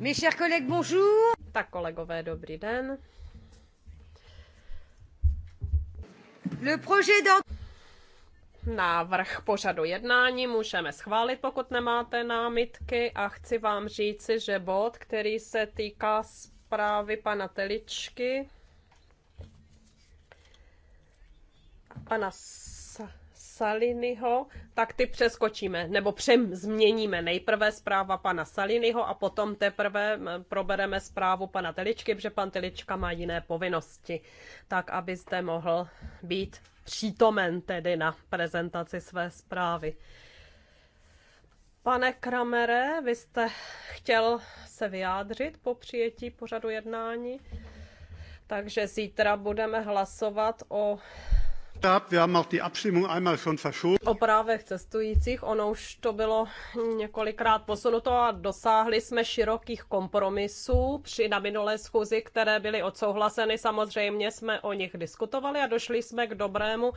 Mes chers collègues, bonjour. Tak kolegové, dobrý den. Le projet Návrh pořadu jednání můžeme schválit, pokud nemáte námitky a chci vám říci, že bod, který se týká zprávy pana Teličky, pana Saliniho, tak ty přeskočíme, nebo přem změníme. Nejprve zpráva pana Saliniho a potom teprve probereme zprávu pana Teličky, protože pan Telička má jiné povinnosti, tak abyste mohl být přítomen tedy na prezentaci své zprávy. Pane Kramere, vy jste chtěl se vyjádřit po přijetí pořadu jednání, takže zítra budeme hlasovat o O právech cestujících, ono už to bylo několikrát posunuto a dosáhli jsme širokých kompromisů při na minulé schůzi, které byly odsouhlaseny. Samozřejmě jsme o nich diskutovali a došli jsme k dobrému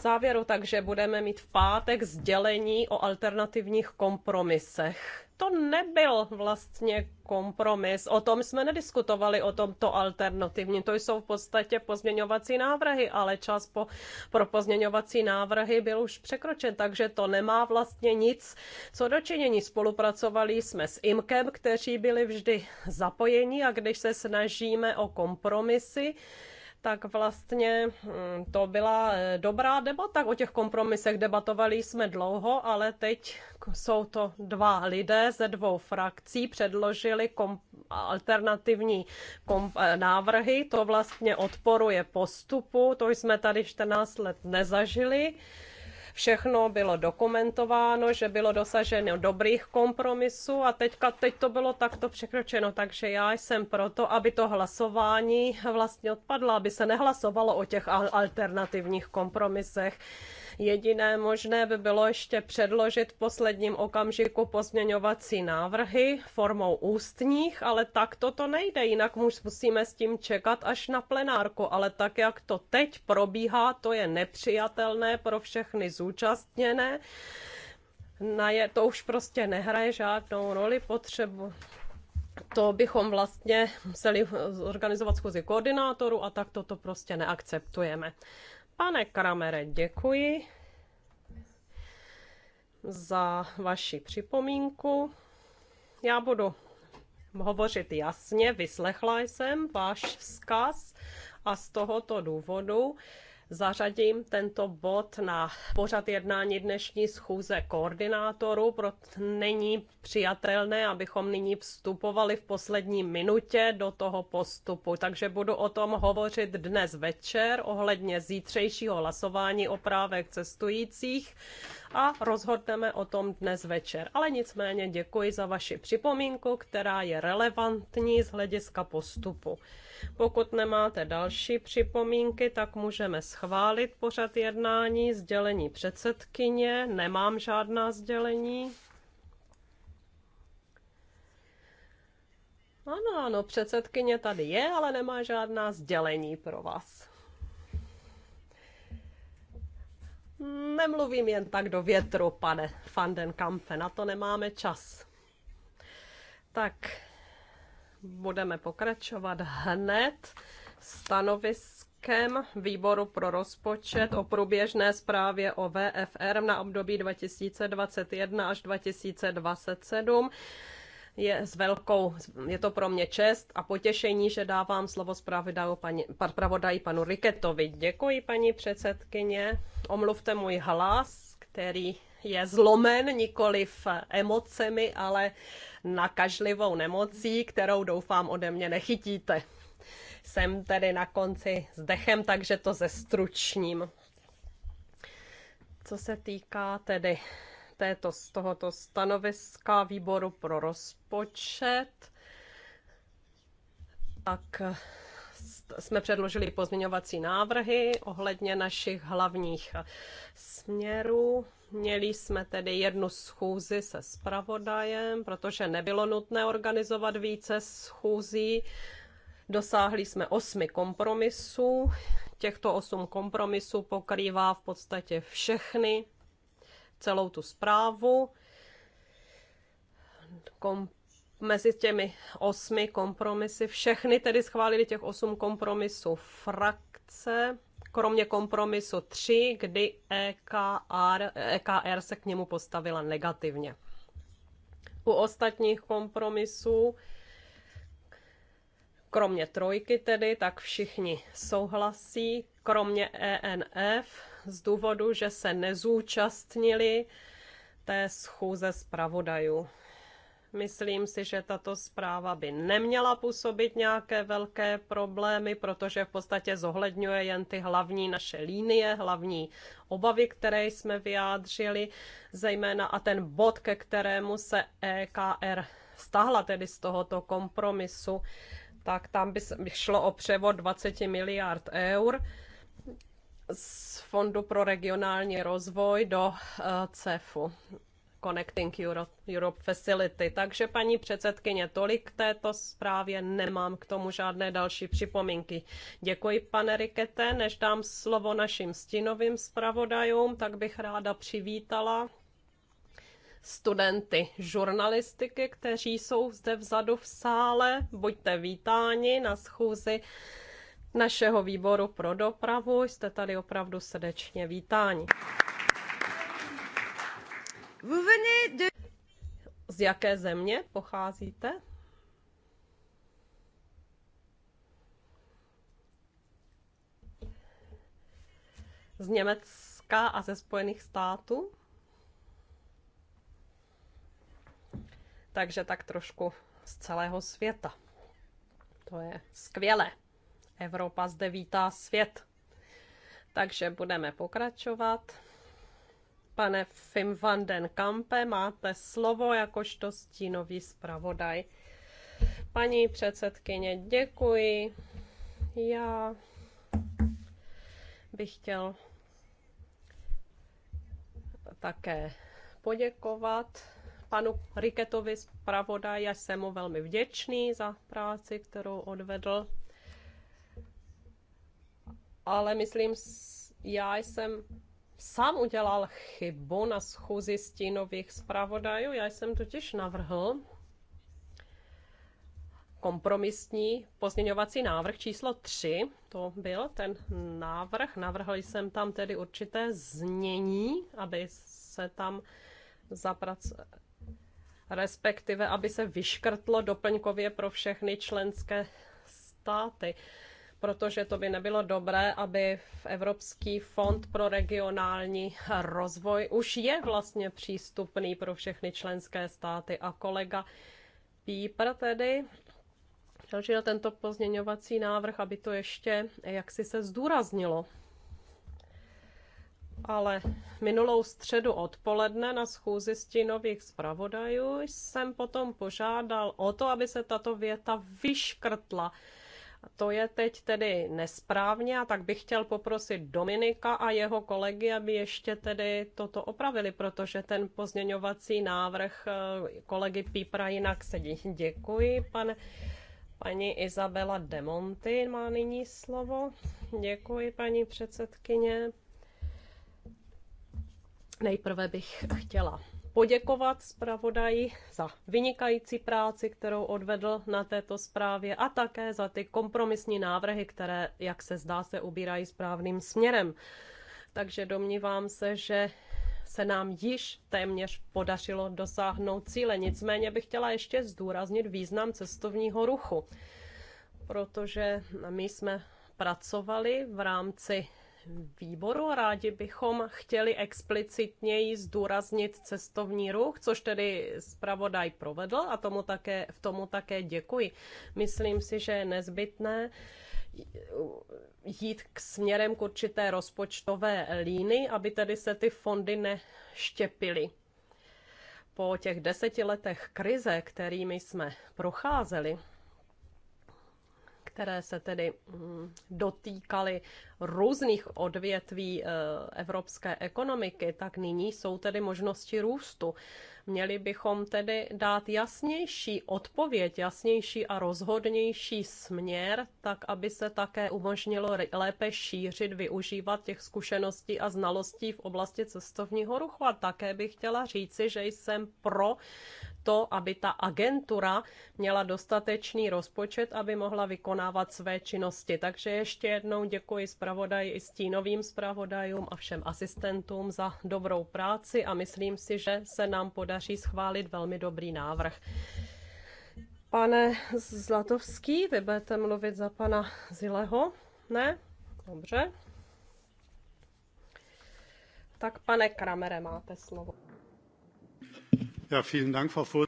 závěru, takže budeme mít v pátek sdělení o alternativních kompromisech to nebyl vlastně kompromis. O tom jsme nediskutovali, o tomto alternativní. To jsou v podstatě pozměňovací návrhy, ale čas po, pro pozměňovací návrhy byl už překročen, takže to nemá vlastně nic co dočinění. Spolupracovali jsme s IMKem, kteří byli vždy zapojeni a když se snažíme o kompromisy, tak vlastně hm, to byla eh, dobrá debata. O těch kompromisech debatovali jsme dlouho, ale teď jsou to dva lidé ze dvou frakcí, předložili kom- alternativní kom- eh, návrhy. To vlastně odporuje postupu, to jsme tady 14 let nezažili všechno bylo dokumentováno, že bylo dosaženo dobrých kompromisů a teďka, teď to bylo takto překročeno, takže já jsem proto, aby to hlasování vlastně odpadlo, aby se nehlasovalo o těch alternativních kompromisech. Jediné možné by bylo ještě předložit v posledním okamžiku pozměňovací návrhy formou ústních, ale tak to nejde, jinak musíme s tím čekat až na plenárku, ale tak, jak to teď probíhá, to je nepřijatelné pro všechny zúčastněné. Na je, to už prostě nehraje žádnou roli, potřebu, to bychom vlastně museli eh, organizovat schůzi koordinátorů a tak toto prostě neakceptujeme. Pane Kramere, děkuji za vaši připomínku. Já budu hovořit jasně, vyslechla jsem váš vzkaz a z tohoto důvodu zařadím tento bod na pořad jednání dnešní schůze koordinátorů, proto není přijatelné, abychom nyní vstupovali v poslední minutě do toho postupu. Takže budu o tom hovořit dnes večer ohledně zítřejšího hlasování o právech cestujících a rozhodneme o tom dnes večer. Ale nicméně děkuji za vaši připomínku, která je relevantní z hlediska postupu. Pokud nemáte další připomínky, tak můžeme schválit pořad jednání, sdělení předsedkyně, nemám žádná sdělení. Ano, ano, předsedkyně tady je, ale nemá žádná sdělení pro vás. Nemluvím jen tak do větru, pane Fandenkampe, na to nemáme čas. Tak, budeme pokračovat hned stanoviskem výboru pro rozpočet o průběžné zprávě o VFR na období 2021 až 2027. Je s velkou, je to pro mě čest a potěšení, že dávám slovo zpravodaji panu Riketovi. Děkuji, paní předsedkyně. Omluvte můj hlas, který je zlomen nikoliv emocemi, ale nakažlivou nemocí, kterou doufám ode mě nechytíte. Jsem tedy na konci s dechem, takže to zestručním. Co se týká tedy této, z tohoto stanoviska výboru pro rozpočet, tak jsme předložili pozměňovací návrhy ohledně našich hlavních směrů. Měli jsme tedy jednu schůzi se spravodajem, protože nebylo nutné organizovat více schůzí. Dosáhli jsme osmi kompromisů. Těchto osm kompromisů pokrývá v podstatě všechny, celou tu zprávu. Kom- mezi těmi osmi kompromisy. Všechny tedy schválili těch osm kompromisů frakce, kromě kompromisu tři, kdy EKR, EKR se k němu postavila negativně. U ostatních kompromisů, kromě trojky tedy, tak všichni souhlasí, kromě ENF, z důvodu, že se nezúčastnili té schůze zpravodajů. Myslím si, že tato zpráva by neměla působit nějaké velké problémy, protože v podstatě zohledňuje jen ty hlavní naše línie, hlavní obavy, které jsme vyjádřili, zejména a ten bod, ke kterému se EKR stáhla tedy z tohoto kompromisu, tak tam by šlo o převod 20 miliard eur z Fondu pro regionální rozvoj do eh, CEFu. Connecting Europe, Europe Facility. Takže paní předsedkyně, tolik k této zprávě, nemám k tomu žádné další připomínky. Děkuji, pane Rikete, než dám slovo našim stínovým zpravodajům, tak bych ráda přivítala studenty žurnalistiky, kteří jsou zde vzadu v sále. Buďte vítáni na schůzi našeho výboru pro dopravu. Jste tady opravdu srdečně vítáni. Z jaké země pocházíte? Z Německa a ze Spojených států? Takže tak trošku z celého světa. To je skvělé. Evropa zde vítá svět. Takže budeme pokračovat. Pane Fim van den Kampe, máte slovo jakožto stínový zpravodaj. Paní předsedkyně, děkuji. Já bych chtěl také poděkovat panu Riketovi zpravodaj. Já jsem mu velmi vděčný za práci, kterou odvedl. Ale myslím, já jsem sám udělal chybu na schůzi stínových zpravodajů. Já jsem totiž navrhl kompromisní pozměňovací návrh číslo 3, to byl ten návrh. Navrhl jsem tam tedy určité změní, aby se tam zapracovalo respektive aby se vyškrtlo doplňkově pro všechny členské státy protože to by nebylo dobré, aby v Evropský fond pro regionální rozvoj už je vlastně přístupný pro všechny členské státy. A kolega Pípr tedy na tento pozměňovací návrh, aby to ještě jaksi se zdůraznilo. Ale minulou středu odpoledne na schůzi stínových zpravodajů jsem potom požádal o to, aby se tato věta vyškrtla to je teď tedy nesprávně a tak bych chtěl poprosit Dominika a jeho kolegy, aby ještě tedy toto opravili, protože ten pozměňovací návrh eh, kolegy Pípra jinak sedí. Děkuji, pane. Paní Izabela Demonty má nyní slovo. Děkuji, paní předsedkyně. Nejprve bych chtěla poděkovat zpravodaji za vynikající práci, kterou odvedl na této zprávě a také za ty kompromisní návrhy, které, jak se zdá, se ubírají správným směrem. Takže domnívám se, že se nám již téměř podařilo dosáhnout cíle. Nicméně bych chtěla ještě zdůraznit význam cestovního ruchu, protože my jsme pracovali v rámci výboru. Rádi bychom chtěli explicitněji zdůraznit cestovní ruch, což tedy zpravodaj provedl a tomu také, v tomu také děkuji. Myslím si, že je nezbytné jít k směrem k určité rozpočtové líny, aby tedy se ty fondy neštěpily. Po těch deseti letech krize, kterými jsme procházeli, které se tedy mm, dotýkaly různých odvětví eh, evropské ekonomiky, tak nyní jsou tedy možnosti růstu. Měli bychom tedy dát jasnější odpověď, jasnější a rozhodnější směr, tak aby se také umožnilo lépe šířit, využívat těch zkušeností a znalostí v oblasti cestovního ruchu. A také bych chtěla říci, že jsem pro to, aby ta agentura měla dostatečný rozpočet, aby mohla vykonávat své činnosti. Takže ještě jednou děkuji zpravodaji i stínovým zpravodajům a všem asistentům za dobrou práci a myslím si, že se nám podaří schválit velmi dobrý návrh. Pane Zlatovský, vy budete mluvit za pana Zileho? Ne? Dobře. Tak pane Kramere, máte slovo.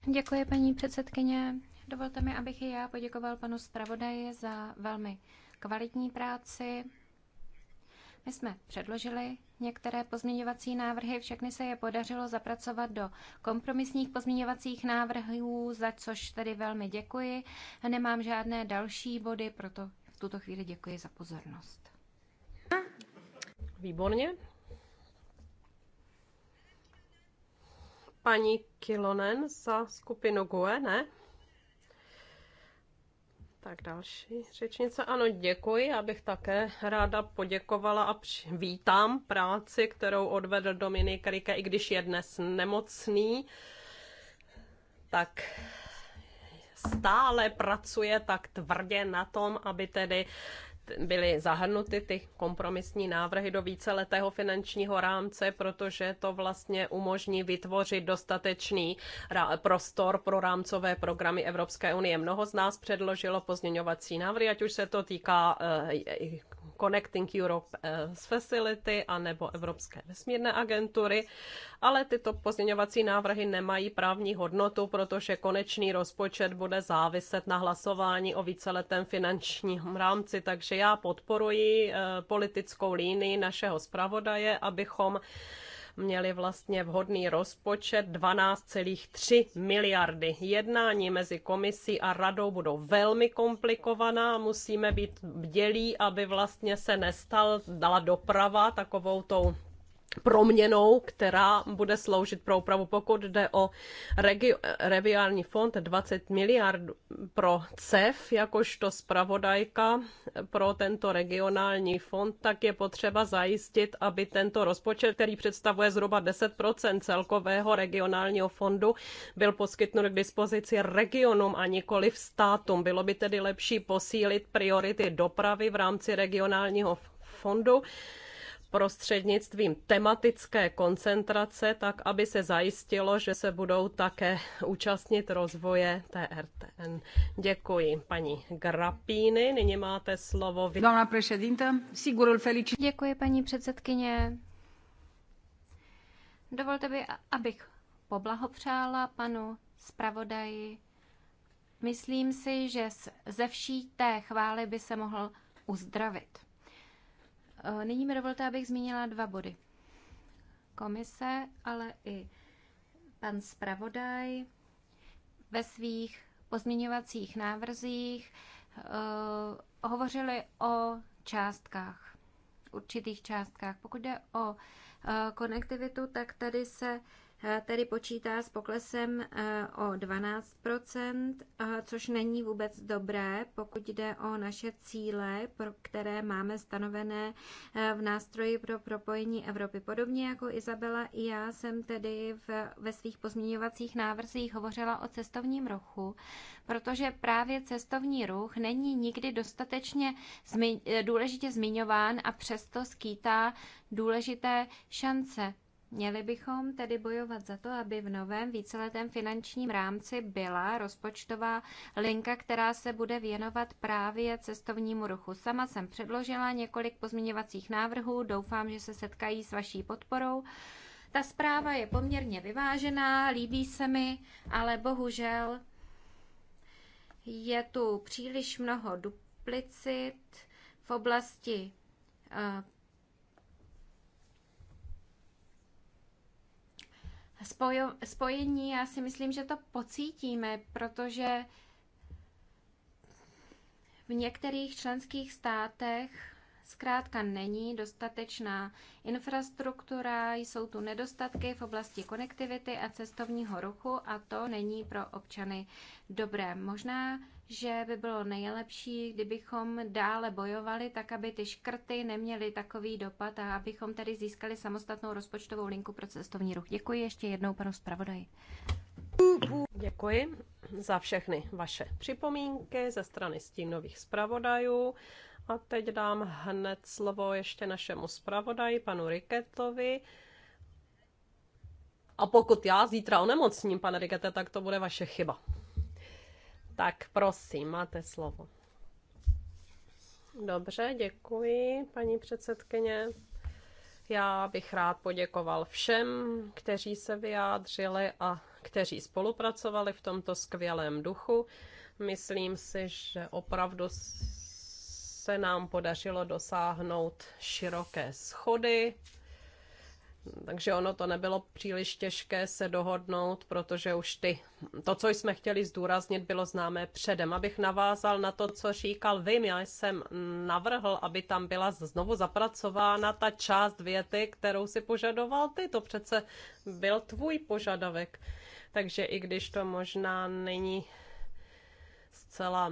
Děkuji, paní předsedkyně. Dovolte mi, abych i já poděkoval panu zpravodaji za velmi kvalitní práci. My jsme předložili některé pozměňovací návrhy, všechny se je podařilo zapracovat do kompromisních pozměňovacích návrhů, za což tedy velmi děkuji. Nemám žádné další body, proto v tuto chvíli děkuji za pozornost. Výborně, paní Kilonen za skupinu GUE, ne? Tak další řečnice. Ano, děkuji. Abych také ráda poděkovala a vítám práci, kterou odvedl Dominik Rike, i když je dnes nemocný. Tak stále pracuje tak tvrdě na tom, aby tedy byly zahrnuty ty kompromisní návrhy do víceletého finančního rámce, protože to vlastně umožní vytvořit dostatečný prostor pro rámcové programy Evropské unie. Mnoho z nás předložilo pozměňovací návrhy, ať už se to týká eh, Connecting Europe z eh, Facility a nebo Evropské vesmírné agentury, ale tyto pozměňovací návrhy nemají právní hodnotu, protože konečný rozpočet bude záviset na hlasování o víceletém finančním rámci, takže já podporuji eh, politickou línii našeho zpravodaje, abychom měli vlastně vhodný rozpočet 12,3 miliardy. Jednání mezi komisí a radou budou velmi komplikovaná, musíme být bdělí, aby vlastně se nestal dala doprava takovou tou proměnou, která bude sloužit pro úpravu. Pokud jde o reviální fond 20 miliard pro CEF, jakožto zpravodajka pro tento regionální fond, tak je potřeba zajistit, aby tento rozpočet, který představuje zhruba 10 celkového regionálního fondu, byl poskytnut k dispozici regionům a nikoli v státům. Bylo by tedy lepší posílit priority dopravy v rámci regionálního fondu prostřednictvím tematické koncentrace, tak aby se zajistilo, že se budou také účastnit rozvoje TRTN. Děkuji paní Grapíny. Nyní máte slovo Děkuji paní předsedkyně. Dovolte mi, abych poblahopřála panu zpravodaji. Myslím si, že ze vší té chvály by se mohl uzdravit. Eh, nyní mi dovolte, abych zmínila dva body. Komise, ale i pan zpravodaj ve svých pozměňovacích návrzích uh, hovořili o částkách, určitých částkách. Pokud jde o uh, konektivitu, tak tady se tedy počítá s poklesem eh, o 12 eh, což není vůbec dobré, pokud jde o naše cíle, které máme stanovené eh, v nástroji pro propojení Evropy. Podobně jako Izabela i já jsem tedy v, ve svých pozměňovacích návrzích hovořila o cestovním ruchu, protože právě cestovní ruch není nikdy dostatečně zmi, důležitě zmiňován a přesto skýtá důležité šance Měli bychom tedy bojovat za to, aby v novém víceletém finančním rámci byla rozpočtová linka, která se bude věnovat právě cestovnímu ruchu. Sama jsem předložila několik pozměňovacích návrhů, doufám, že se setkají s vaší podporou. Ta zpráva je poměrně vyvážená, líbí se mi, ale bohužel je tu příliš mnoho duplicit v oblasti eh, spojo, spojení, já si myslím, že to pocítíme, protože v některých členských státech zkrátka není dostatečná infrastruktura, jsou tu nedostatky v oblasti konektivity a cestovního ruchu a to není pro občany dobré. Možná že by bylo nejlepší, kdybychom dále bojovali, tak aby ty škrty neměly takový dopad a abychom tedy získali samostatnou rozpočtovou linku pro cestovní ruch. Děkuji ještě jednou panu zpravodaji. Děkuji za všechny vaše připomínky ze strany stínových zpravodajů. A teď dám hned slovo ještě našemu zpravodaji, panu Riketovi. A pokud já zítra onemocním, pane Rikete, tak to bude vaše chyba. Tak prosím, máte slovo. Dobře, děkuji, paní předsedkyně. Já bych rád poděkoval všem, kteří se vyjádřili a kteří spolupracovali v tomto skvělém duchu. Myslím si, že opravdu se nám podařilo dosáhnout široké schody takže ono to nebylo příliš těžké se dohodnout, protože už ty, to, co jsme chtěli zdůraznit, bylo známé předem. Abych navázal na to, co říkal Vim, já jsem navrhl, aby tam byla znovu zapracována ta část věty, kterou si požadoval ty. To přece byl tvůj požadavek. Takže i když to možná není zcela...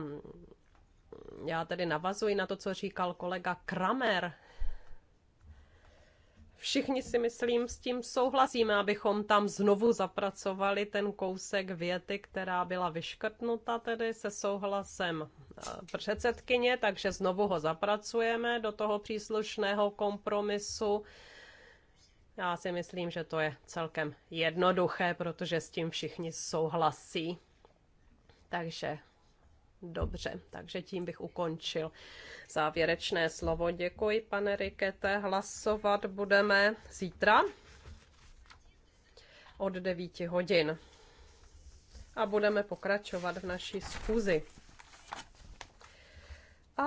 Já tedy navazuji na to, co říkal kolega Kramer, Všichni si myslím, s tím souhlasíme, abychom tam znovu zapracovali ten kousek věty, která byla vyškrtnuta tedy se souhlasem eh, předsedkyně, takže znovu ho zapracujeme do toho příslušného kompromisu. Já si myslím, že to je celkem jednoduché, protože s tím všichni souhlasí. Takže Dobře, takže tím bych ukončil závěrečné slovo. Děkuji, pane Rikete. Hlasovat budeme zítra od 9 hodin. A budeme pokračovat v naší schůzi. A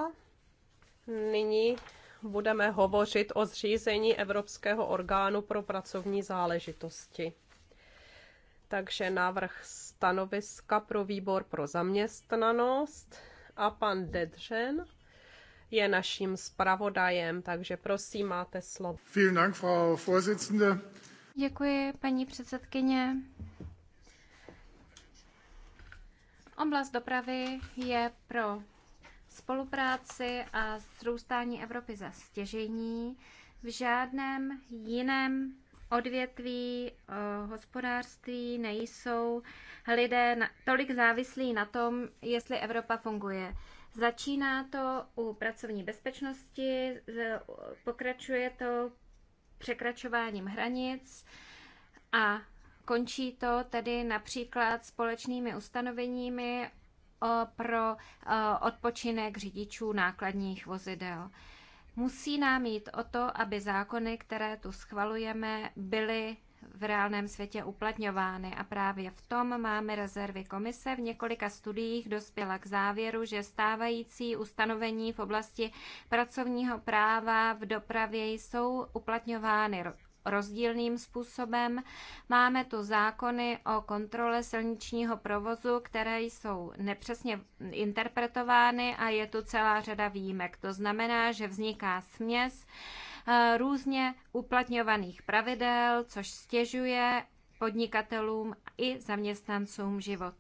nyní budeme hovořit o zřízení Evropského orgánu pro pracovní záležitosti. Takže návrh stanoviska pro výbor pro zaměstnanost a pan Dedřen je naším zpravodajem, takže prosím, máte slovo. Vielen Dank, Frau Vorsitzende. Děkuji, paní předsedkyně. Oblast dopravy je pro spolupráci a zrůstání Evropy za stěžení. V žádném jiném odvětví eh, hospodářství nejsou lidé tolik závislí na tom, jestli Evropa funguje. Začíná to u pracovní bezpečnosti, pokračuje to překračováním hranic a končí to tedy například společnými ustanoveními eh, pro eh, odpočinek řidičů nákladních vozidel. Musí nám jít o to, aby zákony, které tu schvalujeme, byly v reálném světě uplatňovány a právě v tom máme rezervy komise. V několika studiích dospěla k závěru, že stávající ustanovení v oblasti pracovního práva v dopravě jsou uplatňovány rozdílným způsobem. Máme tu zákony o kontrole silničního provozu, které jsou nepřesně interpretovány a je tu celá řada výjimek. To znamená, že vzniká směs eh, různě uplatňovaných pravidel, což stěžuje podnikatelům i zaměstnancům život.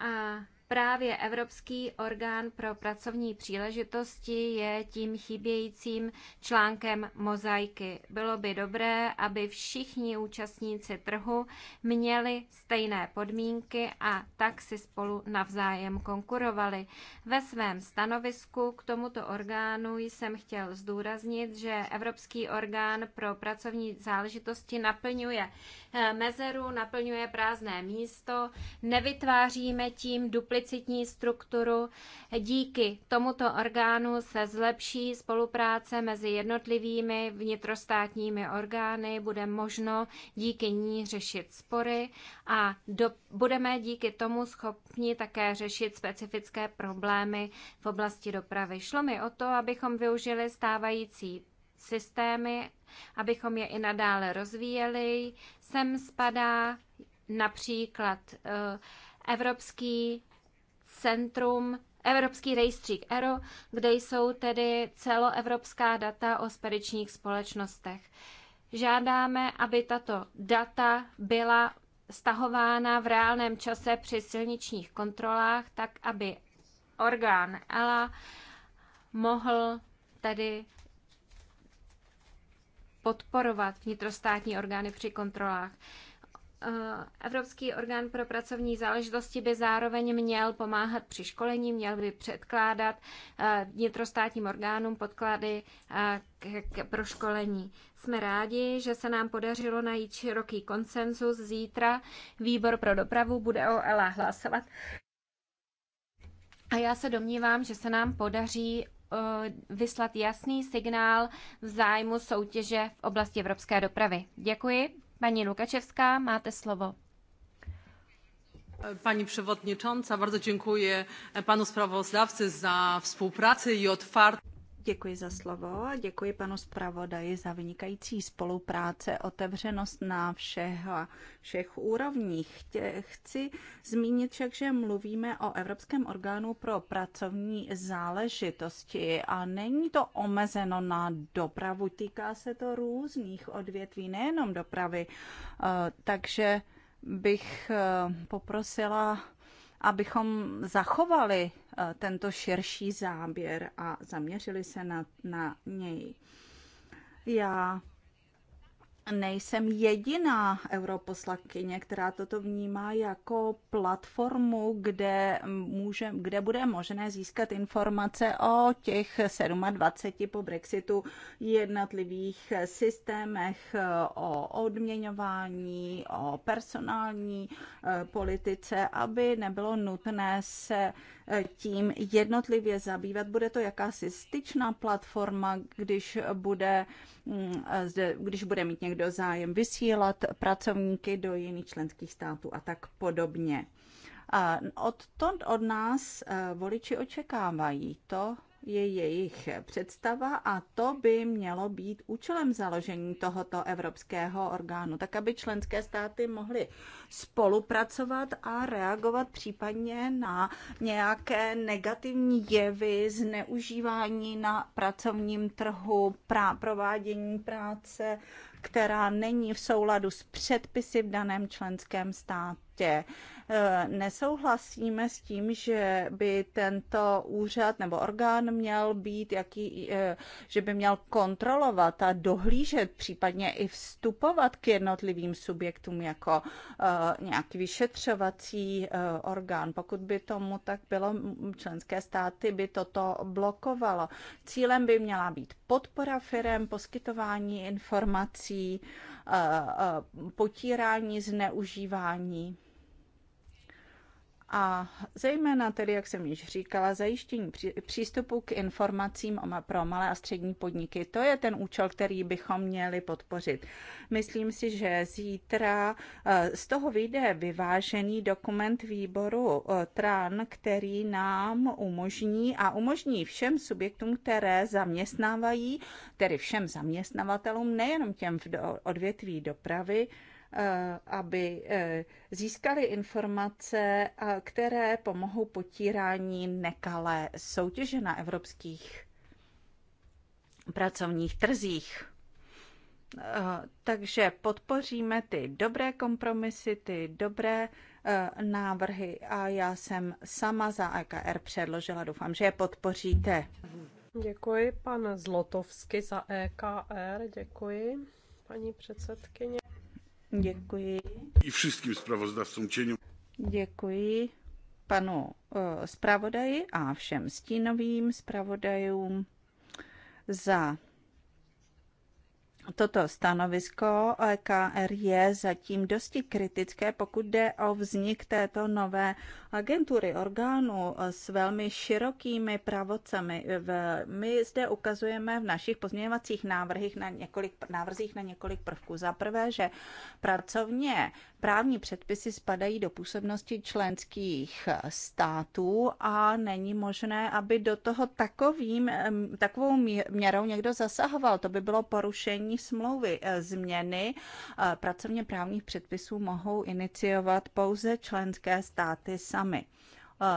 A Právě Evropský orgán pro pracovní příležitosti je tím chybějícím článkem mozaiky. Bylo by dobré, aby všichni účastníci trhu měli stejné podmínky a tak si spolu navzájem konkurovali. Ve svém stanovisku k tomuto orgánu jsem chtěl zdůraznit, že Evropský orgán pro pracovní záležitosti naplňuje eh, mezeru, naplňuje prázdné místo, nevytváříme tím duplikátní duplicitní strukturu. Díky tomuto orgánu se zlepší spolupráce mezi jednotlivými vnitrostátními orgány, bude možno díky ní řešit spory a do, budeme díky tomu schopni také řešit specifické problémy v oblasti dopravy. Šlo mi o to, abychom využili stávající systémy, abychom je i nadále rozvíjeli. Sem spadá například eh, Evropský centrum Evropský rejstřík ERO, kde jsou tedy celoevropská data o spedičních společnostech. Žádáme, aby tato data byla stahována v reálném čase při silničních kontrolách, tak aby orgán ELA mohl tedy podporovat vnitrostátní orgány při kontrolách. Eh, Evropský orgán pro pracovní záležitosti by zároveň měl pomáhat při školení, měl by předkládat eh, vnitrostátním orgánům podklady eh, pro školení. Jsme rádi, že se nám podařilo najít široký konsenzus. Zítra výbor pro dopravu bude o ELA hlasovat. A já se domnívám, že se nám podaří vyslat jasný signál v zájmu soutěže v oblasti evropské dopravy. Děkuji. Pani Lukaczewska, máte slovo. Pani przewodnicząca, bardzo dziękuję panu sprawozdawcy za współpracę i otwartość. Děkuji za slovo a děkuji panu zpravodaji za vynikající spolupráce, otevřenost na všech, všech úrovních. Chci zmínit však, že mluvíme o Evropském orgánu pro pracovní záležitosti a není to omezeno na dopravu, týká se to různých odvětví, nejenom dopravy. Eh, takže bych eh, poprosila abychom zachovali eh, tento širší záběr a zaměřili se na, na něj. Já nejsem jediná europoslankyně, která toto vnímá jako platformu, kde, může, kde bude možné získat informace o těch 27 po Brexitu jednotlivých systémech, o odměňování, o personální eh, politice, aby nebylo nutné se eh, tím jednotlivě zabývat. Bude to jakási styčná platforma, když bude Mm, zde, když bude mít někdo zájem vysílat pracovníky do jiných členských států a tak podobně. Od, to od nás eh, voliči očekávají to, je jejich představa a to by mělo být účelem založení tohoto evropského orgánu, tak aby členské státy mohly spolupracovat a reagovat případně na nějaké negativní jevy, zneužívání na pracovním trhu, prá, provádění práce, která není v souladu s předpisy v daném členském státu prostě eh, nesouhlasíme s tím, že by tento úřad nebo orgán měl být, jaký, eh, že by měl kontrolovat a dohlížet, případně i vstupovat k jednotlivým subjektům jako eh, nějaký vyšetřovací orgán. Pokud by tomu tak bylo, členské státy by toto blokovalo. Cílem by měla být podpora firem, poskytování informací, potírání zneužívání a zejména tedy, jak jsem již říkala, zajištění přístupu k informacím pro malé a střední podniky. To je ten účel, který bychom měli podpořit. Myslím si, že zítra eh, z toho vyjde vyvážený dokument výboru eh, TRAN, který nám umožní a umožní všem subjektům, které zaměstnávají, tedy všem zaměstnavatelům, nejenom těm v odvětví dopravy, Eh, aby eh, získali informace, které pomohou potírání nekalé soutěže na evropských pracovních trzích. Eh, takže podpoříme ty dobré kompromisy, ty dobré návrhy a já jsem sama za EKR předložila. Doufám, že je podpoříte. Děkuji, pan Zlotovsky za EKR, děkuji, paní předsedkyně. Děkuji. I všem zpravozdavcům čením. Děkuji panu eh, zpravodaji a všem stínovým zpravodajům za Toto stanovisko EKR je zatím dosti kritické, pokud jde o vznik této nové agentury orgánu s velmi širokými pravocemi. My zde ukazujeme v našich pozměňovacích návrhích na několik, návrzích na několik prvků. Za prvé, že pracovně Právní předpisy spadají do působnosti členských států a není možné, aby do toho takovým, takovou měrou někdo zasahoval. To by bylo porušení smlouvy. E, změny e, pracovně právních předpisů mohou iniciovat pouze členské státy sami.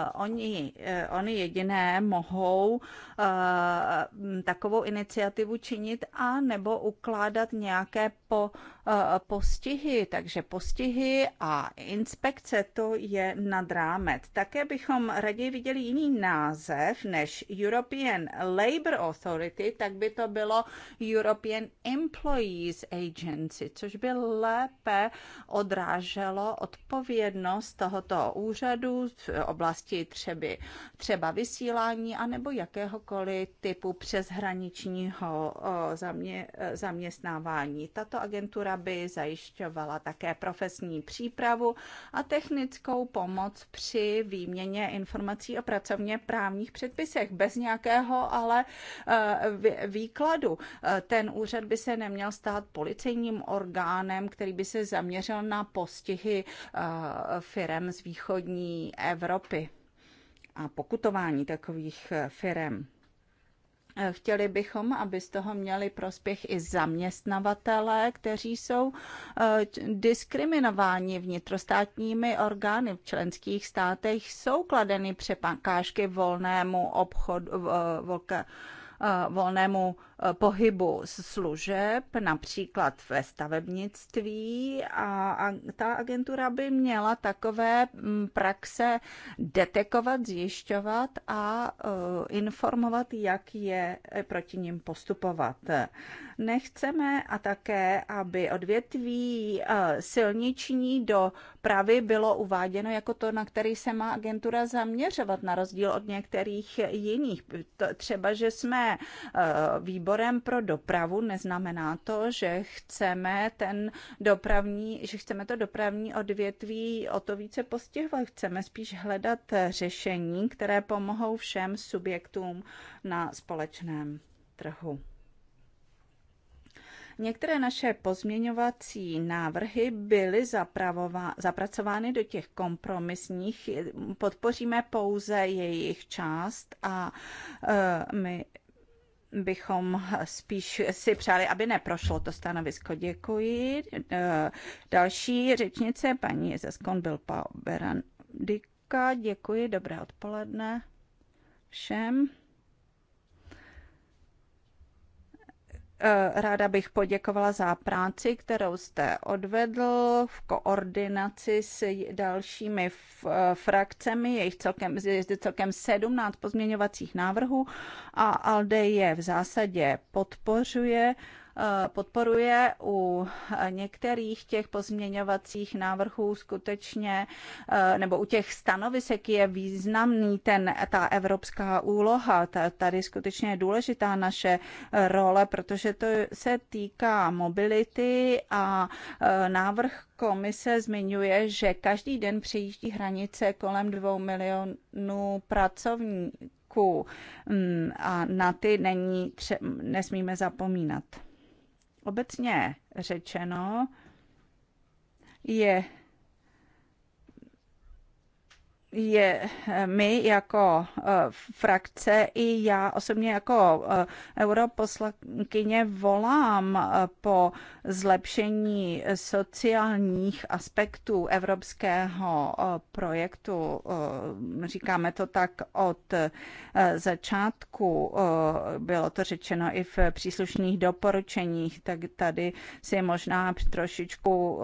E, oni, oni jediné mohou takovou iniciativu činit a nebo ukládat nějaké po, eh, postihy, takže postihy a inspekce to je nad rámet. Také bychom raději viděli jiný název než European Labour Authority, tak by to bylo European Employees Agency, což by lépe odráželo odpovědnost tohoto úřadu v oblasti třeby, třeba vysílání anebo jakéhokoliv typu přeshraničního eh, zamě, zaměstnávání. Tato agentura by zajišťovala také profesní přípravu a technickou pomoc při výměně informací o pracovně právních předpisech. Bez nějakého ale eh, výkladu. Eh, ten úřad by se neměl stát policejním orgánem, který by se zaměřil na postihy eh, firem z východní Evropy a pokutování takových firem. Chtěli bychom, aby z toho měli prospěch i zaměstnavatelé, kteří jsou eh, diskriminováni vnitrostátními orgány v členských státech. Jsou kladeny přepakážky volnému obchodu, eh, volka, Eh, volnému eh, pohybu služeb, například ve stavebnictví a, a ta agentura by měla takové mm, praxe detekovat, zjišťovat a eh, informovat, jak je proti ním postupovat. Nechceme a také, aby odvětví silniční do Pravy bylo uváděno jako to, na který se má agentura zaměřovat, na rozdíl od některých jiných. Třeba, že jsme Eh, výborem pro dopravu, neznamená to, že chceme ten dopravní, že chceme to dopravní odvětví o to více postihovat. Chceme spíš hledat řešení, které pomohou všem subjektům na společném trhu. Některé naše pozměňovací návrhy byly zapracovány do těch kompromisních. Podpoříme pouze jejich část a uh, my bychom spíš si přáli, aby neprošlo to stanovisko. Děkuji. E, další řečnice, paní Zeskon Bilpa Berandika. Děkuji, dobré odpoledne všem. Eh, ráda bych poděkovala za práci, kterou jste odvedl v koordinaci s dalšími eh, frakcemi. Je jich celkem, je celkem 17 pozměňovacích návrhů a ALDE je v zásadě podpořuje. Eh, podporuje. U eh, některých těch pozměňovacích návrhů skutečně, eh, nebo u těch stanovisek je významný ten, ta evropská úloha. Tady skutečně je důležitá naše role, protože to se týká mobility a návrh komise zmiňuje, že každý den přejíždí hranice kolem dvou milionů pracovníků mm, a na ty není, nesmíme zapomínat. Obecně řečeno je je eh, my jako eh, frakce i já osobně jako eh, europoslankyně volám po zlepšení sociálních aspektů evropského projektu. Říkáme to tak od začátku, bylo to řečeno i v příslušných doporučeních, tak tady si možná trošičku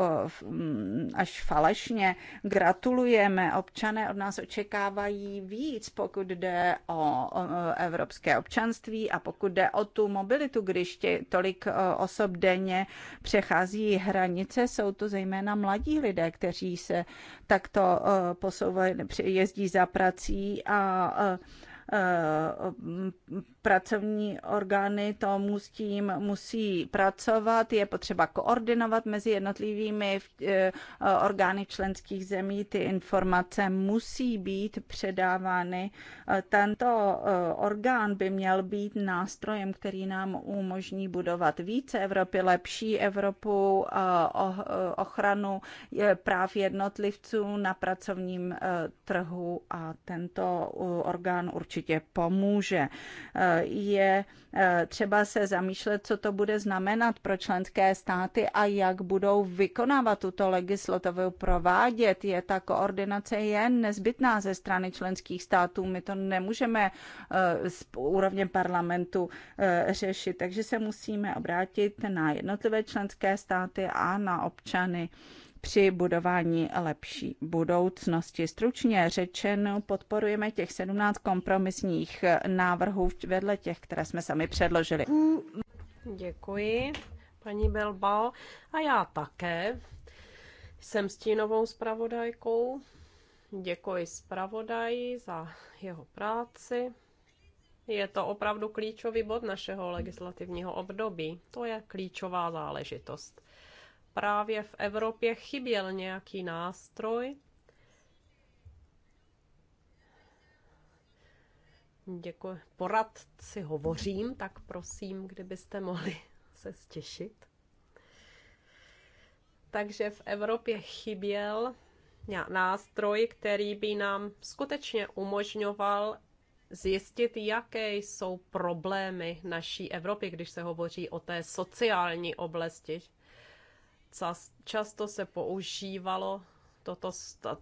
mm, až falešně gratulujeme občané od od nás očekávají víc, pokud jde o evropské občanství a pokud jde o tu mobilitu, když tě tolik osob denně přechází hranice, jsou to zejména mladí lidé, kteří se takto posouvají, jezdí za prací a pracovní orgány tomu s tím musí pracovat, je potřeba koordinovat mezi jednotlivými eh, orgány členských zemí, ty informace musí být předávány. Eh, tento eh, orgán by měl být nástrojem, který nám umožní budovat více Evropy, lepší Evropu, ochranu práv jednotlivců na pracovním trhu a tento orgán určitě pomůže je eh, třeba se zamýšlet, co to bude znamenat pro členské státy a jak budou vykonávat tuto legislativu, provádět je. Ta koordinace je nezbytná ze strany členských států. My to nemůžeme eh, z úrovně parlamentu eh, řešit, takže se musíme obrátit na jednotlivé členské státy a na občany při budování lepší budoucnosti. Stručně řečeno, podporujeme těch 17 kompromisních návrhů vedle těch, které jsme sami předložili. Děkuji, paní Belbal. A já také jsem stínovou zpravodajkou. Děkuji zpravodaji za jeho práci. Je to opravdu klíčový bod našeho legislativního období. To je klíčová záležitost právě v Evropě chyběl nějaký nástroj. Děkuji. Poradci hovořím, tak prosím, kdybyste mohli se stěšit. Takže v Evropě chyběl nástroj, který by nám skutečně umožňoval zjistit, jaké jsou problémy naší Evropy, když se hovoří o té sociální oblasti. Často se používalo toto,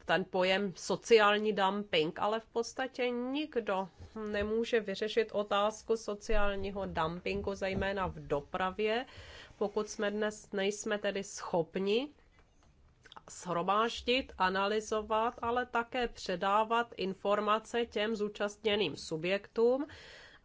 ten pojem sociální dumping, ale v podstatě nikdo nemůže vyřešit otázku sociálního dumpingu, zejména v dopravě, pokud jsme dnes nejsme tedy schopni shromáždit, analyzovat, ale také předávat informace těm zúčastněným subjektům,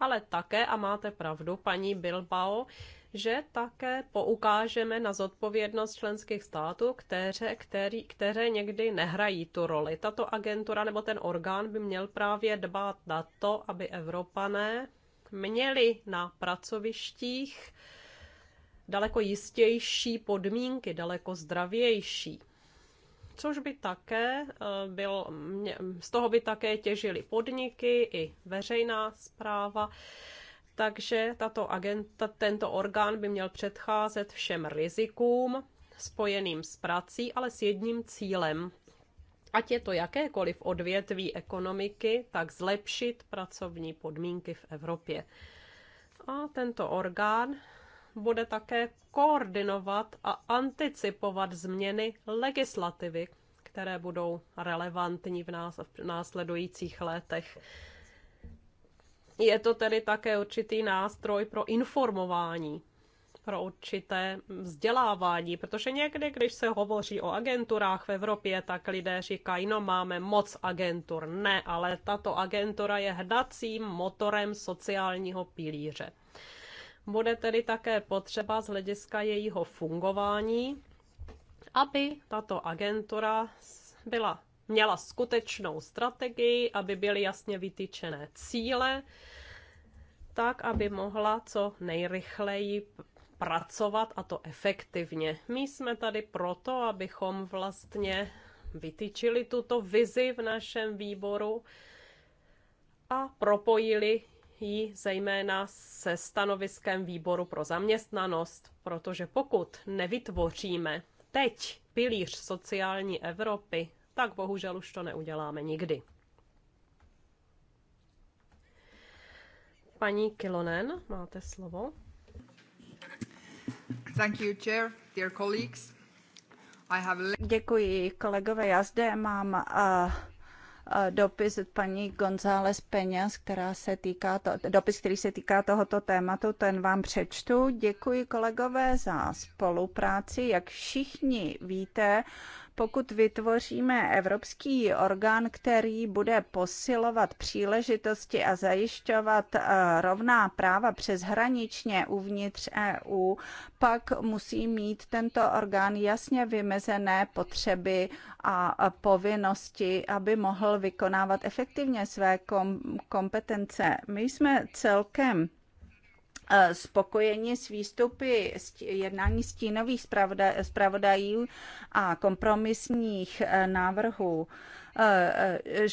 ale také, a máte pravdu, paní Bilbao, že také poukážeme na zodpovědnost členských států, které, který, které někdy nehrají tu roli. Tato agentura nebo ten orgán by měl právě dbát na to, aby Evropané měli na pracovištích daleko jistější podmínky, daleko zdravější což by také eh, byl, z toho by také těžily podniky i veřejná zpráva. Takže tato agenta, tento orgán by měl předcházet všem rizikům spojeným s prací, ale s jedním cílem. Ať je to jakékoliv odvětví ekonomiky, tak zlepšit pracovní podmínky v Evropě. A tento orgán bude také koordinovat a anticipovat změny legislativy, které budou relevantní v následujících letech. Je to tedy také určitý nástroj pro informování pro určité vzdělávání, protože někdy, když se hovoří o agenturách v Evropě, tak lidé říkají, no máme moc agentur. Ne, ale tato agentura je hnacím motorem sociálního pilíře. Bude tedy také potřeba z hlediska jejího fungování, aby tato agentura byla měla skutečnou strategii, aby byly jasně vytyčené cíle, tak, aby mohla co nejrychleji pracovat a to efektivně. My jsme tady proto, abychom vlastně vytyčili tuto vizi v našem výboru a propojili ji zejména se stanoviskem výboru pro zaměstnanost, protože pokud nevytvoříme teď pilíř sociální Evropy tak bohužel už to neuděláme nikdy. Paní Kilonen, máte slovo. Thank you, chair, dear colleagues. I have... Děkuji, kolegové. Já zde mám uh, dopis od paní González Peňas, která se týká to, dopis, který se týká tohoto tématu, ten vám přečtu. Děkuji kolegové za spolupráci. Jak všichni víte, pokud vytvoříme evropský orgán, který bude posilovat příležitosti a zajišťovat eh, rovná práva přeshraničně uvnitř EU, pak musí mít tento orgán jasně vymezené potřeby a povinnosti, aby mohl vykonávat efektivně své kompetence. My jsme celkem Eh, spokojeni s výstupy jednání stínových zpravodajů a kompromisních eh, návrhů.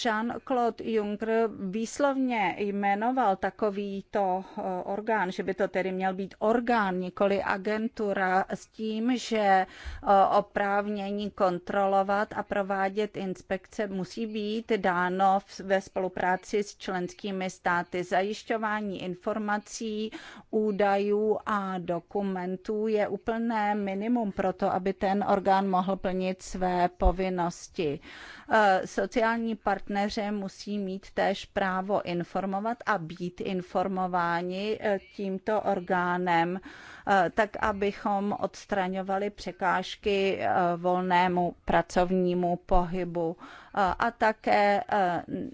Jean-Claude Juncker výslovně jmenoval takovýto eh, orgán, že by to tedy měl být orgán, nikoli agentura, s tím, že eh, oprávnění kontrolovat a provádět inspekce musí být dáno ve spolupráci s členskými státy. Zajišťování informací, údajů a dokumentů je úplné minimum pro to, aby ten orgán mohl plnit své povinnosti. S eh, sociální partneři musí mít též právo informovat a být informováni eh, tímto orgánem Eh, tak abychom odstraňovali překážky eh, volnému pracovnímu pohybu eh, a také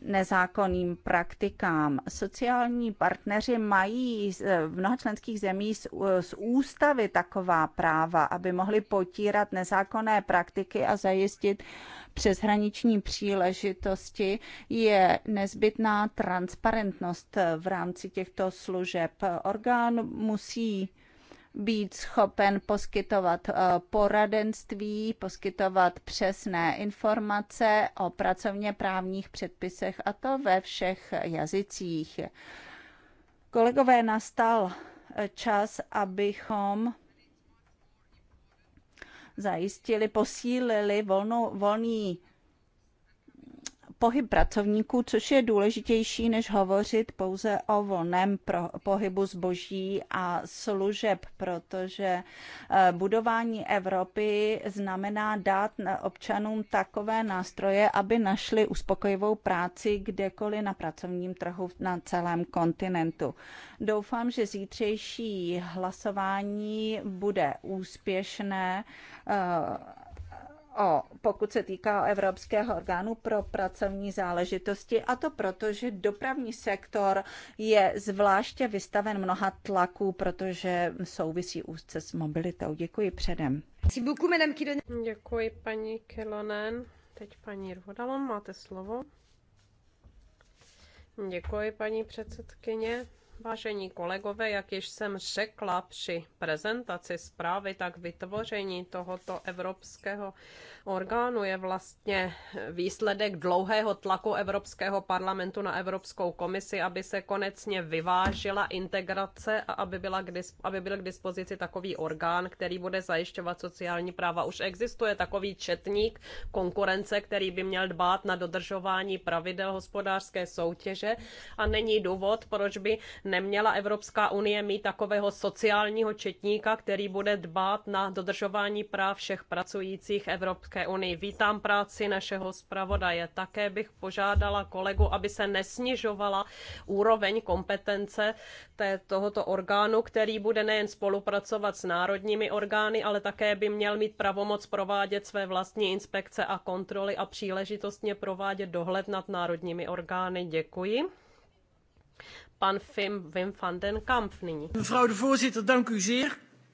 nezákonným praktikám. Sociální partneři mají v mnoha členských zemí z ústavy taková práva, aby mohli potírat nezákonné praktiky a zajistit přeshraniční příležitosti. Je nezbytná transparentnost v rámci těchto služeb. Orgán musí být schopen poskytovat eh, poradenství, poskytovat přesné informace o pracovně právních předpisech a to ve všech jazycích. Kolegové, nastal eh, čas, abychom zajistili, posílili volnou, volný pohyb pracovníků, což je důležitější, než hovořit pouze o volném pro, pohybu zboží a služeb, protože eh, budování Evropy znamená dát občanům takové nástroje, aby našli uspokojivou práci kdekoliv na pracovním trhu na celém kontinentu. Doufám, že zítřejší hlasování bude úspěšné. Eh, o, pokud se týká Evropského orgánu pro pracovní záležitosti, a to proto, že dopravní sektor je zvláště vystaven mnoha tlaků, protože souvisí úzce s mobilitou. Děkuji předem. Děkuji paní Kilonen. Teď paní Rvodalon, máte slovo. Děkuji paní předsedkyně. Vážení kolegové, jak již jsem řekla při prezentaci zprávy, tak vytvoření tohoto evropského orgánu je vlastně výsledek dlouhého tlaku Evropského parlamentu na Evropskou komisi, aby se konečně vyvážila integrace a aby, byla k dispo, aby byl k dispozici takový orgán, který bude zajišťovat sociální práva. Už existuje takový četník konkurence, který by měl dbát na dodržování pravidel hospodářské soutěže a není důvod, proč by neměla Evropská unie mít takového sociálního četníka, který bude dbát na dodržování práv všech pracujících Evropské unii. Vítám práci našeho zpravodaje. Také bych požádala kolegu, aby se nesnižovala úroveň kompetence té, tohoto orgánu, který bude nejen spolupracovat s národními orgány, ale také by měl mít pravomoc provádět své vlastní inspekce a kontroly a příležitostně provádět dohled nad národními orgány. Děkuji pan Fim, Wim van den Kamp nyní. Mevrouw de voorzitter, dank u zeer.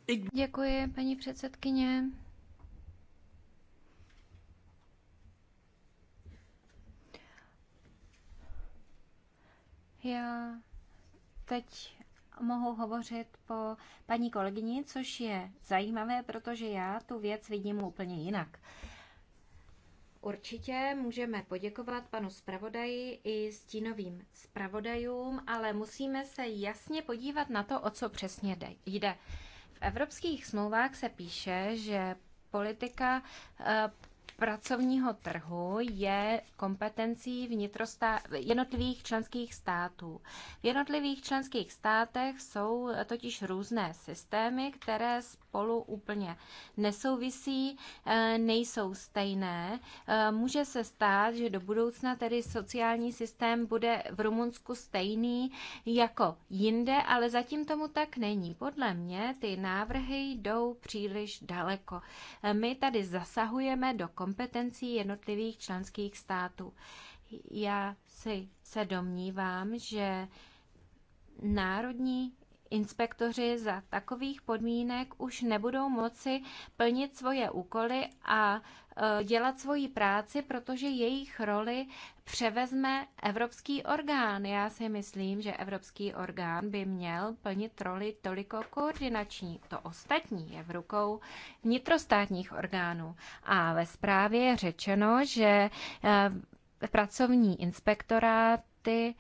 Ik... Děkuji, paní předsedkyně. Já teď mohu hovořit po paní kolegyni, což je zajímavé, protože já tu věc vidím úplně jinak. Uh, Určitě můžeme poděkovat panu zpravodaji i stínovým zpravodajům, ale musíme se jasně podívat na to, o co přesně jde. V evropských smlouvách se píše, že politika eh, pracovního trhu je kompetencí jednotlivých členských států. V jednotlivých členských státech jsou totiž různé systémy, které spolu úplně nesouvisí, eh, nejsou stejné. Eh, může se stát, že do budoucna tedy sociální systém bude v Rumunsku stejný jako jinde, ale zatím tomu tak není. Podle mě ty návrhy jdou příliš daleko. Eh, my tady zasahujeme do kompetencí jednotlivých členských států. Já si se domnívám, že národní inspektoři za takových podmínek už nebudou moci plnit svoje úkoly a e, dělat svoji práci, protože jejich roli převezme evropský orgán. Já si myslím, že evropský orgán by měl plnit roli toliko koordinační. To ostatní je v rukou vnitrostátních orgánů. A ve zprávě je řečeno, že e, pracovní inspektoráty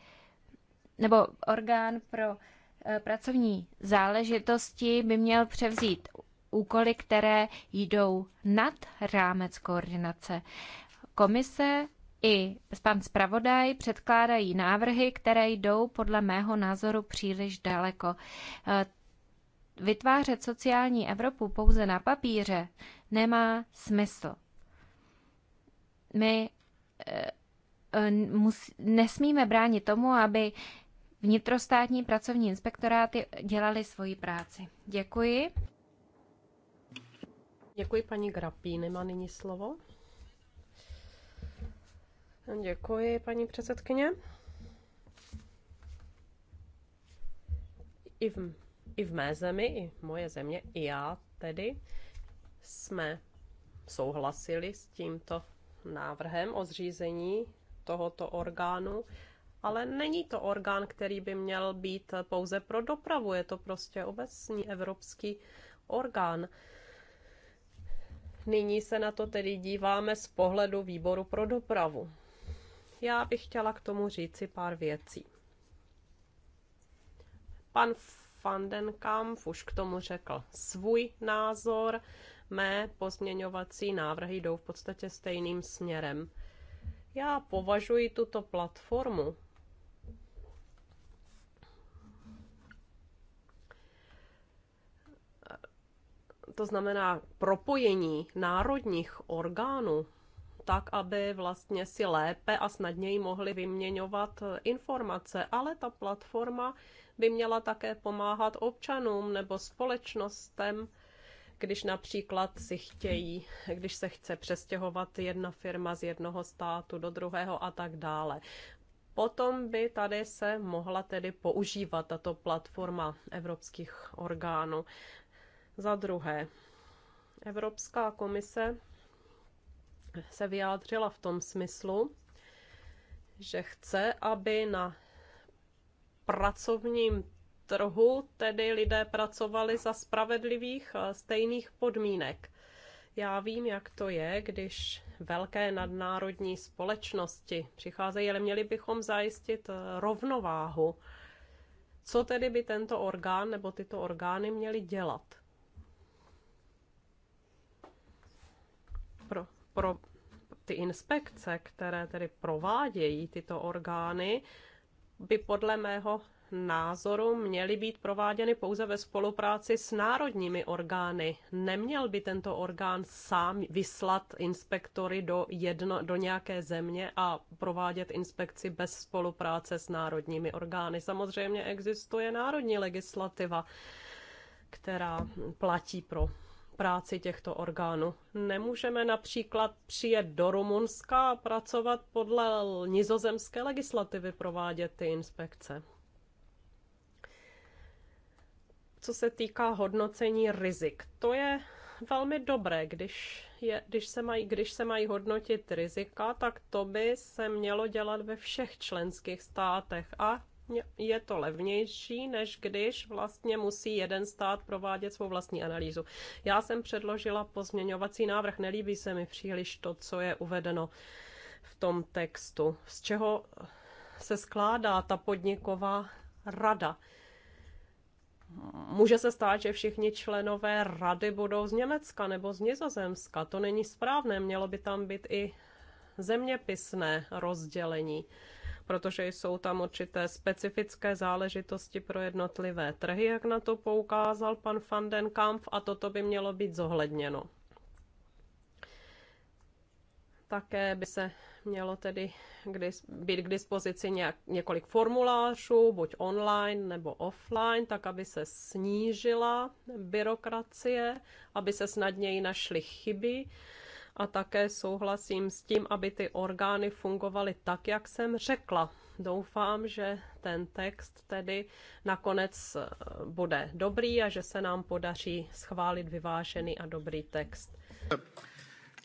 nebo orgán pro Eh, pracovní záležitosti by měl převzít úkoly, které jdou nad rámec koordinace. Komise i pan zpravodaj předkládají návrhy, které jdou podle mého názoru příliš daleko. Eh, vytvářet sociální Evropu pouze na papíře nemá smysl. My eh, nesmíme bránit tomu, aby vnitrostátní pracovní inspektoráty dělali svoji práci. Děkuji. Děkuji paní Grapíny, má nyní slovo. Děkuji, paní předsedkyně. I v, I v mé zemi, i moje země, i já tedy jsme souhlasili s tímto návrhem o zřízení tohoto orgánu ale není to orgán, který by měl být pouze pro dopravu, je to prostě obecní evropský orgán. Nyní se na to tedy díváme z pohledu výboru pro dopravu. Já bych chtěla k tomu říci pár věcí. Pan Fandenkamp už k tomu řekl svůj názor. Mé pozměňovací návrhy jdou v podstatě stejným směrem. Já považuji tuto platformu to znamená propojení národních orgánů, tak, aby vlastně si lépe a snadněji mohli vyměňovat informace, ale ta platforma by měla také pomáhat občanům nebo společnostem, když například si chtějí, když se chce přestěhovat jedna firma z jednoho státu do druhého a tak dále. Potom by tady se mohla tedy používat tato platforma evropských orgánů. Za druhé, Evropská komise se vyjádřila v tom smyslu, že chce, aby na pracovním trhu tedy lidé pracovali za spravedlivých eh, stejných podmínek. Já vím, jak to je, když velké nadnárodní společnosti přicházejí, ale měli bychom zajistit eh, rovnováhu. Co tedy by tento orgán nebo tyto orgány měly dělat? pro ty inspekce, které tedy provádějí tyto orgány, by podle mého názoru měly být prováděny pouze ve spolupráci s národními orgány. Neměl by tento orgán sám vyslat inspektory do, jedno, do nějaké země a provádět inspekci bez spolupráce s národními orgány. Samozřejmě existuje národní legislativa, která platí pro práci těchto orgánů. Nemůžeme například přijet do Rumunska a pracovat podle nizozemské legislativy, provádět ty inspekce. Co se týká hodnocení rizik, to je velmi dobré, když, je, když, se mají, když se mají hodnotit rizika, tak to by se mělo dělat ve všech členských státech a je to levnější, než když vlastně musí jeden stát provádět svou vlastní analýzu. Já jsem předložila pozměňovací návrh, nelíbí se mi příliš to, co je uvedeno v tom textu. Z čeho se skládá ta podniková rada? Může se stát, že všichni členové rady budou z Německa nebo z Nizozemska. To není správné, mělo by tam být i zeměpisné rozdělení protože jsou tam určité specifické záležitosti pro jednotlivé trhy, jak na to poukázal pan van den Kampf, a toto by mělo být zohledněno. Také by se mělo tedy být k dispozici nějak, několik formulářů, buď online nebo offline, tak aby se snížila byrokracie, aby se snadněji našly chyby a také souhlasím s tím, aby ty orgány fungovaly tak, jak jsem řekla. Doufám, že ten text tedy nakonec eh, bude dobrý a že se nám podaří schválit vyvážený a dobrý text.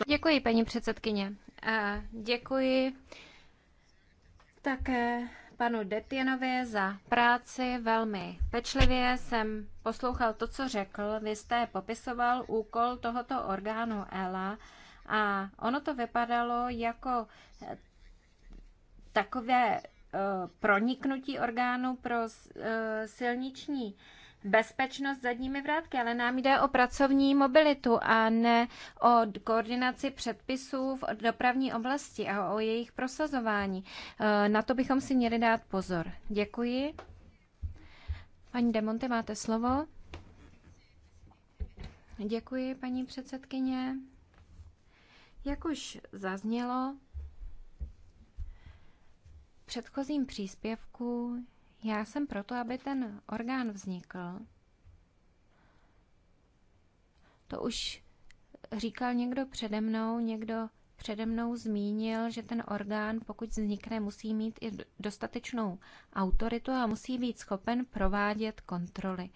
Děkuji, paní předsedkyně. děkuji také panu Detjenovi za práci velmi pečlivě. Jsem poslouchal to, co řekl. Vy jste popisoval úkol tohoto orgánu ELA a ono to vypadalo jako eh, takové eh, proniknutí orgánu pro eh, silniční bezpečnost zadními vrátky, ale nám jde o pracovní mobilitu a ne o koordinaci předpisů v dopravní oblasti a o jejich prosazování. Na to bychom si měli dát pozor. Děkuji. Paní Demonte, máte slovo. Děkuji, paní předsedkyně. Jak už zaznělo v předchozím příspěvku, já jsem proto, aby ten orgán vznikl. To už říkal někdo přede mnou, někdo přede mnou zmínil, že ten orgán, pokud vznikne, musí mít i dostatečnou autoritu a musí být schopen provádět kontroly.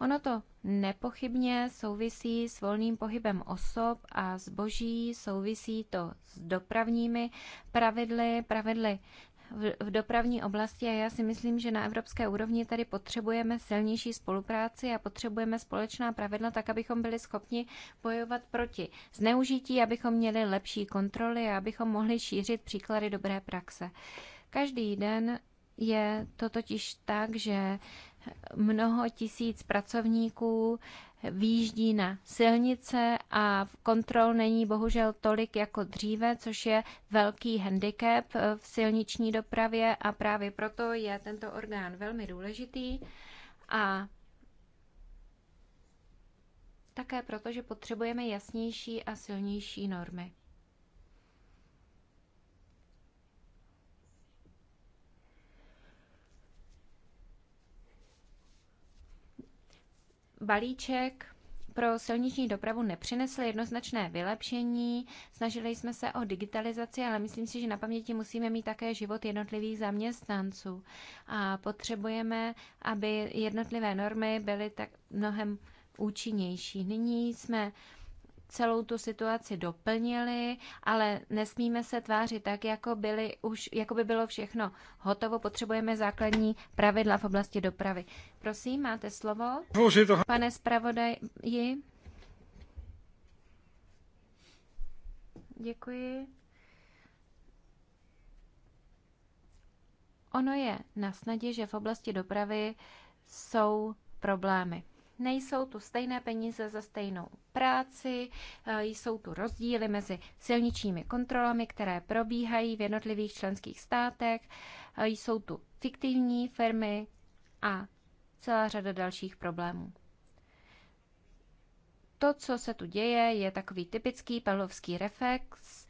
Ono to nepochybně souvisí s volným pohybem osob a zboží, souvisí to s dopravními pravidly, pravidly v dopravní oblasti a já si myslím, že na evropské úrovni tady potřebujeme silnější spolupráci a potřebujeme společná pravidla tak, abychom byli schopni bojovat proti zneužití, abychom měli lepší kontroly a abychom mohli šířit příklady dobré praxe. Každý den je to totiž tak, že mnoho tisíc pracovníků výjíždí na silnice a kontrol není bohužel tolik jako dříve, což je velký handicap v silniční dopravě a právě proto je tento orgán velmi důležitý a také proto, že potřebujeme jasnější a silnější normy. balíček pro silniční dopravu nepřinesl jednoznačné vylepšení. Snažili jsme se o digitalizaci, ale myslím si, že na paměti musíme mít také život jednotlivých zaměstnanců. A potřebujeme, aby jednotlivé normy byly tak mnohem účinnější. Nyní jsme celou tu situaci doplnili, ale nesmíme se tvářit tak, jako, byli už, jako by bylo všechno hotovo. Potřebujeme základní pravidla v oblasti dopravy. Prosím, máte slovo. Pane zpravodaji. Děkuji. Ono je na snadě, že v oblasti dopravy jsou problémy nejsou tu stejné peníze za stejnou práci, e, jsou tu rozdíly mezi silničními kontrolami, které probíhají v jednotlivých členských státech, e, jsou tu fiktivní firmy a celá řada dalších problémů. To, co se tu děje, je takový typický pavlovský reflex.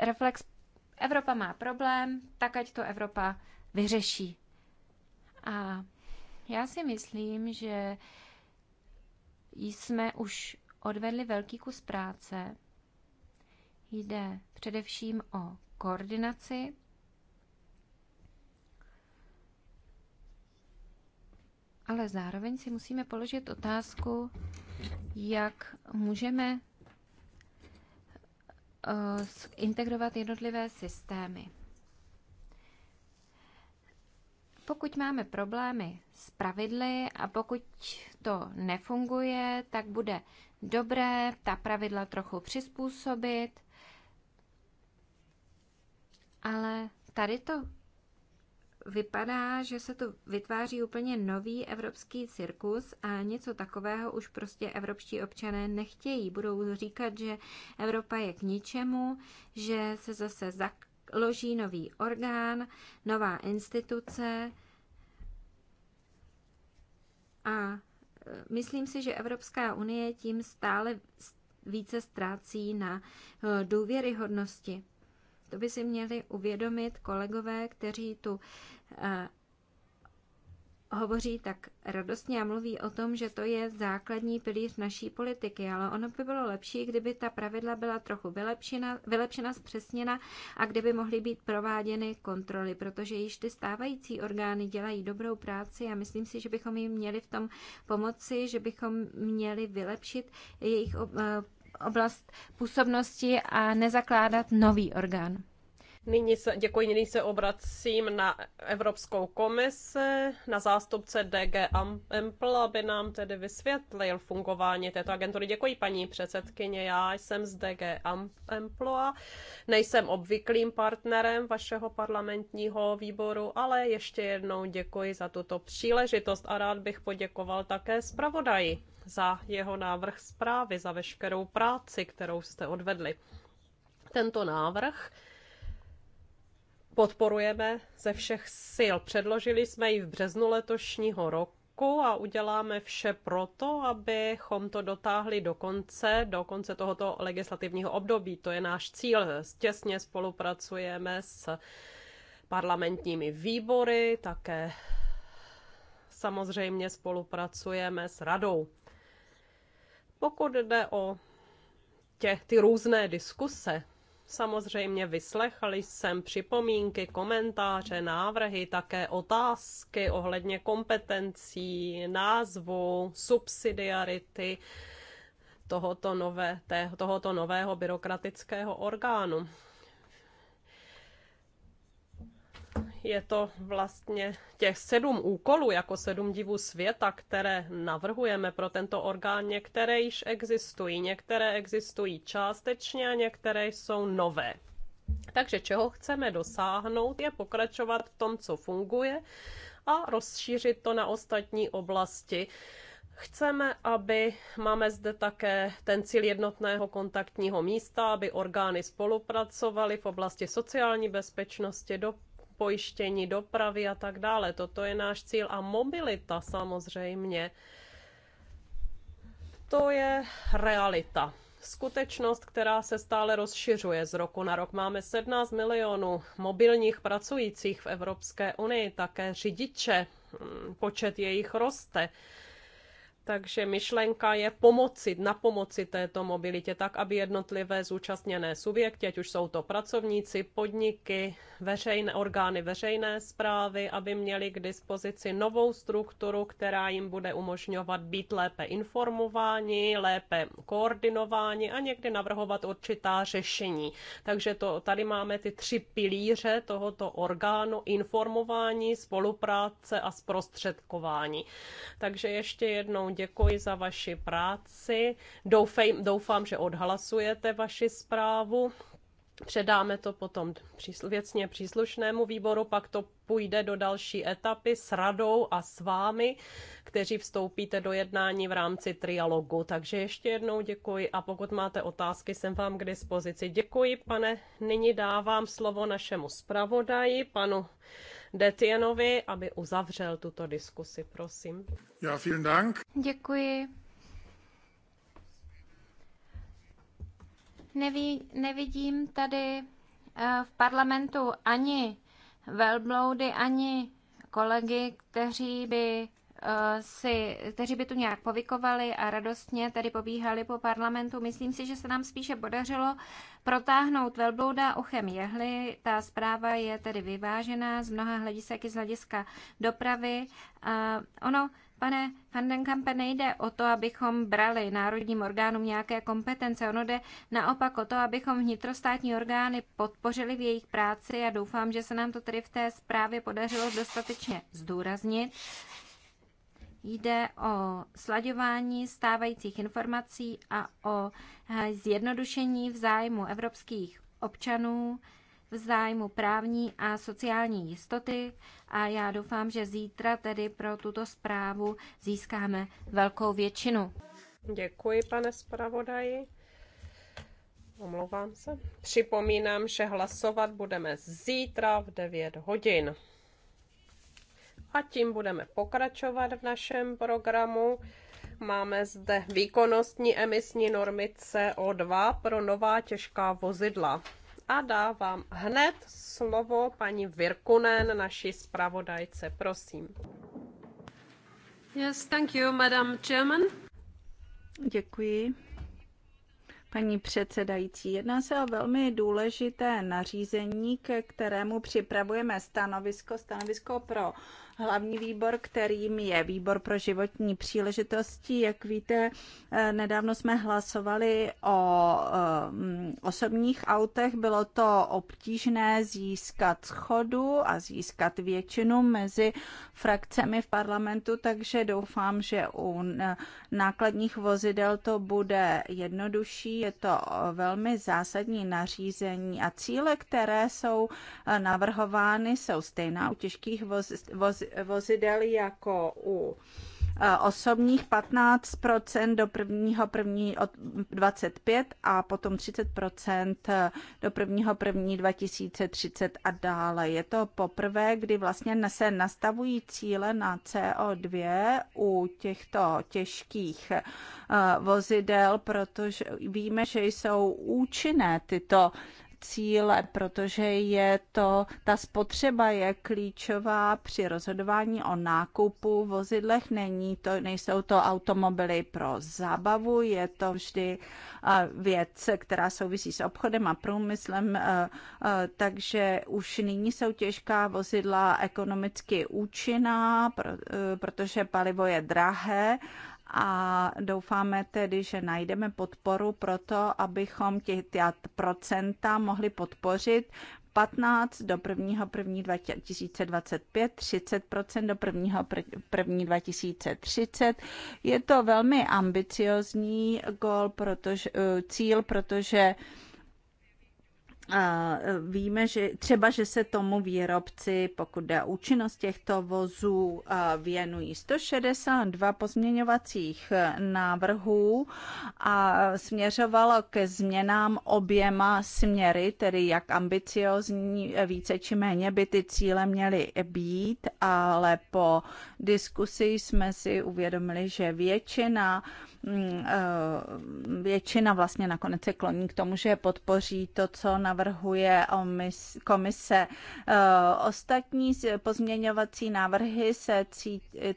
E, reflex. Evropa má problém, tak ať to Evropa vyřeší. A já si myslím, že jsme už odvedli velký kus práce. Jde především o koordinaci ale zároveň si musíme položit otázku, jak můžeme eh, integrovat jednotlivé systémy. Pokud máme problémy s pravidly a pokud to nefunguje, tak bude dobré ta pravidla trochu přizpůsobit. Ale tady to vypadá, že se tu vytváří úplně nový evropský cirkus a něco takového už prostě evropští občané nechtějí. Budou říkat, že Evropa je k ničemu, že se zase zak loží nový orgán, nová instituce a e, myslím si, že Evropská unie tím stále více ztrácí na e, důvěryhodnosti. To by si měli uvědomit kolegové, kteří tu e, hovoří tak radostně a mluví o tom, že to je základní pilíř naší politiky, ale ono by bylo lepší, kdyby ta pravidla byla trochu vylepšena, vylepšena zpřesněna a kdyby mohly být prováděny kontroly, protože již ty stávající orgány dělají dobrou práci a myslím si, že bychom jim měli v tom pomoci, že bychom měli vylepšit jejich eh, oblast působnosti a nezakládat nový orgán. Nyní se, děkuji, nyní se obracím na Evropskou komisi, na zástupce DG Ample, aby nám tedy vysvětlil fungování této agentury. Děkuji, paní předsedkyně, já jsem z DG Ample a nejsem obvyklým partnerem vašeho parlamentního výboru, ale ještě jednou děkuji za tuto příležitost a rád bych poděkoval také zpravodaji za jeho návrh zprávy, za veškerou práci, kterou jste odvedli. Tento návrh podporujeme ze všech sil. Předložili jsme ji v březnu letošního roku a uděláme vše proto, abychom to dotáhli do konce, do konce tohoto legislativního období. To je náš cíl. Těsně spolupracujeme s parlamentními výbory, také samozřejmě spolupracujeme s radou. Pokud jde o tě, ty různé diskuse, Samozřejmě vyslechli jsem připomínky, komentáře, návrhy, také otázky ohledně kompetencí, názvu, subsidiarity tohoto, nové, tohoto nového byrokratického orgánu. je to vlastně těch sedm úkolů, jako sedm divů světa, které navrhujeme pro tento orgán. Některé již existují, některé existují částečně a některé jsou nové. Takže čeho chceme dosáhnout, je pokračovat v tom, co funguje a rozšířit to na ostatní oblasti. Chceme, aby máme zde také ten cíl jednotného kontaktního místa, aby orgány spolupracovaly v oblasti sociální bezpečnosti, dopravy, pojištění dopravy a tak dále. Toto je náš cíl a mobilita samozřejmě. To je realita. Skutečnost, která se stále rozšiřuje z roku na rok. Máme 17 milionů mobilních pracujících v Evropské unii, také řidiče, hmm, počet jejich roste. Takže myšlenka je pomoci, na pomoci této mobilitě, tak aby jednotlivé zúčastněné subjekty, ať už jsou to pracovníci, podniky, veřejné, orgány veřejné zprávy, aby měli k dispozici novou strukturu, která jim bude umožňovat být lépe informováni, lépe koordinováni a někdy navrhovat určitá řešení. Takže to, tady máme ty tři pilíře tohoto orgánu, informování, spolupráce a zprostředkování. Takže ještě jednou děkuji za vaši práci. Doufej, doufám, že odhlasujete vaši zprávu. Předáme to potom věcně příslušnému výboru, pak to půjde do další etapy s radou a s vámi, kteří vstoupíte do jednání v rámci trialogu. Takže ještě jednou děkuji a pokud máte otázky, jsem vám k dispozici. Děkuji, pane. Nyní dávám slovo našemu zpravodaji, panu Detienovi, aby uzavřel tuto diskusi, prosím. Já vielen Dank. Děkuji. Neví, nevidím tady eh, v parlamentu ani velbloudy, ani kolegy, kteří by si, kteří by tu nějak povykovali a radostně tady pobíhali po parlamentu. Myslím si, že se nám spíše podařilo protáhnout velblouda uchem jehly. Ta zpráva je tedy vyvážená z mnoha hledisek i z hlediska dopravy. A ono, pane Fandenkampe, nejde o to, abychom brali národním orgánům nějaké kompetence. Ono jde naopak o to, abychom vnitrostátní orgány podpořili v jejich práci a doufám, že se nám to tedy v té zprávě podařilo dostatečně zdůraznit. Jde o slaďování stávajících informací a o eh, zjednodušení v zájmu evropských občanů, v zájmu právní a sociální jistoty a já doufám, že zítra tedy pro tuto zprávu získáme velkou většinu. Děkuji, pane zpravodaji. Omlouvám se. Připomínám, že hlasovat budeme zítra v 9 hodin. A tím budeme pokračovat v našem programu. Máme zde výkonnostní emisní normy CO2 pro nová těžká vozidla. A dávám hned slovo paní Virkunen, naší zpravodajce. Prosím. Yes, thank you, Madam Chairman. Děkuji. Paní předsedající, jedná se o velmi důležité nařízení, ke kterému připravujeme stanovisko, stanovisko pro hlavní výbor, kterým je výbor pro životní příležitosti. Jak víte, eh, nedávno jsme hlasovali o eh, osobních autech. Bylo to obtížné získat schodu a získat většinu mezi frakcemi v parlamentu, takže doufám, že u nákladních vozidel to bude jednodušší. Je to velmi zásadní nařízení a cíle, které jsou eh, navrhovány, jsou stejná u těžkých voz, voz, vozidel jako u e, osobních 15% do prvního první od 25 a potom 30% e, do prvního první 2030 a dále. Je to poprvé, kdy vlastně se nastavují cíle na CO2 u těchto těžkých e, vozidel, protože víme, že jsou účinné tyto cíle, protože je to, ta spotřeba je klíčová při rozhodování o nákupu v vozidlech. Není to, nejsou to automobily pro zábavu, je to vždy věc, která souvisí s obchodem a průmyslem, takže už nyní jsou těžká vozidla ekonomicky účinná, e, protože palivo je drahé a doufáme tedy, že najdeme podporu pro to, abychom těch procenta mohli podpořit. 15 do 1. 1. 2025, 30 do 1. 1. 2030. Je to velmi ambiciozní protože, eh, cíl, protože E, víme, že třeba, že se tomu výrobci, pokud jde o účinnost těchto vozů, věnují 162 pozměňovacích e, návrhů a směřovalo ke změnám oběma směry, tedy jak ambiciozní e, více či méně by ty cíle měly být, ale po diskusi jsme si uvědomili, že většina Mm, eh, většina vlastně nakonec se kloní k tomu, že podpoří to, co navrhuje komise. Eh, ostatní pozměňovací návrhy se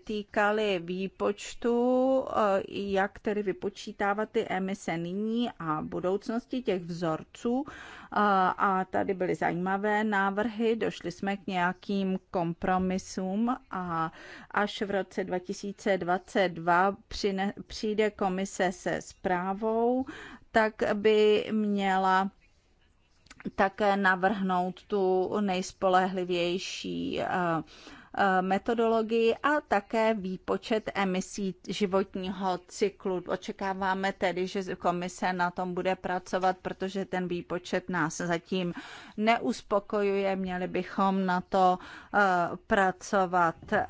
týkaly výpočtu, eh, jak tedy vypočítávat ty emise nyní a budoucnosti těch vzorců a tady byly zajímavé návrhy, došli jsme k nějakým kompromisům a až v roce 2022 přijde komise se zprávou, tak by měla také navrhnout tu nejspolehlivější Eh, metodologii a také výpočet emisí životního cyklu. Očekáváme tedy, že komise na tom bude pracovat, protože ten výpočet nás zatím neuspokojuje. Měli bychom na to eh, pracovat eh,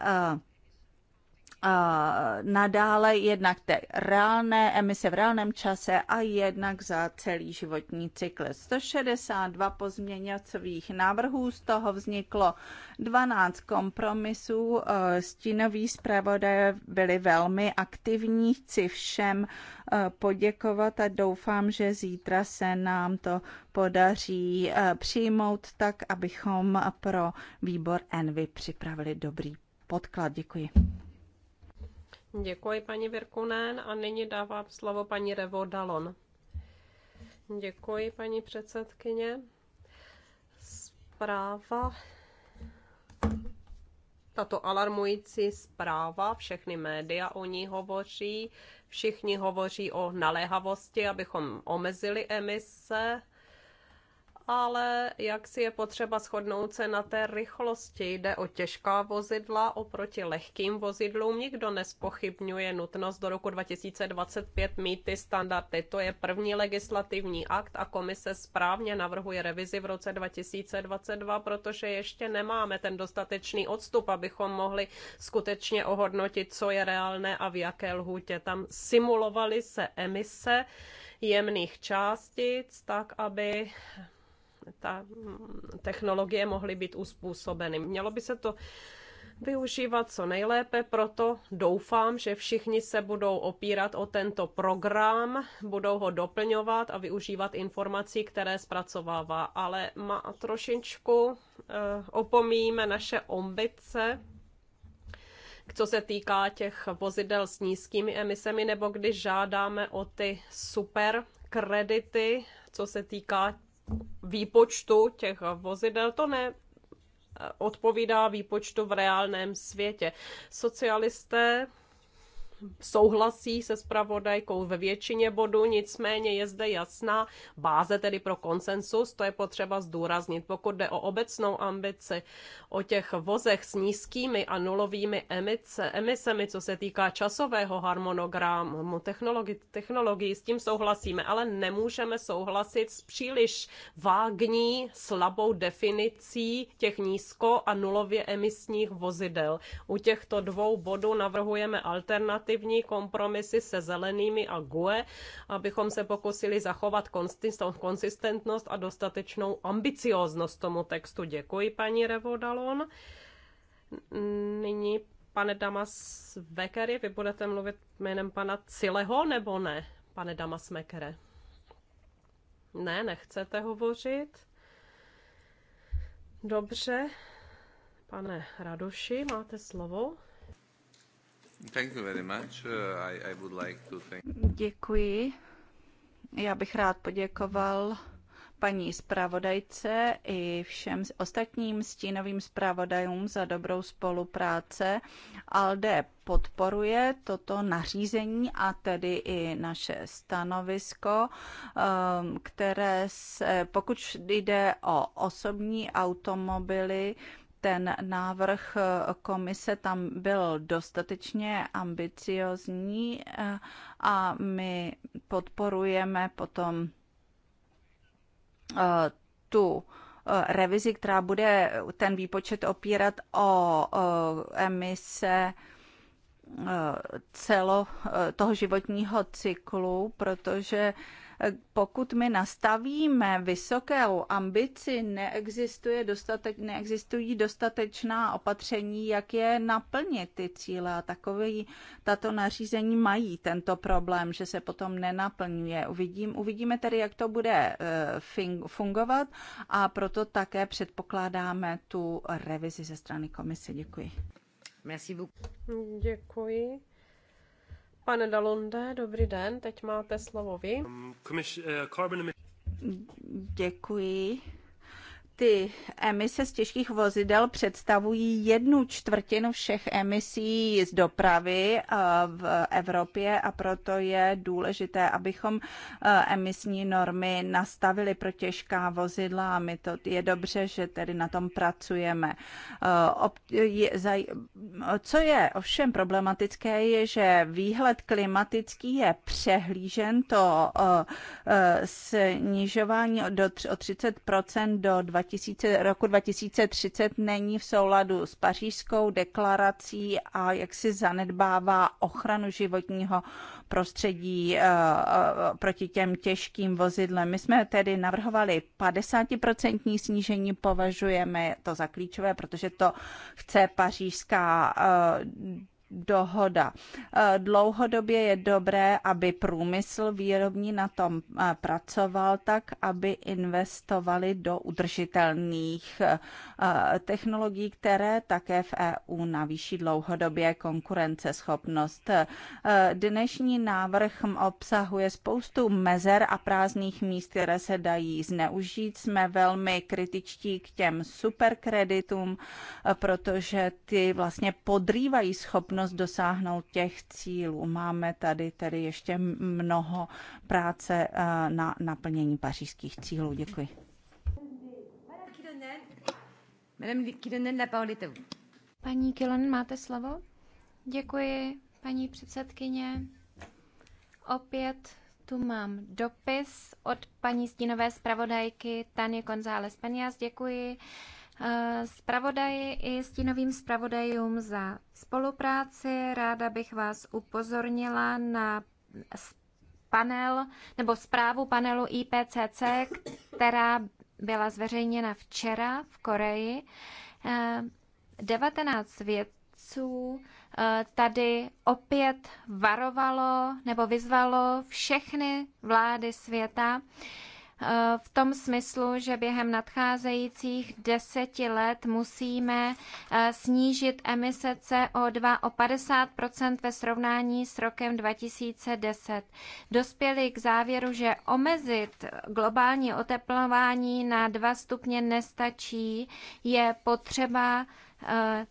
nadále jednak té reálné emise v reálném čase a jednak za celý životní cyklus. 162 pozměňovacích návrhů, z toho vzniklo 12 kompromisů. E, stínoví zpravodaje byli velmi aktivní. Chci všem e, poděkovat a doufám, že zítra se nám to podaří e, přijmout tak, abychom pro výbor Envy připravili dobrý podklad. Děkuji. Děkuji, paní Virkunen. A nyní dávám slovo paní Revo Dalon. Děkuji, paní předsedkyně. Zpráva tato alarmující zpráva, všechny média o ní hovoří, všichni hovoří o naléhavosti, abychom omezili emise ale jak si je potřeba shodnout se na té rychlosti. Jde o těžká vozidla oproti lehkým vozidlům. Nikdo nespochybňuje nutnost do roku 2025 mít ty standardy. To je první legislativní akt a komise správně navrhuje revizi v roce 2022, protože ještě nemáme ten dostatečný odstup, abychom mohli skutečně ohodnotit, co je reálné a v jaké lhůtě. Tam simulovaly se emise jemných částic, tak aby ta mm, technologie mohly být uspůsobeny. Mělo by se to využívat co nejlépe, proto doufám, že všichni se budou opírat o tento program, budou ho doplňovat a využívat informací, které zpracovává. Ale má trošičku eh, opomíjíme naše ambice, co se týká těch vozidel s nízkými emisemi, nebo když žádáme o ty super kredity, co se týká výpočtu těch vozidel, to ne, odpovídá výpočtu v reálném světě. Socialisté souhlasí se spravodajkou ve většině bodů, nicméně je zde jasná báze tedy pro konsensus, to je potřeba zdůraznit. Pokud jde o obecnou ambici o těch vozech s nízkými a nulovými emice, emisemi, co se týká časového harmonogramu technologi- technologii, s tím souhlasíme, ale nemůžeme souhlasit s příliš vágní, slabou definicí těch nízko a nulově emisních vozidel. U těchto dvou bodů navrhujeme alternativu legislativní kompromisy se zelenými a GUE, abychom se pokusili zachovat konsistentnost a dostatečnou ambicioznost tomu textu. Děkuji, paní Revodalon. Nyní, pane Damas Vekery, vy budete mluvit jménem pana Cileho, nebo ne, pane Damas Mekere? Ne, nechcete hovořit. Dobře, pane Radoši, máte slovo. Děkuji. Já bych rád poděkoval paní zpravodajce i všem ostatním stínovým zpravodajům za dobrou spolupráce. ALDE podporuje toto nařízení a tedy i naše stanovisko, um, které se, pokud jde o osobní automobily, ten návrh eh, komise tam byl dostatečně ambiciozní eh, a my podporujeme potom eh, tu revizi, která bude ten výpočet opírat o emise celo toho životního cyklu, protože pokud my nastavíme vysokou ambici, neexistuje dostatek, neexistují dostatečná opatření, jak je naplnit ty cíle a takový tato nařízení mají tento problém, že se potom nenaplňuje. Uvidím, uvidíme tedy, jak to bude eh, fungovat a proto také předpokládáme tu revizi ze strany komise. Děkuji. Merci beaucoup. Děkuji. Pane Dalunde, dobrý den, teď máte slovo vy. Eh, Děkuji ty emise z těžkých vozidel představují jednu čtvrtinu všech emisí z dopravy eh, v Evropě a proto je důležité, abychom eh, emisní normy nastavili pro těžká vozidla a my to je dobře, že tedy na tom pracujeme. Eh, co je ovšem problematické, je, že výhled klimatický je přehlížen to snižování o 30% do 20 2000, roku 2030 není v souladu s pařížskou deklarací a jak si zanedbává ochranu životního prostředí eh, eh, proti těm těžkým vozidlem. My jsme tedy navrhovali 50% snížení, považujeme to za klíčové, protože to chce pařížská eh, dohoda. Eh, dlouhodobě je dobré, aby průmysl výrobní na tom eh, pracoval tak, aby investovali do udržitelných eh, technologií, které také v EU navýší dlouhodobě konkurenceschopnost. Dnešní návrh obsahuje spoustu mezer a prázdných míst, které se dají zneužít. Jsme velmi kritičtí k těm superkreditům, protože ty vlastně podrývají schopnost možnost dosáhnout těch cílů. Máme tady tedy ještě mnoho práce eh, na naplnění pařížských cílů. Děkuji. Kilonen, Paní Kilonen, máte slovo? Děkuji, paní předsedkyně. Opět tu mám dopis od paní stínové zpravodajky Tany González Penias. Děkuji Spravodaji eh, i stínovým spravodajům za spolupráci. Ráda bych vás upozornila na panel nebo zprávu panelu IPCC, která byla zveřejněna včera v Koreji. 19 eh, vědců eh, tady opět varovalo nebo vyzvalo všechny vlády světa, Eh, v tom smyslu, že během nadcházejících deseti let musíme eh, snížit emise CO2 o 50 ve srovnání s rokem 2010. Dospěli k závěru, že omezit globální oteplování na 2 stupně nestačí, je potřeba eh,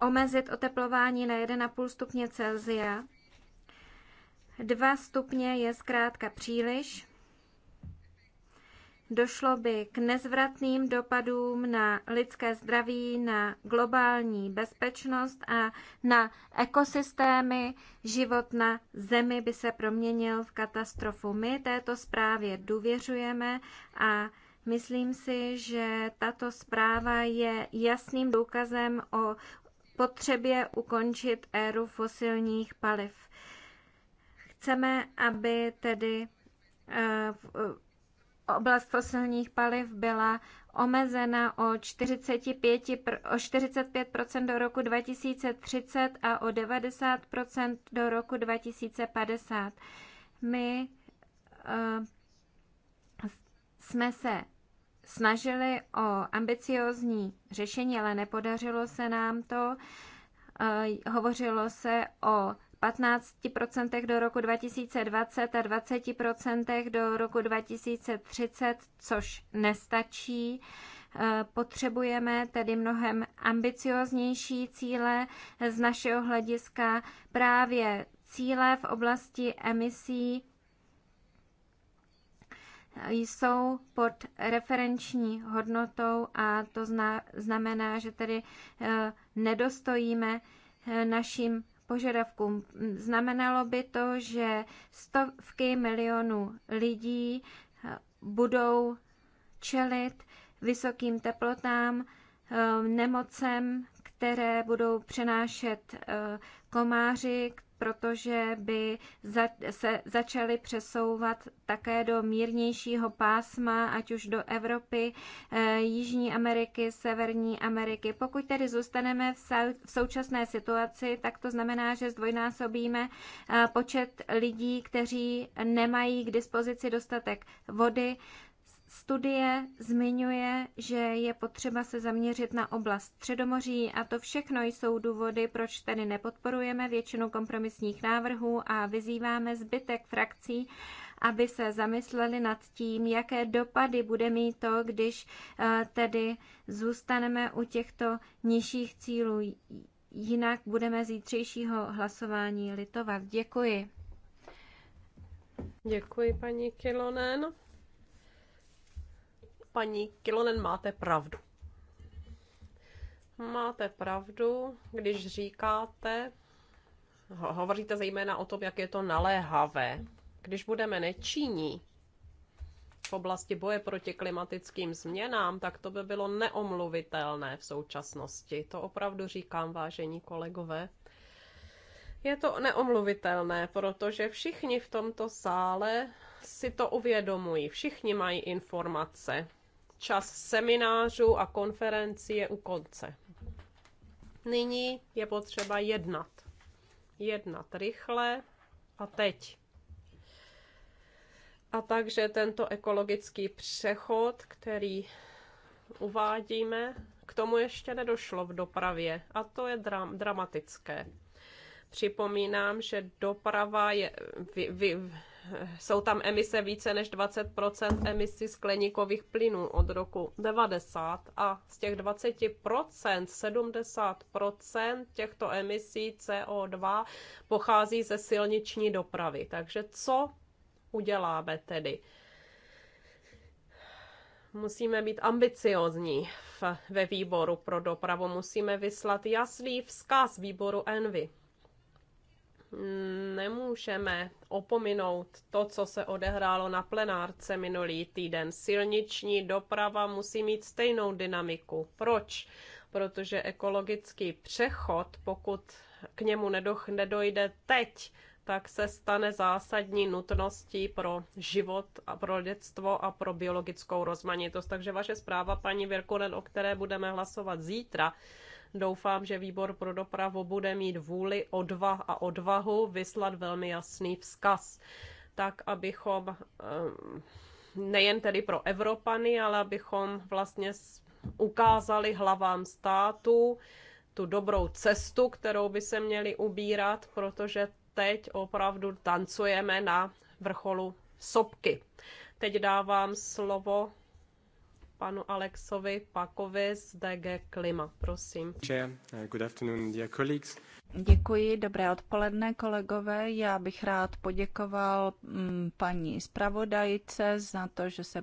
omezit oteplování na 1,5 stupně Celsia Dva stupně je zkrátka příliš. Došlo by k nezvratným dopadům na lidské zdraví, na globální bezpečnost a na ekosystémy. Život na Zemi by se proměnil v katastrofu. My této zprávě důvěřujeme a myslím si, že tato zpráva je jasným důkazem o potřebě ukončit éru fosilních paliv. Chceme, aby tedy eh, eh, oblast fosilních paliv byla omezena o, 45, o 45 do roku 2030 a o 90 do roku 2050. My uh, jsme se snažili o ambiciozní řešení, ale nepodařilo se nám to. Uh, hovořilo se o 15% do roku 2020 a 20% do roku 2030, což nestačí. Eh, potřebujeme tedy mnohem ambicioznější cíle z našeho hlediska, právě cíle v oblasti emisí eh, jsou pod referenční hodnotou a to znamená, že tedy eh, nedostojíme našim požadavkům. Znamenalo by to, že stovky milionů lidí eh, budou čelit vysokým teplotám, eh, nemocem, které budou přenášet eh, komáři, protože by se začaly přesouvat také do mírnějšího pásma, ať už do Evropy, eh, Jižní Ameriky, Severní Ameriky. Pokud tedy zůstaneme v současné situaci, tak to znamená, že zdvojnásobíme eh, počet lidí, kteří nemají k dispozici dostatek vody, Studie zmiňuje, že je potřeba se zaměřit na oblast Středomoří a to všechno jsou důvody, proč tedy nepodporujeme většinu kompromisních návrhů a vyzýváme zbytek frakcí, aby se zamysleli nad tím, jaké dopady bude mít to, když eh, tedy zůstaneme u těchto nižších cílů. Jinak budeme zítřejšího hlasování litovat. Děkuji. Děkuji, paní Kilonen. Paní Kilonen, máte pravdu. Máte pravdu, když říkáte, ho, hovoříte zejména o tom, jak je to naléhavé. Když budeme nečinní v oblasti boje proti klimatickým změnám, tak to by bylo neomluvitelné v současnosti. To opravdu říkám, vážení kolegové. Je to neomluvitelné, protože všichni v tomto sále si to uvědomují, všichni mají informace. Čas seminářů a konferenci je u konce. Nyní je potřeba jednat. Jednat rychle a teď. A takže tento ekologický přechod, který uvádíme, k tomu ještě nedošlo v dopravě a to je dram- dramatické. Připomínám, že doprava je, vy, vy, jsou tam emise více než 20 emisí skleníkových plynů od roku 90 a z těch 20 70 těchto emisí CO2 pochází ze silniční dopravy. Takže co uděláme tedy? musíme být ambiciozní ve výboru pro dopravu, musíme vyslat jasný vzkaz výboru Envy nemůžeme opominout to, co se odehrálo na plenárce minulý týden. Silniční doprava musí mít stejnou dynamiku. Proč? Protože ekologický přechod, pokud k němu nedojde teď, tak se stane zásadní nutností pro život a pro lidstvo a pro biologickou rozmanitost. Takže vaše zpráva, paní Virkonen, o které budeme hlasovat zítra, Doufám, že výbor pro dopravu bude mít vůli, odva a odvahu vyslat velmi jasný vzkaz, tak abychom ehm, nejen tedy pro Evropany, ale abychom vlastně ukázali hlavám státu tu dobrou cestu, kterou by se měli ubírat, protože teď opravdu tancujeme na vrcholu sopky. Teď dávám slovo panu Alexovi Pakovi z DG Klima. Prosím. Chair, uh, good afternoon, dear colleagues. Děkuji, dobré odpoledne, kolegové. Já bych rád poděkoval mm, paní zpravodajce za to, že se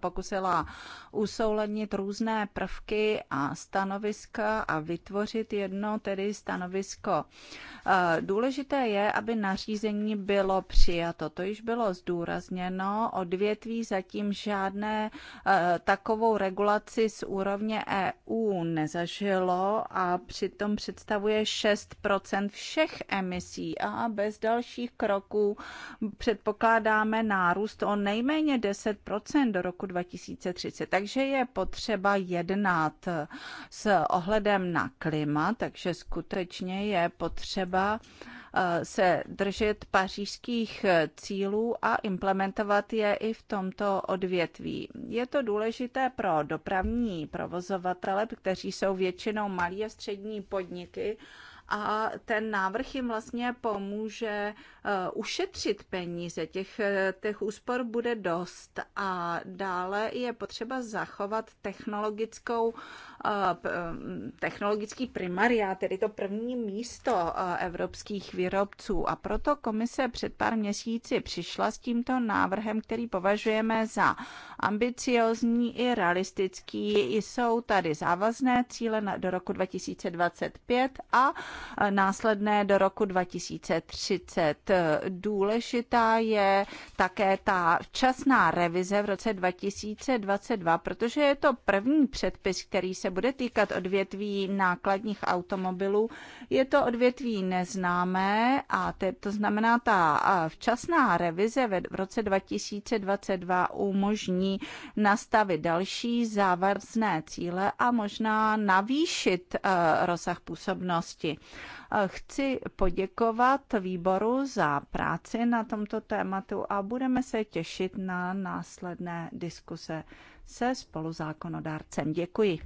pokusila usoulednit různé prvky a stanoviska a vytvořit jedno tedy stanovisko. E, důležité je, aby nařízení bylo přijato. To již bylo zdůrazněno. Odvětví zatím žádné e, takovou regulaci z úrovně EU nezažilo a přitom představuje 6 6 všech emisí a bez dalších kroků předpokládáme nárůst o nejméně 10 do roku 2030. Takže je potřeba jednat s ohledem na klima, takže skutečně je potřeba eh, se držet pařížských cílů a implementovat je i v tomto odvětví. Je to důležité pro dopravní provozovatele, kteří jsou většinou malí a střední podniky a ten návrh jim vlastně pomůže eh, ušetřit peníze. Těch, eh, těch úspor bude dost a dále je potřeba zachovat technologickou technologický primaria, tedy to první místo evropských výrobců. A proto komise před pár měsíci přišla s tímto návrhem, který považujeme za ambiciozní i realistický. Jsou tady závazné cíle do roku 2025 a následné do roku 2030. Důležitá je také ta včasná revize v roce 2022, protože je to první předpis, který se bude týkat odvětví nákladních automobilů. Je to odvětví neznámé a te, to znamená, ta včasná revize v roce 2022 umožní nastavit další závazné cíle a možná navýšit eh, rozsah působnosti. Eh, chci poděkovat výboru za práci na tomto tématu a budeme se těšit na následné diskuse se spoluzákonodárcem. Děkuji.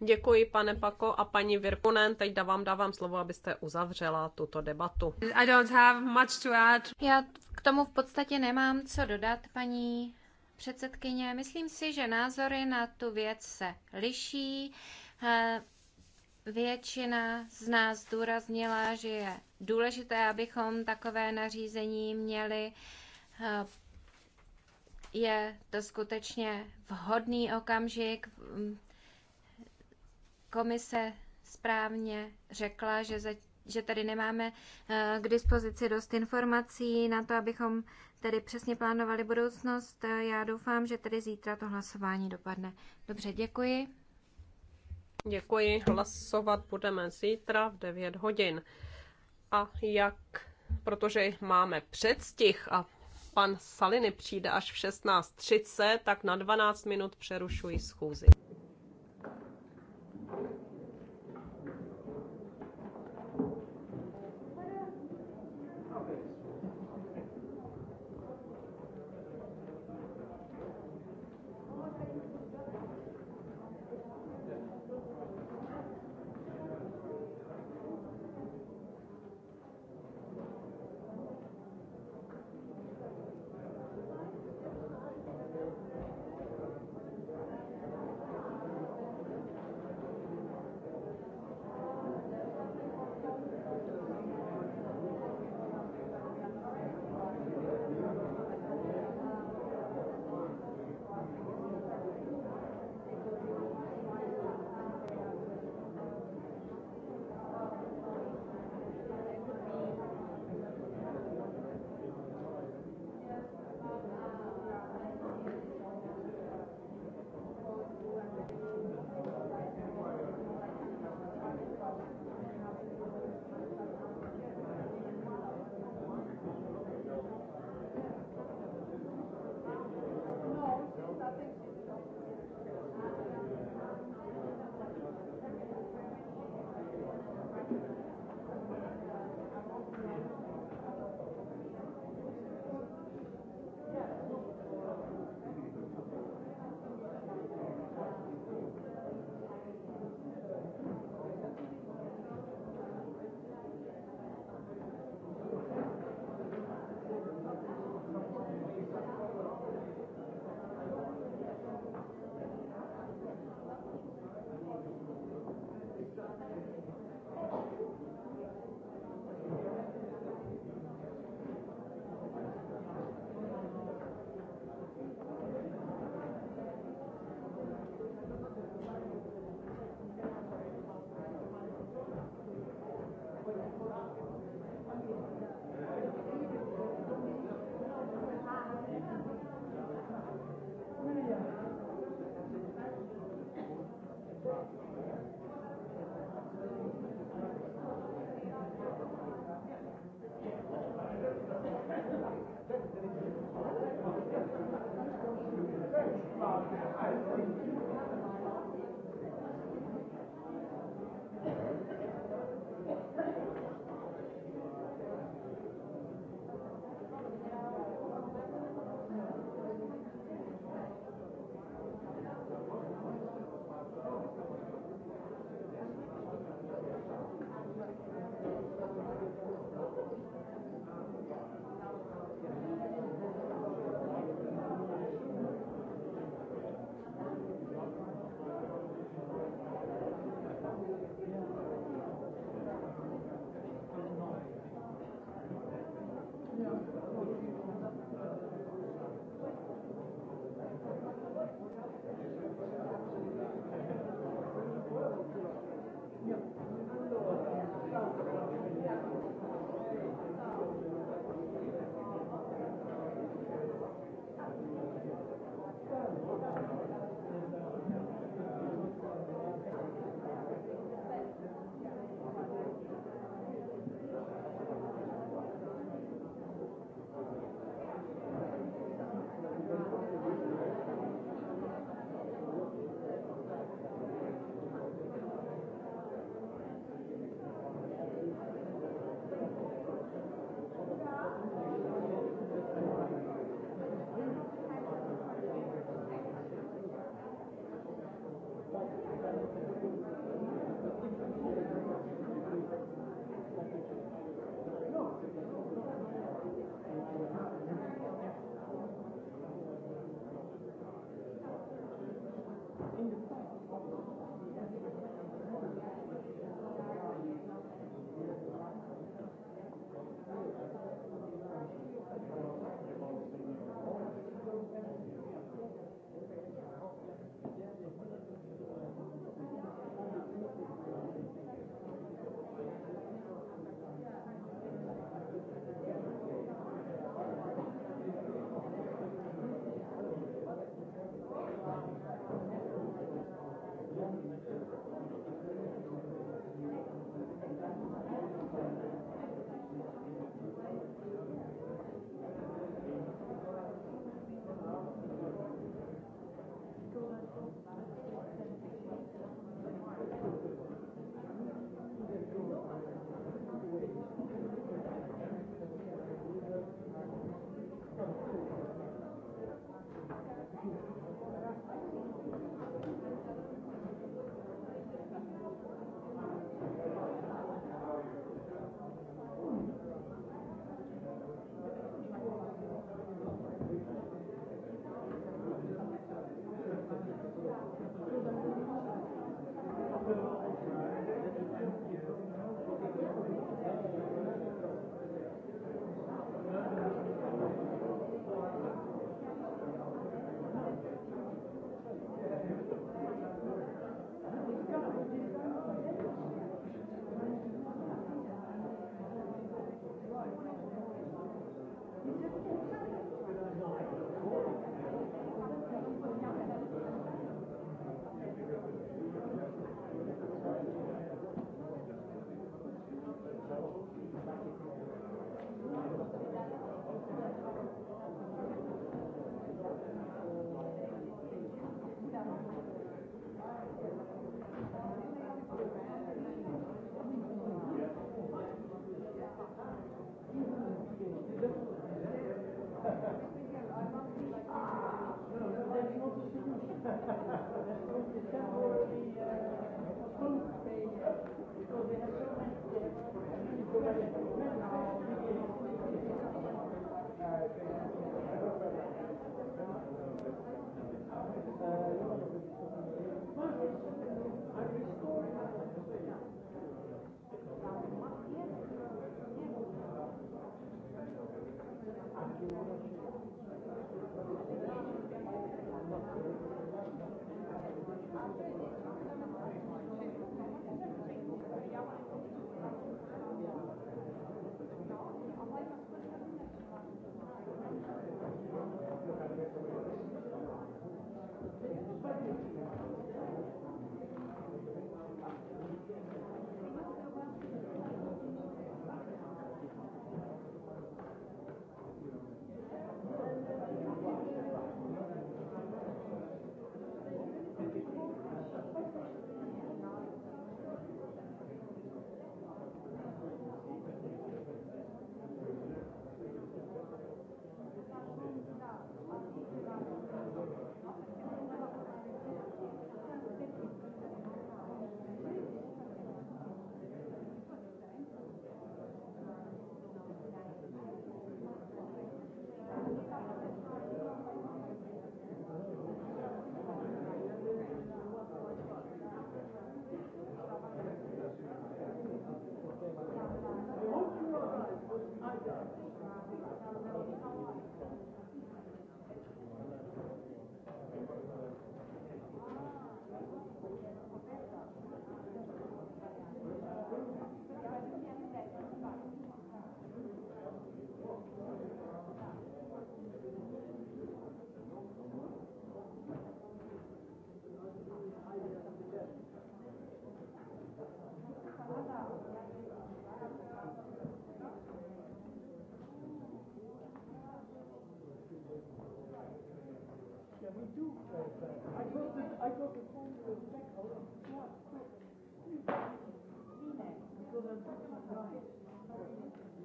Děkuji, pane Pako a paní Virkunen. Teď dávám, dávám slovo, abyste uzavřela tuto debatu. I don't have much to add. Já k tomu v podstatě nemám co dodat, paní předsedkyně. Myslím si, že názory na tu věc se liší. Eh, většina z nás zdůraznila, že je důležité, abychom takové nařízení měli. Eh, je to skutečně vhodný okamžik komise správně řekla, že, za, že tady nemáme eh, k dispozici dost informací na to, abychom tedy přesně plánovali budoucnost. Eh, já doufám, že tedy zítra to hlasování dopadne. Dobře, děkuji. Děkuji. Hlasovat budeme zítra v 9 hodin. A jak, protože máme předstih a pan Saliny přijde až v 16.30, tak na 12 minut přerušuji schůzi.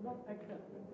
Not accepted.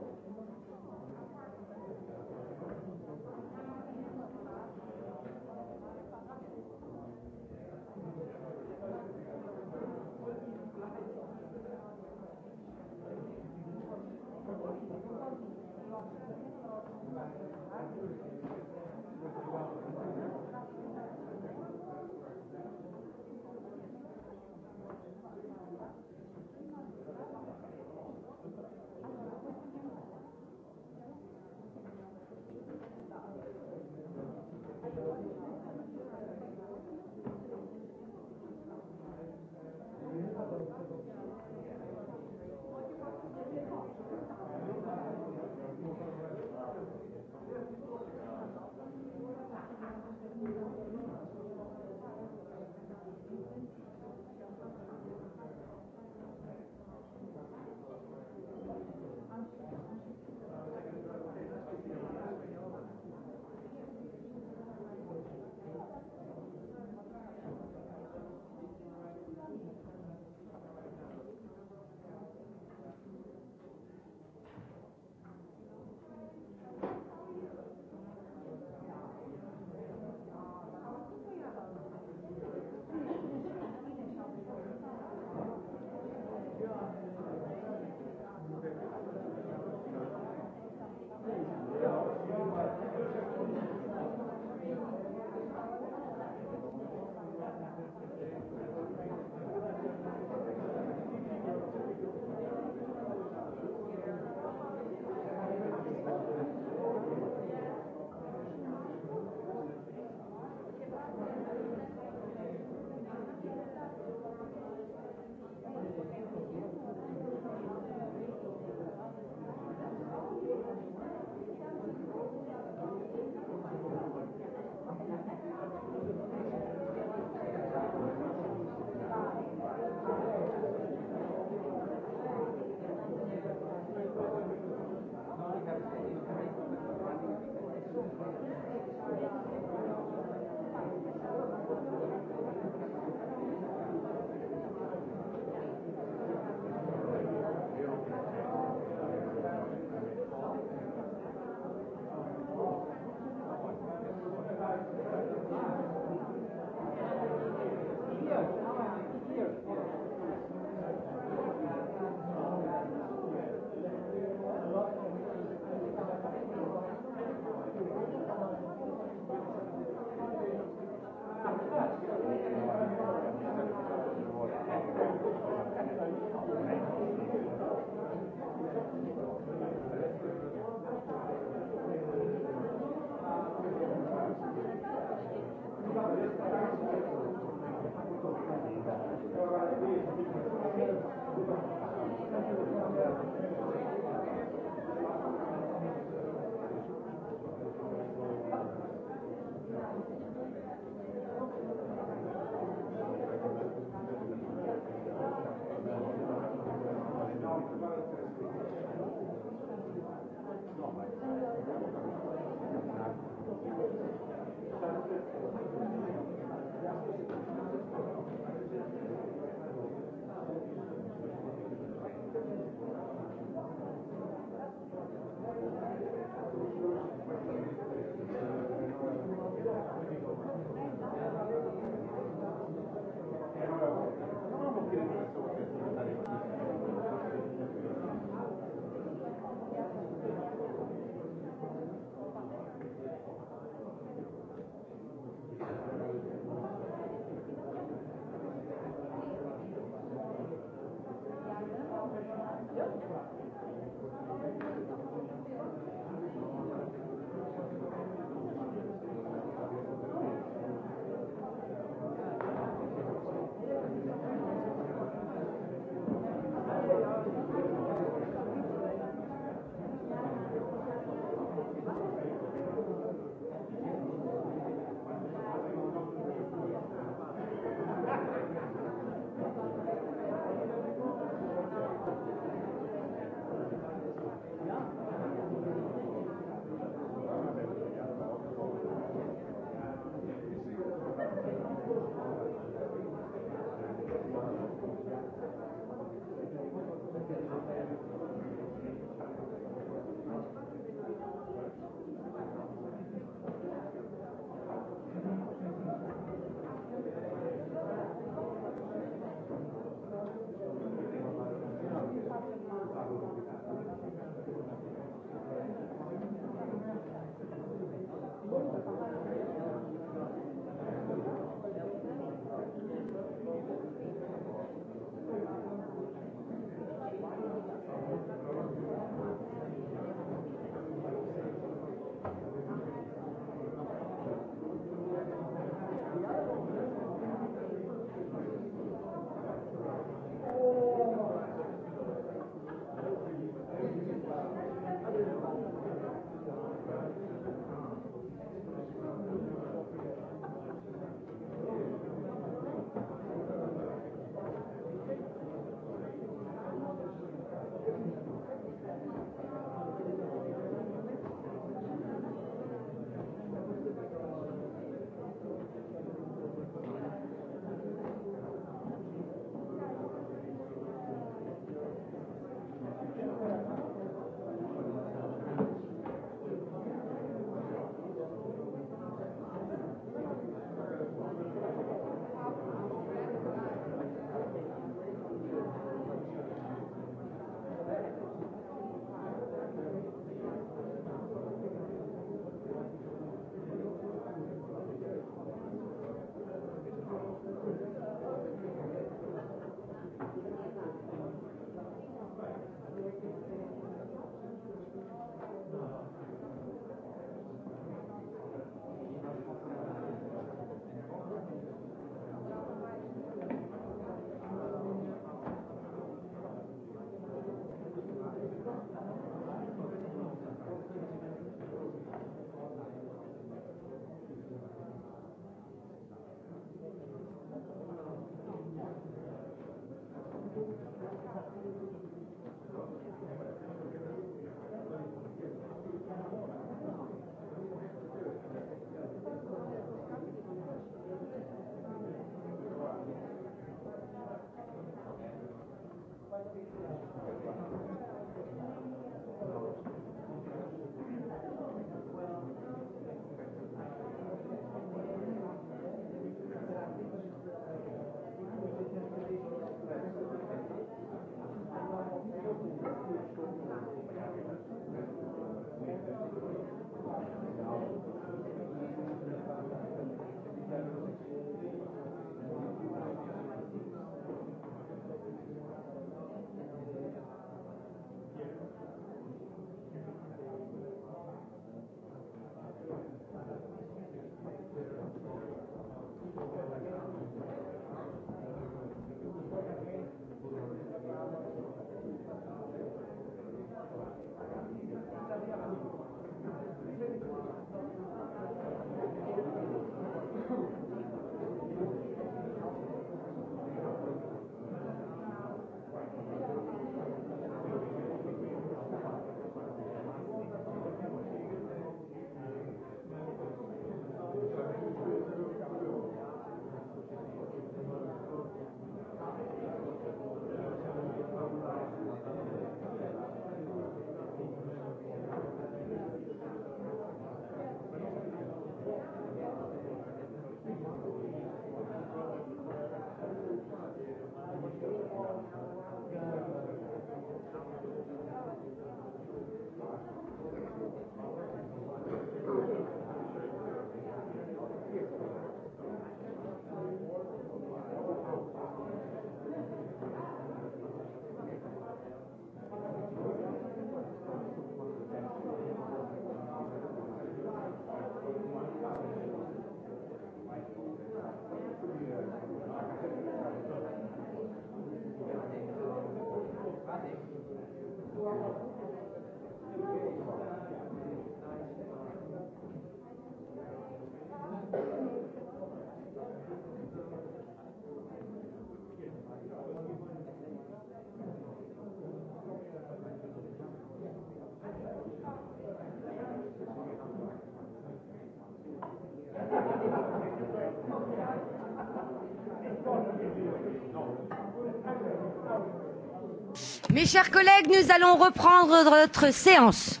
chers collègues, nous allons reprendre notre séance.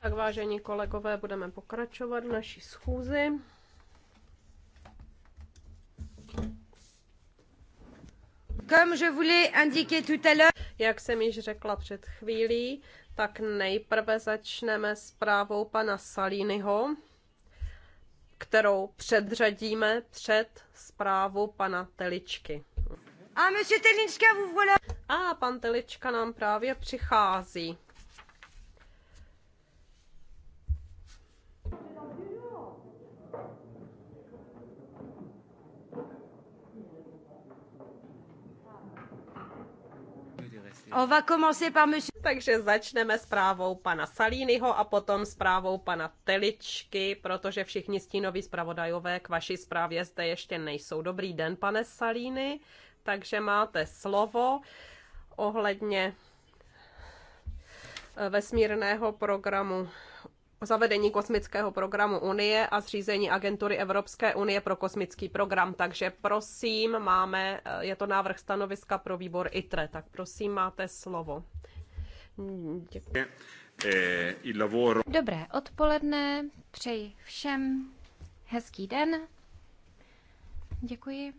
Tak vážení kolegové, budeme pokračovat v naší schůzi. Comme je vous l'ai indiqué tout à l'heure, jak jsem již řekla před chvílí, tak nejprve začneme s zprávou pana Salínyho, kterou předřadíme před zprávu pana Teličky. A ah, monsieur Telička, vous voilà. A pantelička nám právě přichází. On va commencer par monsieur... Takže začneme s právou pana Salínyho a potom s právou pana Teličky, protože všichni stínoví zpravodajové k vaší zprávě zde ještě nejsou. Dobrý den, pane Salíny, takže máte slovo ohledně eh, vesmírného programu zavedení kosmického programu Unie a zřízení agentury Evropské unie pro kosmický program. Takže prosím, máme, eh, je to návrh stanoviska pro výbor ITRE, tak prosím, máte slovo. Děkuji. Eh, Dobré odpoledne, přeji všem hezký den. Děkuji.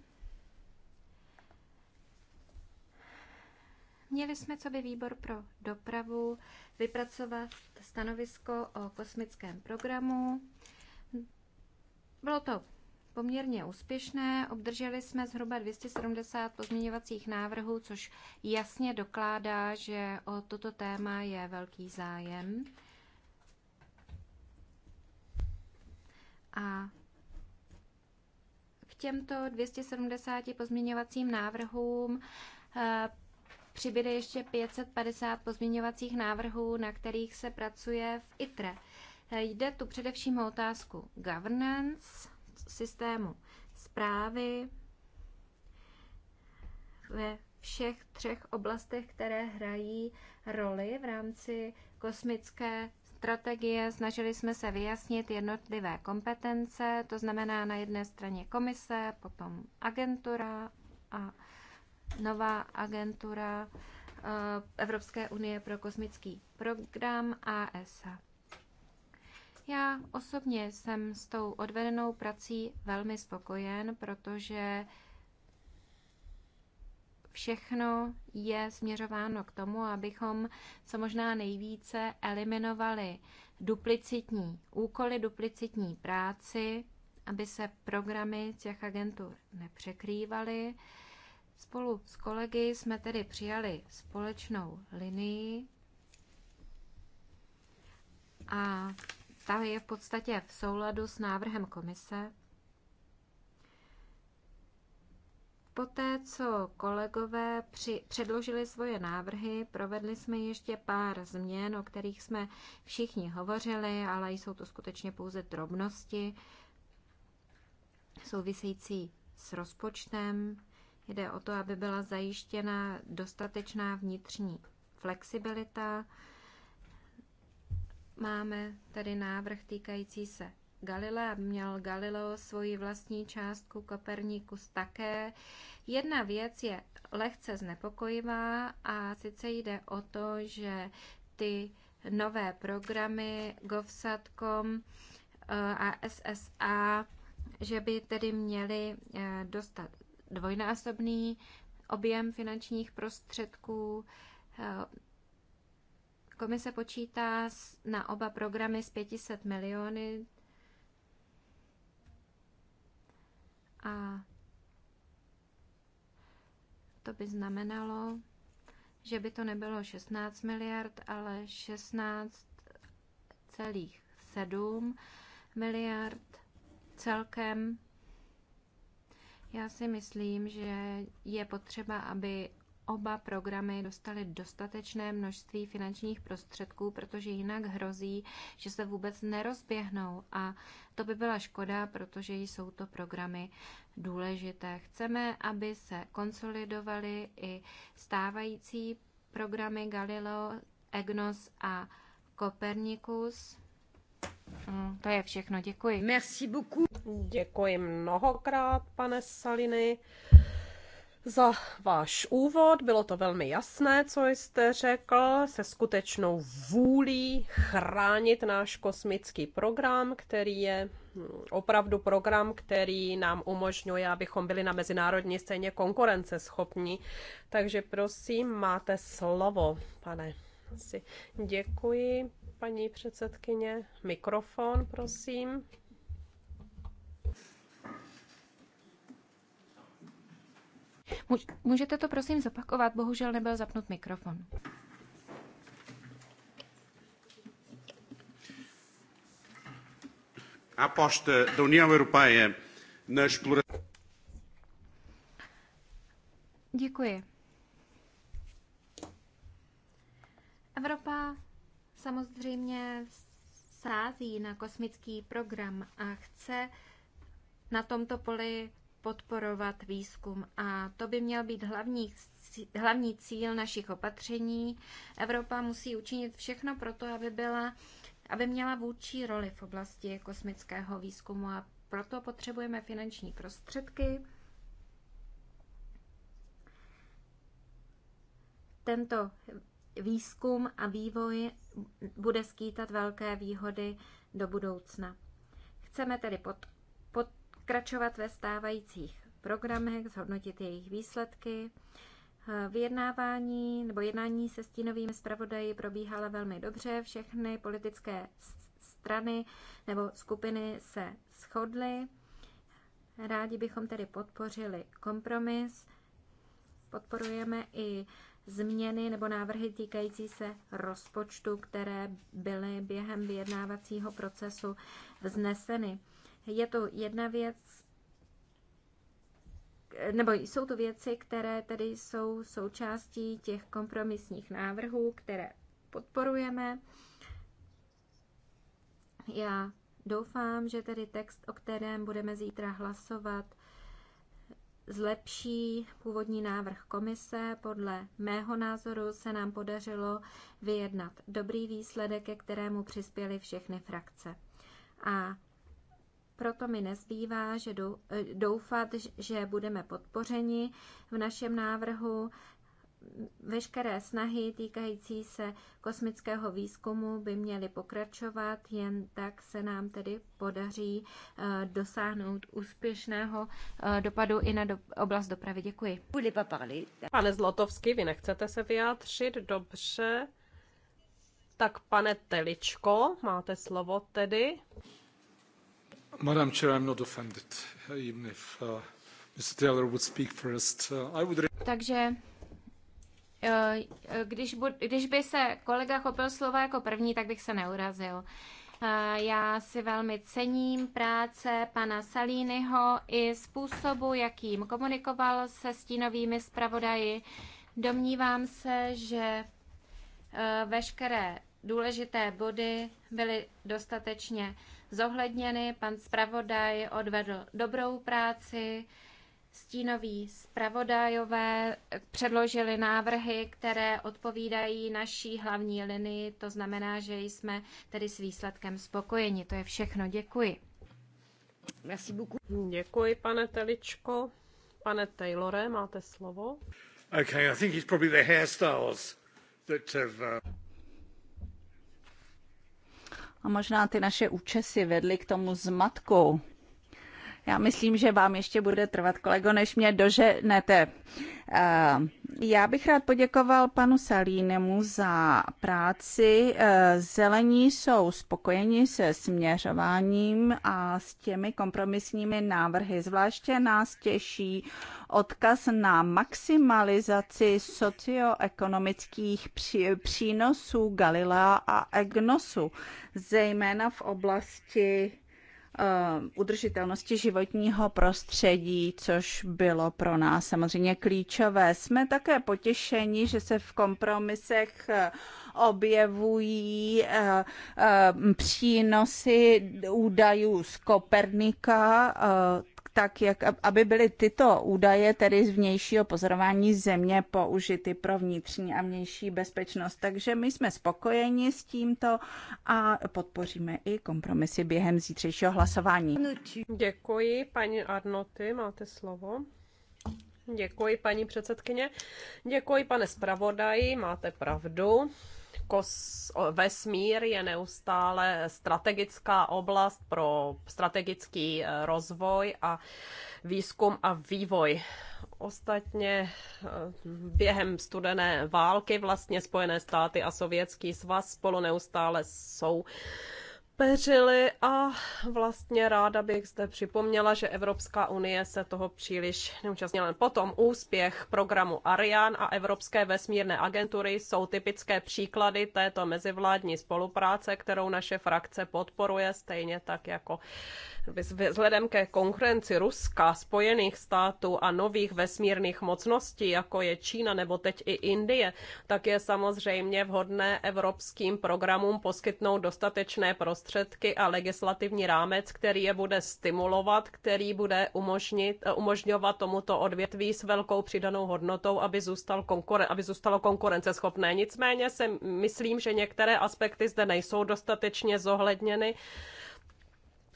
Měli jsme co by výbor pro dopravu vypracovat stanovisko o kosmickém programu. Bylo to poměrně úspěšné. Obdrželi jsme zhruba 270 pozměňovacích návrhů, což jasně dokládá, že o toto téma je velký zájem. A k těmto 270 pozměňovacím návrhům eh, přibude ještě 550 pozměňovacích návrhů, na kterých se pracuje v ITRE. Eh, jde tu především o otázku governance, systému zprávy ve všech třech oblastech, které hrají roli v rámci kosmické strategie. Snažili jsme se vyjasnit jednotlivé kompetence, to znamená na jedné straně komise, potom agentura a nová agentura eh, Evropské unie pro kosmický program ASA. E Já osobně jsem s tou odvedenou prací velmi spokojen, protože všechno je směřováno k tomu, abychom co možná nejvíce eliminovali duplicitní úkoly, duplicitní práci, aby se programy těch agentur nepřekrývaly, Spolu s kolegy jsme tedy přijali společnou linii a ta je v podstatě v souladu s návrhem komise. Poté, co kolegové při, předložili svoje návrhy, provedli jsme ještě pár změn, o kterých jsme všichni hovořili, ale jsou to skutečně pouze drobnosti související s rozpočtem. Jde o to, aby byla zajištěna dostatečná vnitřní flexibilita. Máme tady návrh týkající se Galilea, aby měl Galileo svoji vlastní částku, Kopernikus také. Jedna věc je lehce znepokojivá a sice jde o to, že ty nové programy GovSatcom eh, a SSA, že by tedy měli eh, dostat dvojnásobný objem finančních prostředků. Komise počítá na oba programy z 500 miliony a to by znamenalo, že by to nebylo 16 miliard, ale 16,7 miliard celkem já si myslím, že je potřeba, aby oba programy dostaly dostatečné množství finančních prostředků, protože jinak hrozí, že se vůbec nerozběhnou a to by byla škoda, protože jsou to programy důležité. Chceme, aby se konsolidovaly i stávající programy Galileo, EGNOS a Copernicus. No, to je všechno, děkuji. Merci beaucoup. Děkuji mnohokrát, pane Saliny, za váš úvod. Bylo to velmi jasné, co jste řekl, se skutečnou vůlí chránit náš kosmický program, který je opravdu program, který nám umožňuje, abychom byli na mezinárodní scéně konkurenceschopní. Takže prosím, máte slovo, pane. Děkuji, paní předsedkyně. Mikrofon, prosím. Můžete to prosím zopakovat? Bohužel nebyl zapnut mikrofon. aposta da União Europeia na exploração. Děkuji. Evropa samozřejmě sází na kosmický program a chce na tomto poli podporovat výzkum a to by měl být hlavní, hlavní cíl našich opatření. Evropa musí učinit všechno pro to, aby, byla, aby měla vůdčí roli v oblasti kosmického výzkumu a proto potřebujeme finanční prostředky. Tento výzkum a vývoj bude skýtat velké výhody do budoucna. Chceme tedy pod, pod, pokračovat ve stávajících programech, zhodnotit jejich výsledky. Vyjednávání nebo jednání se stínovými zpravodaji probíhala velmi dobře. Všechny politické strany nebo skupiny se shodly. Rádi bychom tedy podpořili kompromis. Podporujeme i změny nebo návrhy týkající se rozpočtu, které byly během vyjednávacího procesu vzneseny. Je to jedna věc, nebo jsou to věci, které tedy jsou součástí těch kompromisních návrhů, které podporujeme. Já doufám, že tedy text, o kterém budeme zítra hlasovat, zlepší původní návrh komise. Podle mého názoru se nám podařilo vyjednat dobrý výsledek, ke kterému přispěly všechny frakce. A proto mi nezbývá, že eh, doufat, že budeme podpořeni v našem návrhu. Veškeré snahy týkající se kosmického výzkumu by měly pokračovat, jen tak se nám tedy podaří eh, dosáhnout úspěšného eh, dopadu i na do, oblast dopravy. Děkuji. Pane Zlotovský, vy nechcete se vyjádřit dobře. Tak pane Teličko, máte slovo tedy. Madam Chair, I'm not offended, even if uh, Mr. Taylor would speak first. Uh, I would... Takže uh, uh, když, když by se kolega chopil slova jako první, tak bych se neurazil. Uh, já si velmi cením práce pana Salínyho i způsobu, jakým komunikoval se stínovými zpravodaji. Domnívám se, že veškeré důležité body byly dostatečně zohledněny. Pan zpravodaj odvedl dobrou práci, stínoví zpravodajové předložili návrhy, které odpovídají naší hlavní linii. To znamená, že jsme tedy s výsledkem spokojeni. To je všechno. Děkuji. Merci beaucoup. Děkuji, pane Teličko. Pane Taylore, máte slovo. Okay, I think it's probably the hairstyles that have... Uh... A možná ty naše účesy vedly k tomu zmatku. Já myslím, že vám ještě bude trvat, kolego, než mě doženete. Uh, já bych rád poděkoval panu Salínemu za práci. Eh, zelení jsou spokojeni se směřováním a s těmi kompromisními návrhy. Zvláště nás těší odkaz na maximalizaci socioekonomických přínosů Galilea a Egnosu, zejména v oblasti Eh, udržitelnosti životního prostředí, což bylo pro nás samozřejmě klíčové. Jsme také potěšeni, že se v kompromisech eh, objevují eh, přínosy údajů z Kopernika, tak jak, aby byly tyto údaje, tedy z vnějšího pozorování země, použity pro vnitřní a vnější bezpečnost. Takže my jsme spokojeni s tímto a podpoříme i kompromisy během zítřejšího hlasování. Děkuji, paní Arnoty, máte slovo. Děkuji, paní předsedkyně. Děkuji, pane zpravodaji, máte pravdu kos, vesmír je neustále strategická oblast pro strategický e, rozvoj a výzkum a vývoj. Ostatně e, během studené války vlastně Spojené státy a Sovětský svaz spolu neustále jsou soupeřili a vlastně ráda bych zde připomněla, že Evropská unie se toho příliš neúčastnila. Potom úspěch programu Ariane a Evropské vesmírné agentury jsou typické příklady této mezivládní spolupráce, kterou naše frakce podporuje, stejně tak jako Vzhledem ke konkurenci Ruska, Spojených států a nových vesmírných mocností, jako je Čína nebo teď i Indie, tak je samozřejmě vhodné evropským programům poskytnout dostatečné prostředky a legislativní rámec, který je bude stimulovat, který bude umožnit, eh, umožňovat tomuto odvětví s velkou přidanou hodnotou, aby, zůstal konkuren, aby zůstalo konkurenceschopné. Nicméně se myslím, že některé aspekty zde nejsou dostatečně zohledněny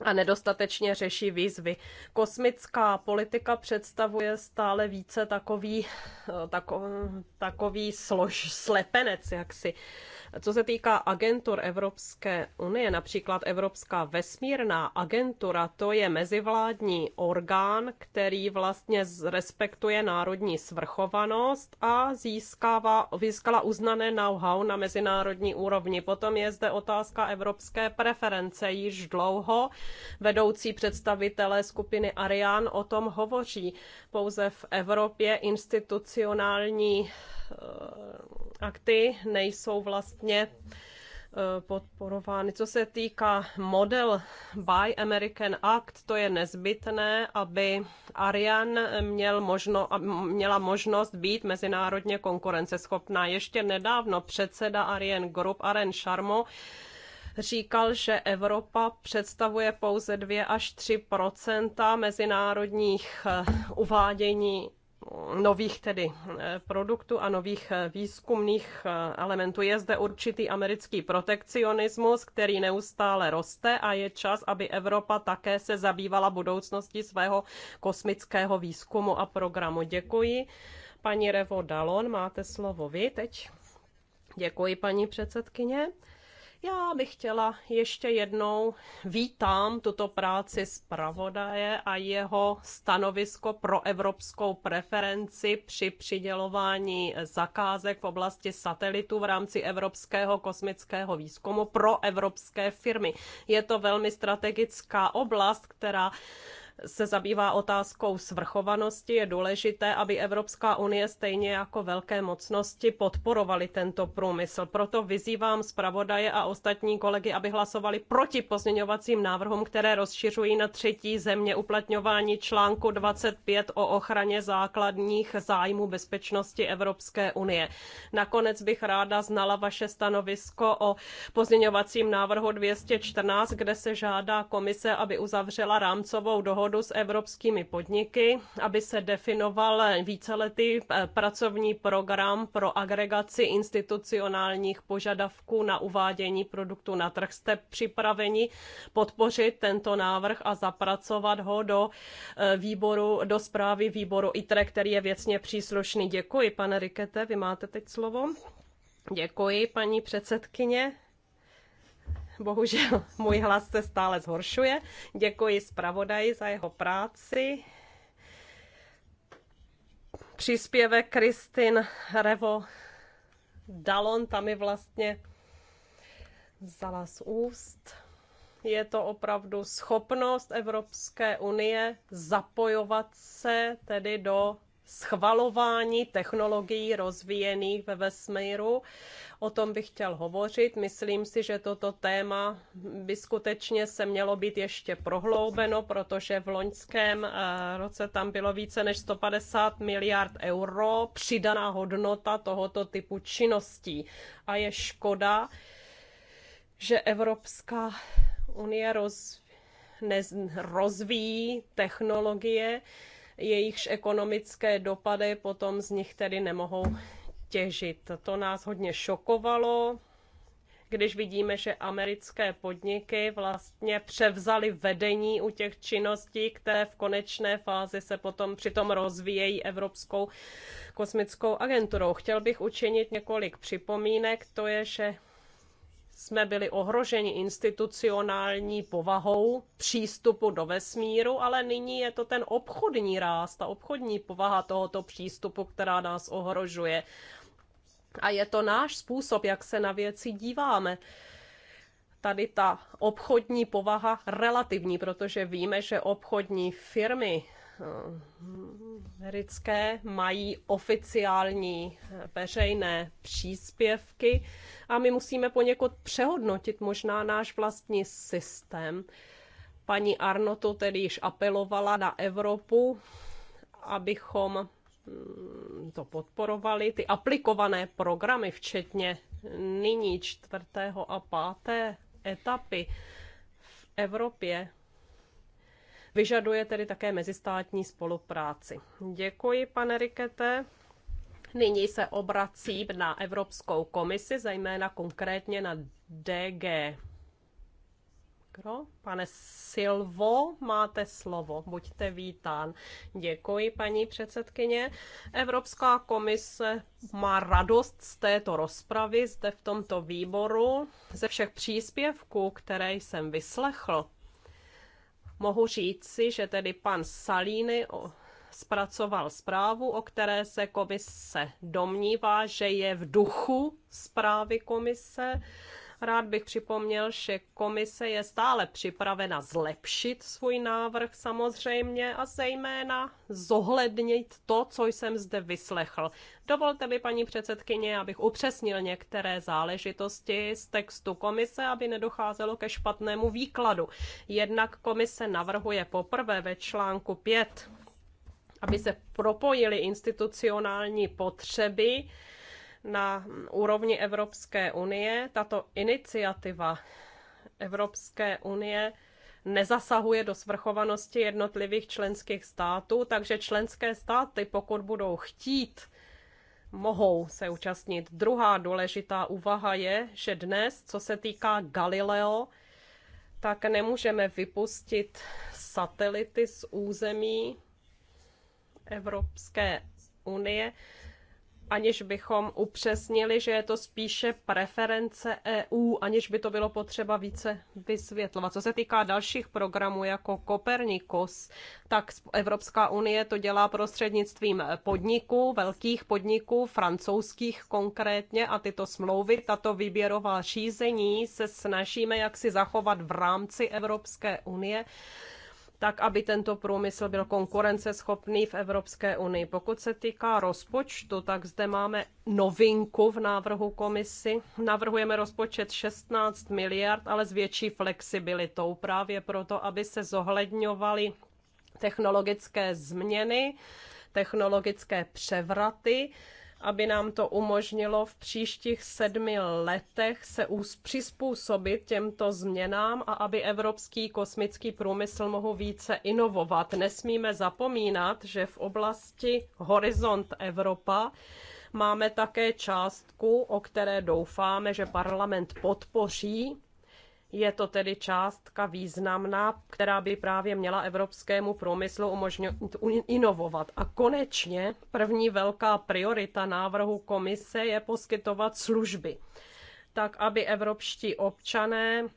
a nedostatečně řeší výzvy. Kosmická politika představuje stále více takový, eh, takový slož, slepenec jaksi. Co se týká agentur Evropské unie, například Evropská vesmírná agentura, to je mezivládní orgán, který vlastně respektuje národní svrchovanost a získává, získala uznané know-how na mezinárodní úrovni. Potom je zde otázka evropské preference. Již dlouho vedoucí představitelé skupiny Ariane o tom hovoří. Pouze v Evropě institucionální Eh, akty nejsou vlastně eh, podporovány. Co se týká model Buy American Act, to je nezbytné, aby Arian měl možno, měla možnost být mezinárodně konkurenceschopná. Ještě nedávno předseda Arian Group, Aren Sharmo, říkal, že Evropa představuje pouze 2 až 3 mezinárodních eh, uvádění nových tedy eh, produktů a nových eh, výzkumných eh, elementů. Je zde určitý americký protekcionismus, který neustále roste a je čas, aby Evropa také se zabývala budoucností svého kosmického výzkumu a programu. Děkuji. Paní Revo Dalon, máte slovo vy teď. Děkuji, paní předsedkyně. Já bych chtěla ještě jednou vítám tuto práci zpravodaje a jeho stanovisko pro evropskou preferenci při přidělování zakázek v oblasti satelitu v rámci evropského kosmického výzkumu pro evropské firmy. Je to velmi strategická oblast, která se zabývá otázkou svrchovanosti, je důležité, aby Evropská unie stejně jako velké mocnosti podporovaly tento průmysl. Proto vyzývám zpravodaje a ostatní kolegy, aby hlasovali proti pozměňovacím návrhům, které rozšiřují na třetí země uplatňování článku 25 o ochraně základních zájmů bezpečnosti Evropské unie. Nakonec bych ráda znala vaše stanovisko o pozměňovacím návrhu 214, kde se žádá komise, aby uzavřela rámcovou dohodu dohodu s evropskými podniky, aby se definoval víceletý eh, pracovní program pro agregaci institucionálních požadavků na uvádění produktu na trh. Jste připraveni podpořit tento návrh a zapracovat ho do eh, výboru, do zprávy výboru ITRE, který je věcně příslušný. Děkuji, pane Rikete, vy máte teď slovo. Děkuji, paní předsedkyně. Bohužel můj hlas se stále zhoršuje. Děkuji zpravodaji za jeho práci. Příspěvek Kristin Revo Dalon, tam mi vlastně vzala z úst. Je to opravdu schopnost Evropské unie zapojovat se tedy do schvalování technologií rozvíjených ve vesmíru. O tom bych chtěl hovořit. Myslím si, že toto téma by skutečně se mělo být ještě prohloubeno, protože v loňském eh, roce tam bylo více než 150 miliard euro přidaná hodnota tohoto typu činností. A je škoda, že Evropská unie roz, ne, rozvíjí technologie, jejichž ekonomické dopady potom z nich tedy nemohou těžit. To nás hodně šokovalo, když vidíme, že americké podniky vlastně převzaly vedení u těch činností, které v konečné fázi se potom přitom rozvíjejí Evropskou kosmickou agenturou. Chtěl bych učinit několik připomínek, to je, že jsme byli ohroženi institucionální povahou přístupu do vesmíru, ale nyní je to ten obchodní ráz, ta obchodní povaha tohoto přístupu, která nás ohrožuje. A je to náš způsob, jak se na věci díváme tady ta obchodní povaha relativní, protože víme, že obchodní firmy americké mají oficiální veřejné příspěvky a my musíme poněkud přehodnotit možná náš vlastní systém. Paní Arnoto tedy již apelovala na Evropu, abychom mm, to podporovali. Ty aplikované programy, včetně nyní čtvrtého a páté etapy v Evropě, Vyžaduje tedy také mezistátní spolupráci. Děkuji, pane Rikete. Nyní se obracím na Evropskou komisi, zejména konkrétně na DG. Kdo? Pane Silvo, máte slovo. Buďte vítán. Děkuji, paní předsedkyně. Evropská komise má radost z této rozpravy zde v tomto výboru. Ze všech příspěvků, které jsem vyslechl, Mohu říct si, že tedy pan Salíny zpracoval zprávu, o které se komise domnívá, že je v duchu zprávy komise Rád bych připomněl, že komise je stále připravena zlepšit svůj návrh samozřejmě a zejména zohlednit to, co jsem zde vyslechl. Dovolte mi, paní předsedkyně, abych upřesnil některé záležitosti z textu komise, aby nedocházelo ke špatnému výkladu. Jednak komise navrhuje poprvé ve článku 5 aby se propojily institucionální potřeby na úrovni Evropské unie. Tato iniciativa Evropské unie nezasahuje do svrchovanosti jednotlivých členských států, takže členské státy, pokud budou chtít, mohou se účastnit. Druhá důležitá úvaha je, že dnes, co se týká Galileo, tak nemůžeme vypustit satelity z území Evropské unie, aniž bychom upřesnili, že je to spíše preference EU, aniž by to bylo potřeba více vysvětlovat. Co se týká dalších programů jako Kopernikus, tak Evropská unie to dělá prostřednictvím podniků, velkých podniků, francouzských konkrétně a tyto smlouvy, tato výběrová řízení se snažíme jaksi zachovat v rámci Evropské unie tak aby tento průmysl byl konkurenceschopný v Evropské unii. Pokud se týká rozpočtu, tak zde máme novinku v návrhu komisy. Navrhujeme rozpočet 16 miliard, ale s větší flexibilitou právě proto, aby se zohledňovaly technologické změny, technologické převraty aby nám to umožnilo v příštích sedmi letech se přizpůsobit těmto změnám a aby evropský kosmický průmysl mohl více inovovat. Nesmíme zapomínat, že v oblasti Horizont Evropa máme také částku, o které doufáme, že parlament podpoří je to tedy částka významná, která by právě měla evropskému průmyslu umožnit inovovat. A konečně první velká priorita návrhu komise je poskytovat služby, tak aby evropští občané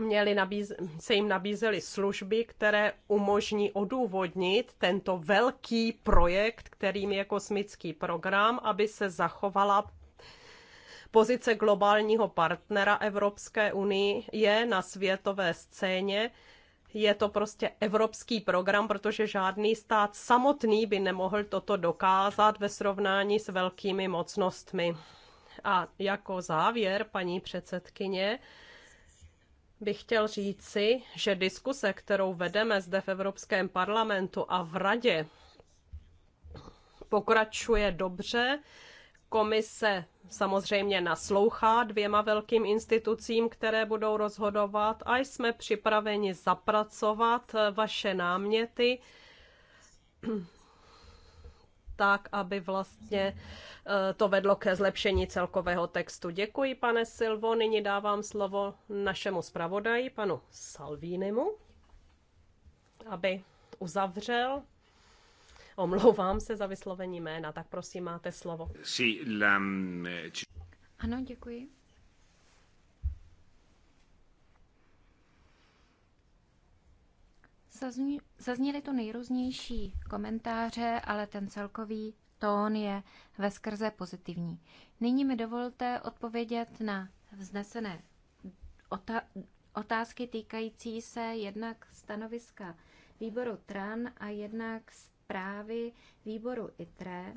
měli nabíz, se jim nabízely služby, které umožní odůvodnit tento velký projekt, kterým je kosmický program, aby se zachovala Pozice globálního partnera Evropské unii je na světové scéně je to prostě evropský program, protože žádný stát samotný by nemohl toto dokázat ve srovnání s velkými mocnostmi. A jako závěr, paní předsedkyně, bych chtěl říci, že diskuse, kterou vedeme zde v Evropském parlamentu a v Radě, pokračuje dobře Komise samozřejmě naslouchá dvěma velkým institucím, které budou rozhodovat a jsme připraveni zapracovat vaše náměty tak, aby vlastně eh, to vedlo ke zlepšení celkového textu. Děkuji, pane Silvo. Nyní dávám slovo našemu zpravodaji, panu Salvínimu, aby uzavřel Omlouvám se za vyslovení jména, tak prosím, máte slovo. Mm, eh, ano, děkuji. Zazněly tu nejrůznější komentáře, ale ten celkový tón je ve skrze pozitivní. Nyní mi dovolte odpovědět na vznesené otázky týkající se jednak stanoviska výboru TRAN a jednak zprávy výboru ITRE,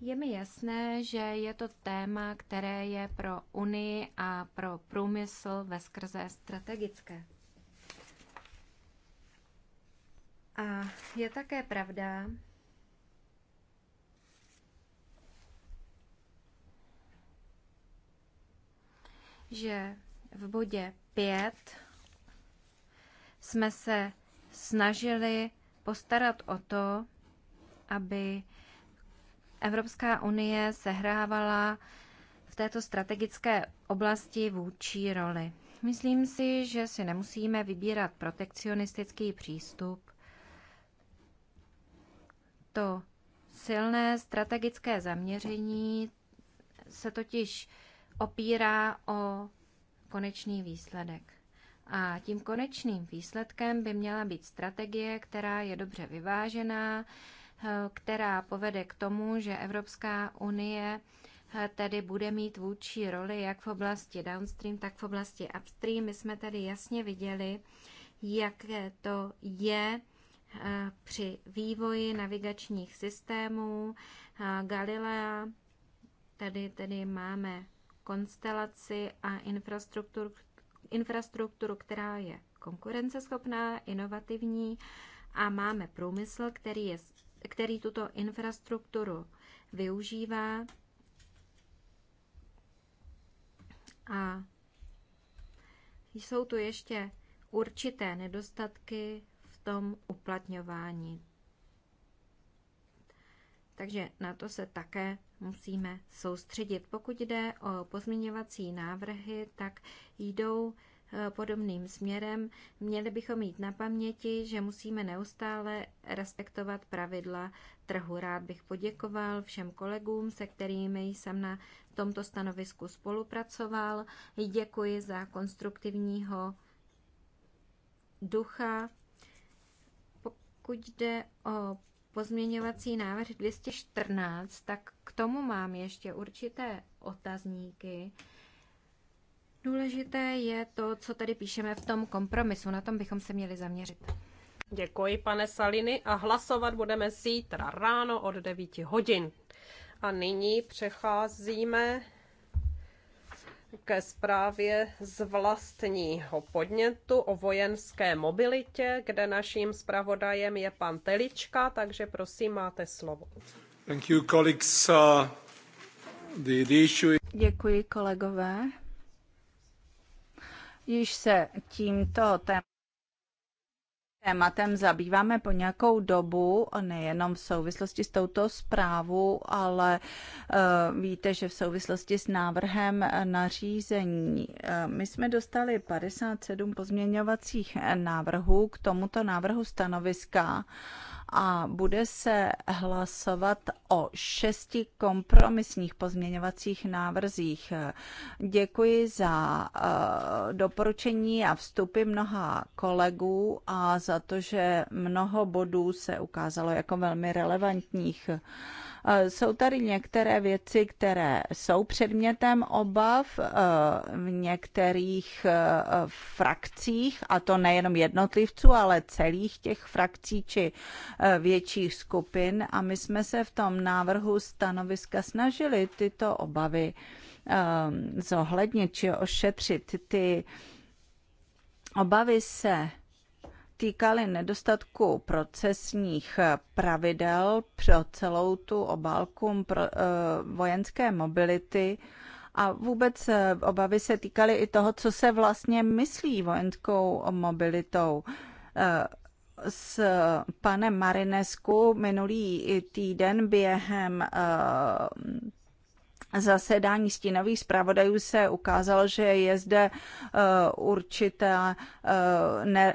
je mi jasné, že je to téma, které je pro Unii a pro průmysl ve skrze strategické. A je také pravda, že v bodě 5 jsme se snažili postarat o to, aby Evropská unie sehrávala v této strategické oblasti vůči roli. Myslím si, že si nemusíme vybírat protekcionistický přístup. To silné strategické zaměření se totiž opírá o konečný výsledek. A tím konečným výsledkem by měla být strategie, která je dobře vyvážená, eh, která povede k tomu, že Evropská unie eh, tedy bude mít vůči roli jak v oblasti downstream, tak v oblasti upstream. My jsme tady jasně viděli, jaké to je eh, při vývoji navigačních systémů Galilea. Tady tedy máme konstelaci a infrastrukturu infrastrukturu, která je konkurenceschopná, inovativní a máme průmysl, který, je, který tuto infrastrukturu využívá a jsou tu ještě určité nedostatky v tom uplatňování. Takže na to se také musíme soustředit. Pokud jde o pozměňovací návrhy, tak jdou eh, podobným směrem. Měli bychom mít na paměti, že musíme neustále respektovat pravidla trhu. Rád bych poděkoval všem kolegům, se kterými jsem na tomto stanovisku spolupracoval. Děkuji za konstruktivního ducha. Pokud jde o pozměňovací návrh 214, tak k tomu mám ještě určité otazníky. Důležité je to, co tady píšeme v tom kompromisu. Na tom bychom se měli zaměřit. Děkuji, pane Saliny, a hlasovat budeme zítra ráno od 9 hodin. A nyní přecházíme ke zprávě z vlastního podnětu o vojenské mobilitě, kde naším zpravodajem je pan Telička, takže prosím, máte slovo. Thank you, colleagues. Uh, the, the issue... Děkuji, kolegové. Již se tímto tématem tématem zabýváme po nějakou dobu, nejenom v souvislosti s touto zprávou, ale eh, víte, že v souvislosti s návrhem nařízení. Eh, my jsme dostali 57 pozměňovacích návrhů k tomuto návrhu stanoviska a bude se hlasovat o šesti kompromisních pozměňovacích návrzích. Děkuji za eh, doporučení a vstupy mnoha kolegů a za to, že mnoho bodů se ukázalo jako velmi relevantních. Eh, jsou tady některé věci, které jsou předmětem obav eh, v některých eh, frakcích, a to nejenom jednotlivců, ale celých těch frakcí či větších skupin. A my jsme se v tom návrhu stanoviska snažili tyto obavy ehm, zohlednit či ošetřit. Ty obavy se týkaly nedostatku procesních pravidel pro celou tu obálku eh, vojenské mobility a vůbec eh, obavy se týkaly i toho, co se vlastně myslí vojenskou mobilitou eh, s panem Marinesku minulý týden během zasedání stínových zpravodajů se ukázalo, že je zde eh, určité eh,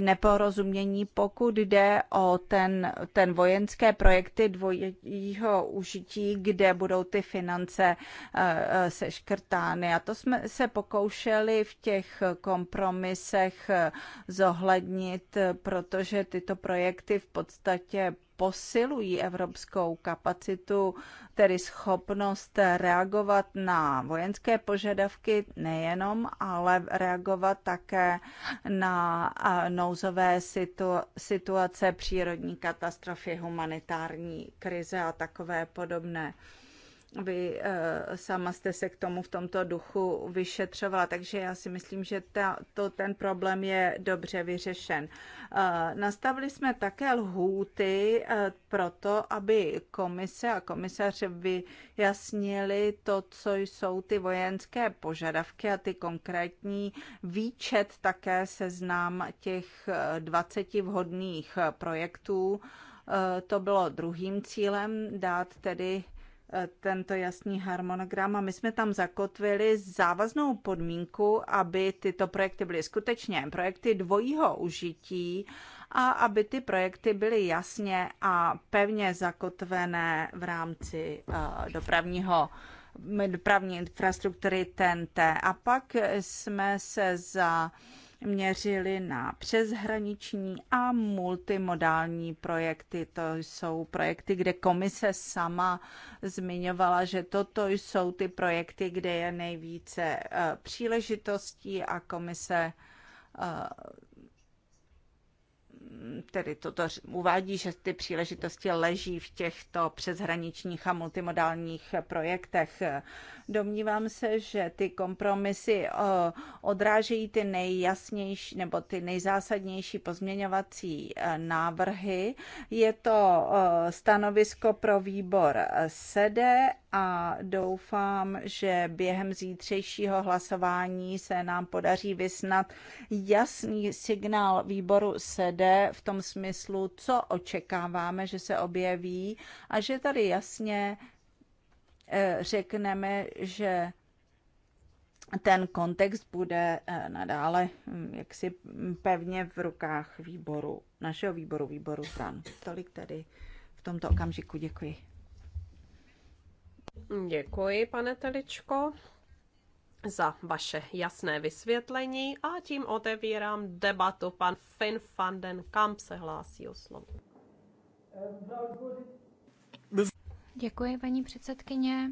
neporozumění, pokud jde o ten, ten vojenské projekty dvojího užití, kde budou ty finance eh, seškrtány. A to jsme se pokoušeli v těch kompromisech zohlednit, protože tyto projekty v podstatě posilují evropskou kapacitu, tedy schopnost reagovat na vojenské požadavky nejenom, ale reagovat také na nouzové situace, přírodní katastrofy, humanitární krize a takové podobné. Vy eh, sama jste se k tomu v tomto duchu vyšetřovala, takže já si myslím, že ta, to, ten problém je dobře vyřešen. Eh, nastavili jsme také lhůty eh, pro to, aby komise a komisař vyjasnili to, co jsou ty vojenské požadavky a ty konkrétní výčet také seznám těch 20 vhodných projektů. To bylo druhým cílem dát tedy tento jasný harmonogram a my jsme tam zakotvili závaznou podmínku, aby tyto projekty byly skutečně projekty dvojího užití a aby ty projekty byly jasně a pevně zakotvené v rámci eh, dopravního dopravní infrastruktury TNT. A pak jsme se za měřili na přeshraniční a multimodální projekty. To jsou projekty, kde komise sama zmiňovala, že toto jsou ty projekty, kde je nejvíce eh, příležitostí a komise eh, tedy toto uvádí, že ty příležitosti leží v těchto přeshraničních a multimodálních projektech. Domnívám se, že ty kompromisy eh, odrážejí ty nejjasnější nebo ty nejzásadnější pozměňovací eh, návrhy. Je to eh, stanovisko pro výbor SEDE a doufám, že během zítřejšího hlasování se nám podaří vysnat jasný signál výboru SEDE v tom smyslu, co očekáváme, že se objeví a že tady jasně eh, řekneme, že ten kontext bude eh, nadále hm, jaksi pevně v rukách výboru, našeho výboru, výboru stran. Tolik tedy v tomto okamžiku děkuji. Děkuji, pane Teličko za vaše jasné vysvětlení a tím otevírám debatu. Pan Finn van den Kamp se hlásí o slovo. Děkuji, paní předsedkyně.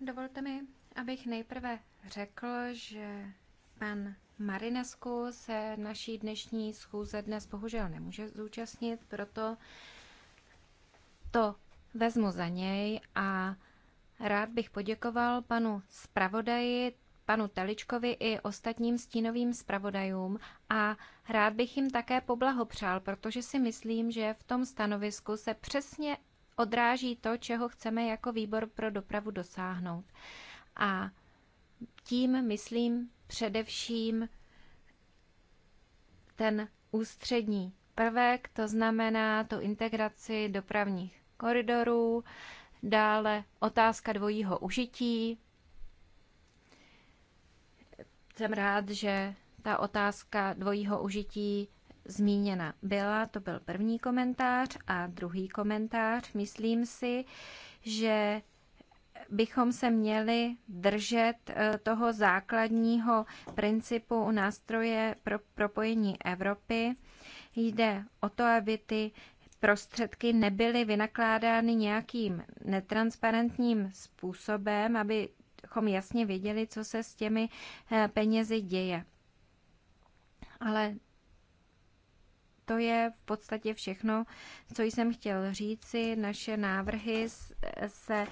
Dovolte mi, abych nejprve řekl, že pan Marinesku se naší dnešní schůze dnes bohužel nemůže zúčastnit, proto to vezmu za něj a rád bych poděkoval panu zpravodaji, panu Teličkovi i ostatním stínovým zpravodajům a rád bych jim také poblahopřál, protože si myslím, že v tom stanovisku se přesně odráží to, čeho chceme jako výbor pro dopravu dosáhnout. A tím myslím především ten ústřední prvek, to znamená tu integraci dopravních koridorů, dále otázka dvojího užití. Jsem rád, že ta otázka dvojího užití zmíněna byla. To byl první komentář. A druhý komentář, myslím si, že bychom se měli držet eh, toho základního principu u nástroje pro propojení Evropy. Jde o to, aby ty prostředky nebyly vynakládány nějakým netransparentním způsobem, abychom jasně věděli, co se s těmi eh, penězi děje. Ale to je v podstatě všechno, co jsem chtěl říci. Naše návrhy se eh,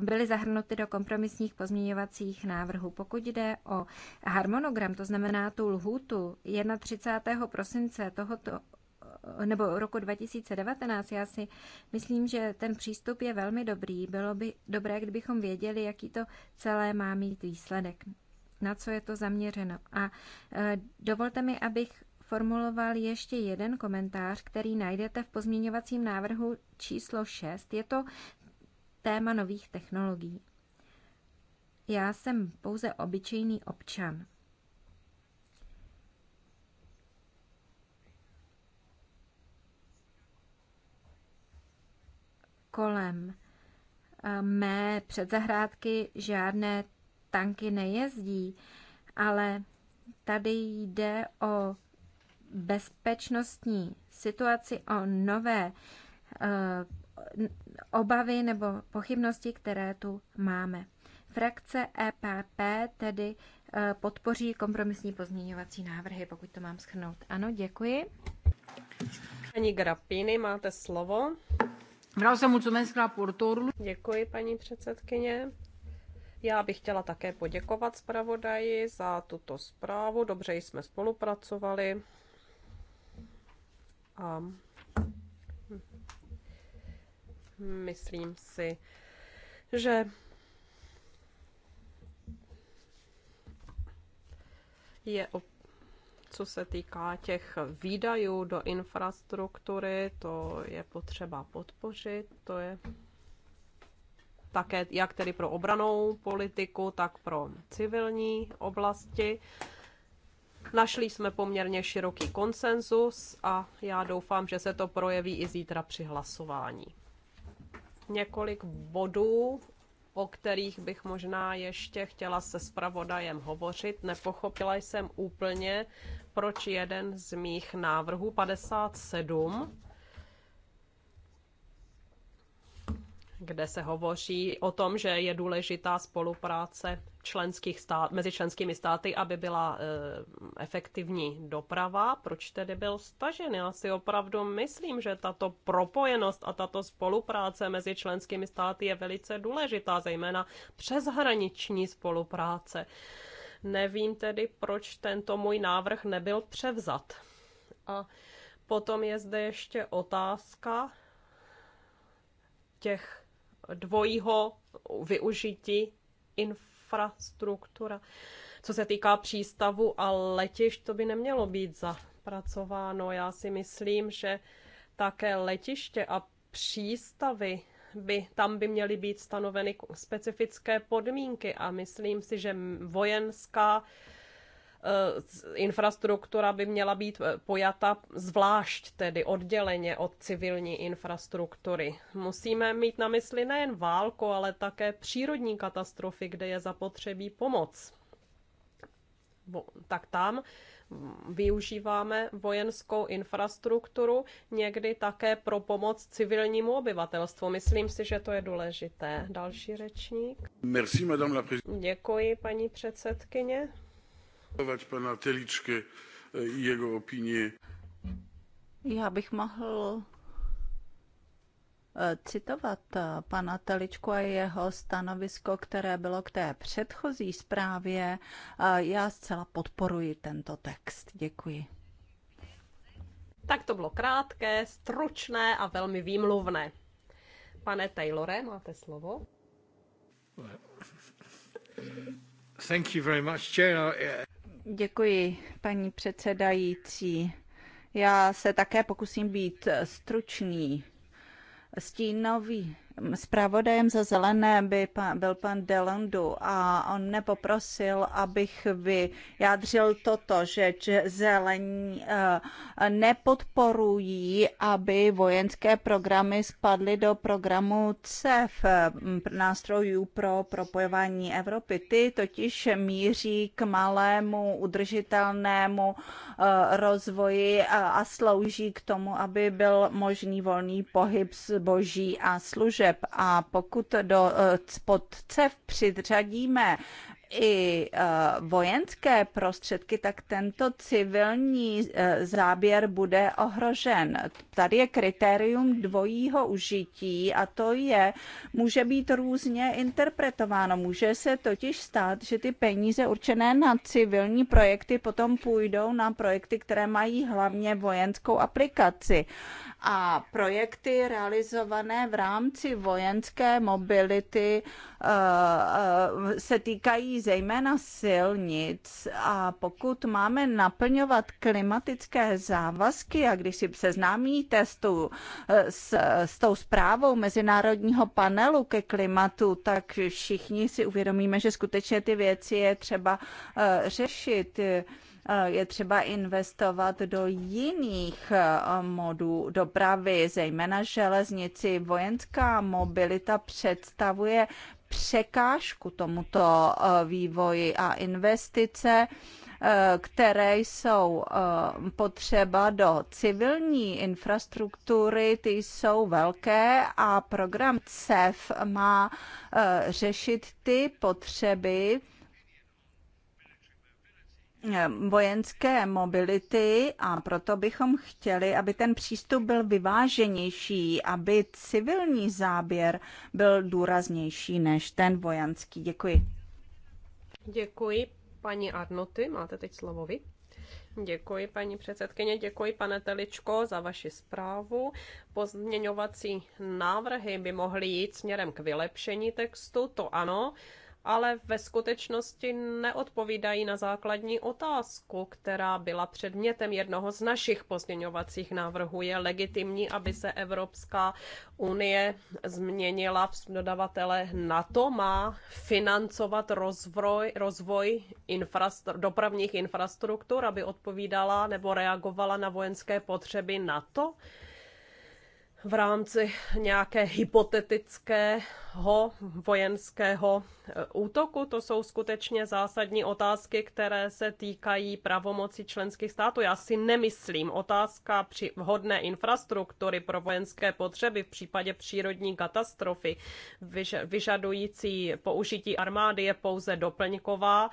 byly zahrnuty do kompromisních pozměňovacích návrhů. Pokud jde o harmonogram, to znamená tu lhůtu 31. prosince tohoto nebo roku 2019. Já si myslím, že ten přístup je velmi dobrý. Bylo by dobré, kdybychom věděli, jaký to celé má mít výsledek, na co je to zaměřeno. A e, dovolte mi, abych formuloval ještě jeden komentář, který najdete v pozměňovacím návrhu číslo 6. Je to téma nových technologií. Já jsem pouze obyčejný občan. kolem e, mé předzahrádky žádné tanky nejezdí, ale tady jde o bezpečnostní situaci, o nové e, obavy nebo pochybnosti, které tu máme. Frakce EPP tedy e, podpoří kompromisní pozměňovací návrhy, pokud to mám schrnout. Ano, děkuji. Paní Grapini máte slovo. Vreau să mulțumesc raportorului. Děkuji, paní předsedkyně. Já bych chtěla také poděkovat zpravodaji za tuto zprávu. Dobře jsme spolupracovali. A myslím si, že je op- co se týká těch výdajů do infrastruktury, to je potřeba podpořit, to je také jak tedy pro obranou politiku, tak pro civilní oblasti. Našli jsme poměrně široký konsenzus a já doufám, že se to projeví i zítra při hlasování. Několik bodů o kterých bych možná ještě chtěla se spravodajem hovořit. Nepochopila jsem úplně, proč jeden z mých návrhů 57 kde se hovoří o tom, že je důležitá spolupráce členských stát, mezi členskými státy, aby byla e, efektivní doprava. Proč tedy byl stažen? Já si opravdu myslím, že tato propojenost a tato spolupráce mezi členskými státy je velice důležitá, zejména přeshraniční spolupráce. Nevím tedy, proč tento můj návrh nebyl převzat. A potom je zde ještě otázka těch dvojího využití infrastruktura. Co se týká přístavu a letišť, to by nemělo být zapracováno. Já si myslím, že také letiště a přístavy by, tam by měly být stanoveny specifické podmínky a myslím si, že vojenská Eh, infrastruktura by měla být eh, pojata zvlášť, tedy odděleně od civilní infrastruktury. Musíme mít na mysli nejen válku, ale také přírodní katastrofy, kde je zapotřebí pomoc. Bo, tak tam využíváme vojenskou infrastrukturu, někdy také pro pomoc civilnímu obyvatelstvu. Myslím si, že to je důležité. Další řečník. Merci, madame la Děkuji, paní předsedkyně. Pana Teličky, e, jeho Já bych mohl e, citovat e, pana Teličku a jeho stanovisko, které bylo k té předchozí zprávě. Já zcela podporuji tento text. Děkuji. Tak to bylo krátké, stručné a velmi výmluvné. Pane Taylore, máte slovo. Thank you very much, Chair. Děkuji, paní předsedající. Já se také pokusím být stručný. Stínový Zpravodajem za zelené by pan, byl pan Delandu a on mě poprosil, abych vyjádřil toto, že zelení eh, nepodporují, aby vojenské programy spadly do programu CEF, eh, nástrojů pro propojování Evropy. Ty totiž míří k malému udržitelnému eh, rozvoji a slouží k tomu, aby byl možný volný pohyb zboží a služeb služeb a pokud do, eh, pod CEF i eh, vojenské prostředky, tak tento civilní eh, záběr bude ohrožen. Tady je kritérium dvojího užití a to je, může být různě interpretováno. Může se totiž stát, že ty peníze určené na civilní projekty potom půjdou na projekty, které mají hlavně vojenskou aplikaci a projekty realizované v rámci vojenské mobility eh, eh, se týkají zejména silnic a pokud máme naplňovat klimatické závazky a když si seznámíte s tou, eh, s, s tou zprávou Mezinárodního panelu ke klimatu, tak všichni si uvědomíme, že skutečně ty věci je třeba řešit. Eh, je třeba investovat do jiných eh, modů dopravy, zejména železnici. Vojenská mobilita představuje překážku tomuto eh, vývoji a investice které jsou potřeba do civilní infrastruktury, ty jsou velké a program CEF má řešit ty potřeby, vojenské mobility a proto bychom chtěli, aby ten přístup byl vyváženější, aby civilní záběr byl důraznější než ten vojenský. Děkuji. Děkuji, paní Arnoty. Máte teď slovo vy. Děkuji, paní předsedkyně, děkuji, pane Teličko, za vaši zprávu. Pozměňovací návrhy by mohly jít směrem k vylepšení textu, to ano ale ve skutečnosti neodpovídají na základní otázku, která byla předmětem jednoho z našich pozměňovacích návrhů. Je legitimní, aby se Evropská unie změnila v dodavatele NATO, má financovat rozvoj, rozvoj infrastru, dopravních infrastruktur, aby odpovídala nebo reagovala na vojenské potřeby NATO? v rámci nějaké hypotetického vojenského eh, útoku. To jsou skutečně zásadní otázky, které se týkají pravomoci členských států. Já si nemyslím, otázka při vhodné infrastruktury pro vojenské potřeby v případě přírodní katastrofy vyžadující použití armády je pouze doplňková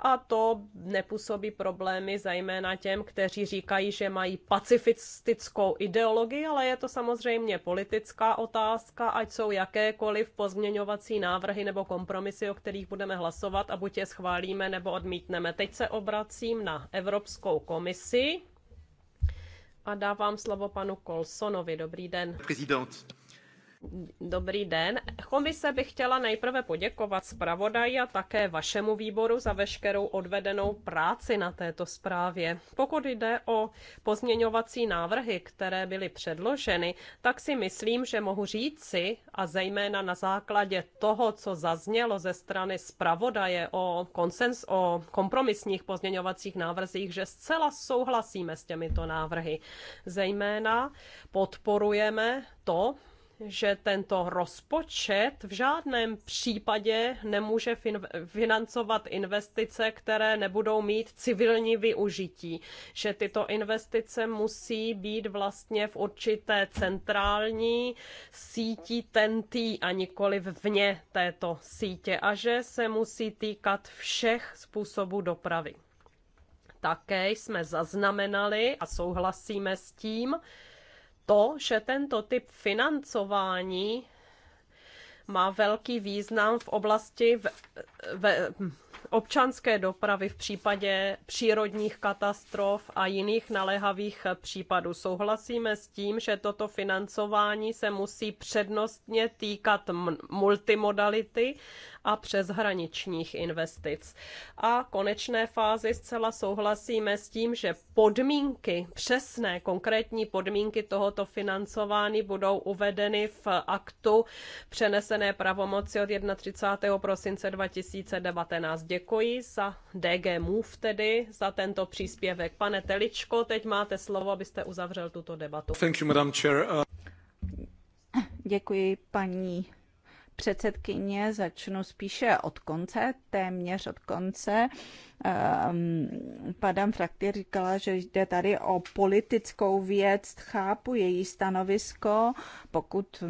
a to nepůsobí problémy zejména těm, kteří říkají, že mají pacifistickou ideologii, ale je to samozřejmě politická otázka, ať jsou jakékoliv pozměňovací návrhy nebo kompromisy, o kterých budeme hlasovat a buď je schválíme nebo odmítneme. Teď se obracím na Evropskou komisi a dávám slovo panu Kolsonovi. Dobrý den. Prezident. Dobrý den. Komise bych chtěla nejprve poděkovat zpravodaji a také vašemu výboru za veškerou odvedenou práci na této zprávě. Pokud jde o pozměňovací návrhy, které byly předloženy, tak si myslím, že mohu říci, a zejména na základě toho, co zaznělo ze strany zpravodaje o, konsens, o kompromisních pozměňovacích návrzích, že zcela souhlasíme s těmito návrhy. Zejména podporujeme to, že tento rozpočet v žádném případě nemůže financovat investice, které nebudou mít civilní využití. Že tyto investice musí být vlastně v určité centrální síti TNT a nikoli vně této sítě a že se musí týkat všech způsobů dopravy. Také jsme zaznamenali a souhlasíme s tím, to, že tento typ financování má velký význam v oblasti v, v, občanské dopravy v případě přírodních katastrof a jiných naléhavých případů. Souhlasíme s tím, že toto financování se musí přednostně týkat multimodality a přeshraničních investic. A konečné fázi zcela souhlasíme s tím, že podmínky, přesné konkrétní podmínky tohoto financování budou uvedeny v aktu přenesené pravomoci od 31. prosince 2019. Děkuji za DG Move tedy, za tento příspěvek. Pane Teličko, teď máte slovo, abyste uzavřel tuto debatu. Thank you, Madam Chair. Uh, Děkuji, paní předsedkyně, začnu spíše od konce, téměř od konce. Ehm, Padam Frakty říkala, že jde tady o politickou věc, chápu její stanovisko, pokud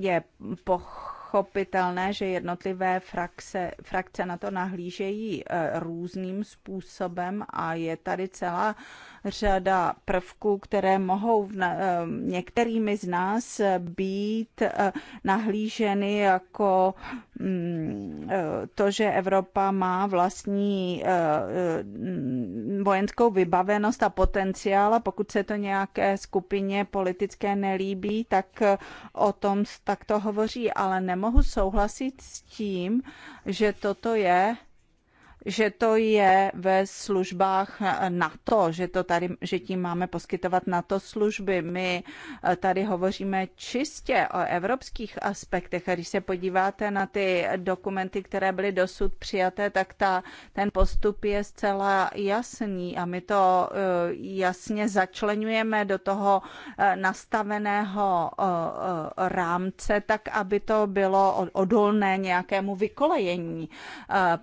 je pochopitelné, že jednotlivé frakce, frakce na to nahlížejí eh, různým způsobem a je tady celá řada prvků, které mohou některými z nás být eh, nahlíženy jako mm, eh, to, že Evropa má vlastní eh, mm, vojenskou vybavenost a potenciál a pokud se to nějaké skupině politické nelíbí, tak o tom takto hovoří, ale nemohu souhlasit s tím, že toto je že to je ve službách NATO, že, to tady, že tím máme poskytovat NATO služby. My eh, tady hovoříme čistě o evropských aspektech a když se podíváte na ty dokumenty, které byly dosud přijaté, tak ta, ten postup je zcela jasný a my to eh, jasně začlenujeme do toho eh, nastaveného rámce, tak aby to bylo odolné nějakému vykolejení.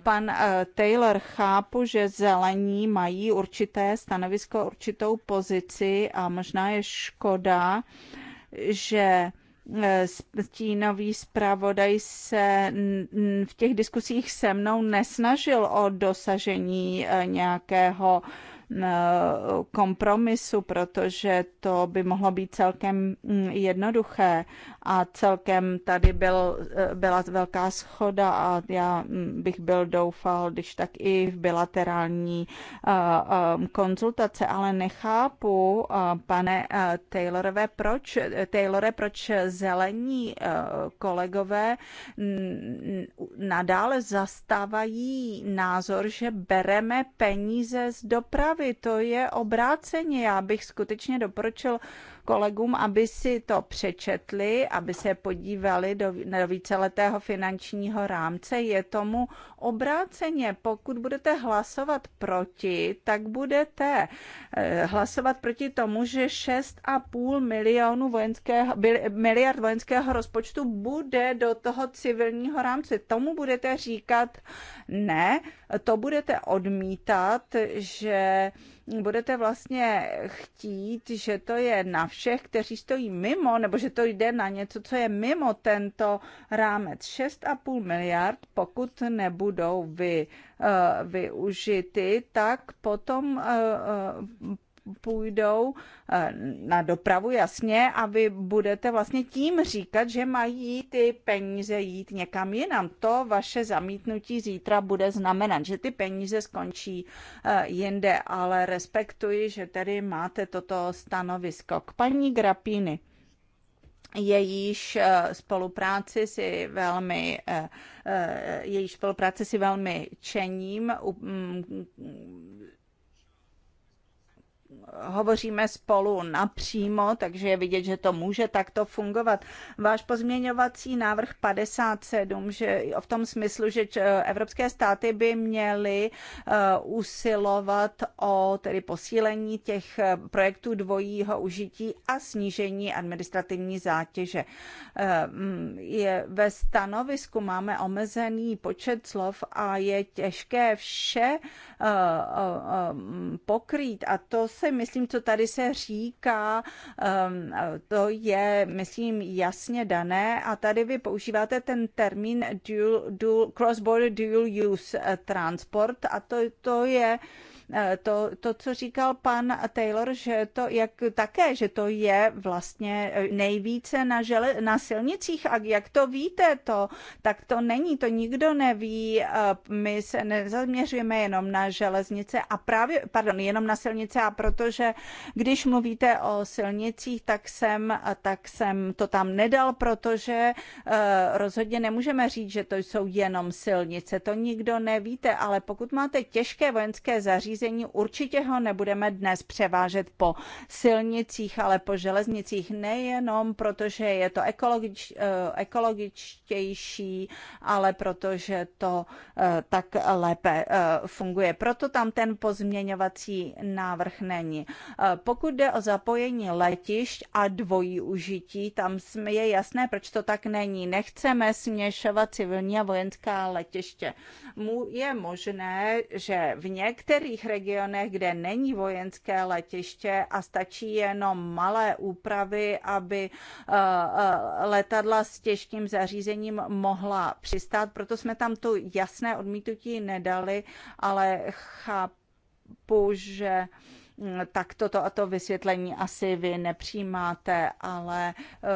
Pan Tej Taylor, chápu, že zelení mají určité stanovisko, určitou pozici a možná je škoda, že eh, stínový zpravodaj se v těch diskusích se mnou nesnažil o dosažení eh, nějakého Eh, kompromisu, protože to by mohlo být celkem mm, jednoduché a celkem tady byl, eh, byla velká schoda a já mm, bych byl doufal, když tak i v bilaterální eh, konzultace, ale nechápu, pane Taylorové, proč, Taylore, proč zelení kolegové mm, nadále zastávají názor, že bereme peníze z dopravy zprávy. To je obráceně. Já bych skutečně doporučil kolegům, aby si to přečetli, aby se podívali do, do víceletého finančního rámce. Je tomu obráceně. Pokud budete hlasovat proti, tak budete eh, hlasovat proti tomu, že 6,5 milionů vojenského, miliard vojenského rozpočtu bude do toho civilního rámce. Tomu budete říkat ne, to budete odmítat, že budete vlastně chtít, že to je na všech, kteří stojí mimo, nebo že to jde na něco, co je mimo tento rámec. 6,5 miliard, pokud nebude budou vy, eh, využity, tak potom eh, eh, půjdou na dopravu, jasně, a vy budete vlastně tím říkat, že mají ty peníze jít někam jinam. To vaše zamítnutí zítra bude znamenat, že ty peníze skončí jinde, ale respektuji, že tady máte toto stanovisko. K paní Grapíny. Eh, eh, eh, jejíž spolupráci si velmi, jejíž spolupráci si velmi čením hovoříme spolu napřímo, takže je vidět, že to může takto fungovat. Váš pozměňovací návrh 57, že v tom smyslu, že evropské státy by měly eh, usilovat o tedy posílení těch eh, projektů dvojího užití a snížení administrativní zátěže. Eh, mm, je ve stanovisku máme omezený počet slov a je těžké vše mm, pokrýt a to si myslím, co tady se říká, um, to je, myslím, jasně dané a tady vy používáte ten termín dual, dual, cross-border dual use eh, transport a to, to je Eh, to, to, co říkal pan Taylor, že to jak také, že to je vlastně eh, nejvíce na, žele, na silnicích a jak to víte, to, tak to není, to nikdo neví. Eh, my se nezaměřujeme jenom na železnice a právě, pardon, jenom na silnice a protože když mluvíte o silnicích, tak jsem, tak jsem to tam nedal, protože rozhodně nemůžeme říct, že to jsou jenom silnice, to nikdo nevíte, ale pokud máte těžké vojenské zařízení, zařízení. Určitě ho nebudeme dnes převážet po silnicích, ale po železnicích nejenom, protože je to ekologič, eh, ekologičtější, ale protože to eh, tak lépe eh, funguje. Proto tam ten pozměňovací návrh není. Pokud jde o zapojení letišť a dvojí užití, tam je jasné, proč to tak není. Nechceme směšovat civilní a vojenská letiště. Je možné, že v některých regionech, kde není vojenské letiště a stačí jenom malé úpravy, aby eh, eh, letadla s těžkým zařízením mohla přistát. Proto jsme tam to jasné odmítutí nedali, ale chápu, že hm, tak toto a to vysvětlení asi vy nepřijímáte, ale eh,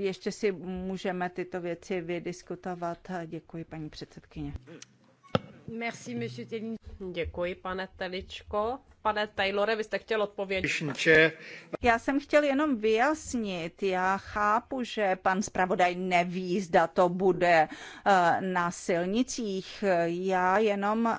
ještě si můžeme tyto věci vydiskutovat. Děkuji, paní předsedkyně. Merci, monsieur Telin. Děkuji, pane Teličko. Pane Taylore, vy jste chtěl odpovědět. Já jsem chtěl jenom vyjasnit. Já chápu, že pan zpravodaj neví, zda to bude eh, na silnicích. Já jenom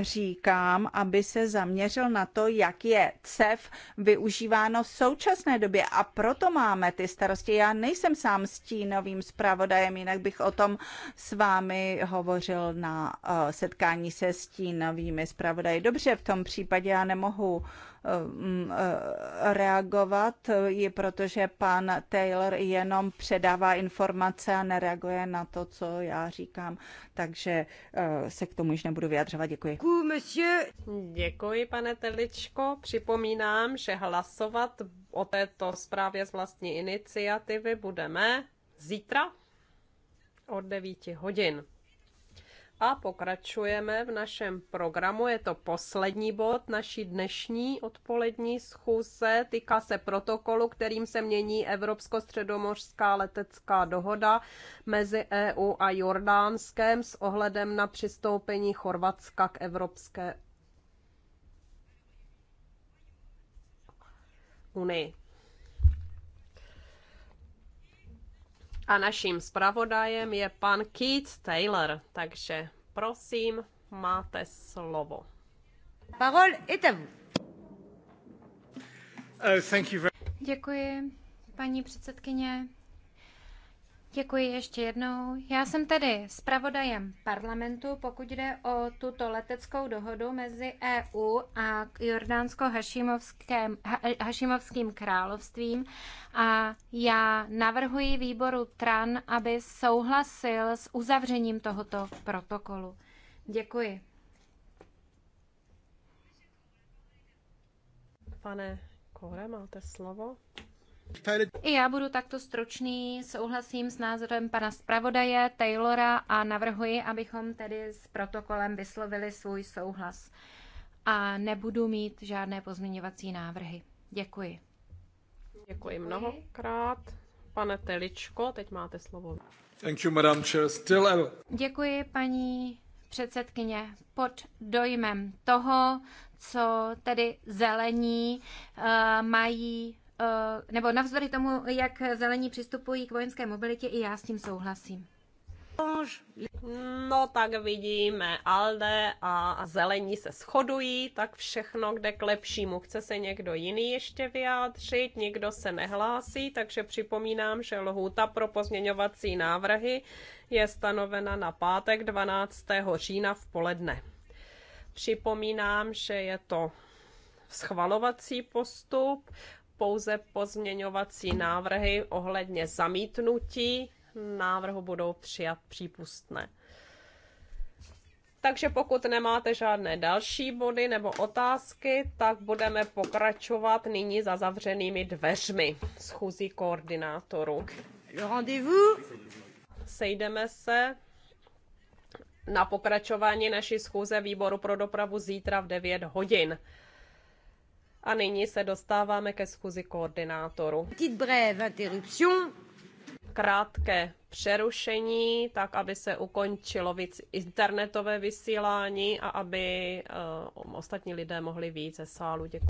říkám, aby se zaměřil na to, jak je CEF využíváno v současné době a proto máme ty starosti. Já nejsem sám stínovým zpravodajem, jinak bych o tom s vámi hovořil na eh, setkání se stínovými zpravodaji. Dobře, v tom případě já nemohu Eh, mm, eh, reagovat, je protože pan Taylor jenom předává informace a nereaguje na to, co já říkám, takže eh, se k tomu již nebudu vyjadřovat. Děkuji. Děkuji, pane Teličko. Připomínám, že hlasovat o této zprávě z vlastní iniciativy budeme zítra od 9 hodin. A pokračujeme v našem programu. Je to poslední bod naší dnešní odpolední schůze. Týká se protokolu, kterým se mění Evropsko-středomořská letecká dohoda mezi EU a Jordánskem s ohledem na přistoupení Chorvatska k Evropské unii. A naším zpravodajem je pan Keith Taylor, takže prosím, máte slovo. Parol est à vous. Oh, Děkuji, paní předsedkyně. Děkuji ještě jednou. Já jsem tedy zpravodajem parlamentu, pokud jde o tuto leteckou dohodu mezi EU a Jordánsko-Hašimovským e- královstvím. A já navrhuji výboru TRAN, aby souhlasil s uzavřením tohoto protokolu. Děkuji. Pane Kore, máte slovo. I já budu takto stručný, souhlasím s názorem pana zpravodaje Taylora a navrhuji, abychom tedy s protokolem vyslovili svůj souhlas. A nebudu mít žádné pozměňovací návrhy. Děkuji. Děkuji mnohokrát. Pane Teličko, teď máte slovo. Thank you, Madam Chair. Still L. Děkuji, paní předsedkyně. Pod dojmem toho, co tedy zelení uh, mají Eh, nebo navzdory tomu, jak zelení přistupují k vojenské mobilitě, i já s tím souhlasím. No tak vidíme, Alde a zelení se shodují, tak všechno kde k lepšímu. Chce se někdo jiný ještě vyjádřit, někdo se nehlásí, takže připomínám, že lhůta pro pozměňovací návrhy je stanovena na pátek 12. října v poledne. Připomínám, že je to schvalovací postup pouze pozměňovací návrhy ohledně zamítnutí návrhu budou přijat přípustné. Takže pokud nemáte žádné další body nebo otázky, tak budeme pokračovat nyní za zavřenými dveřmi schůzí koordinátorů. Sejdeme se na pokračování naší schůze výboru pro dopravu zítra v 9 hodin. A nyní se dostáváme ke schůzi koordinátoru. Krátké přerušení, tak aby se ukončilo víc internetové vysílání a aby uh, ostatní lidé mohli víc ze sálu. Děkuji.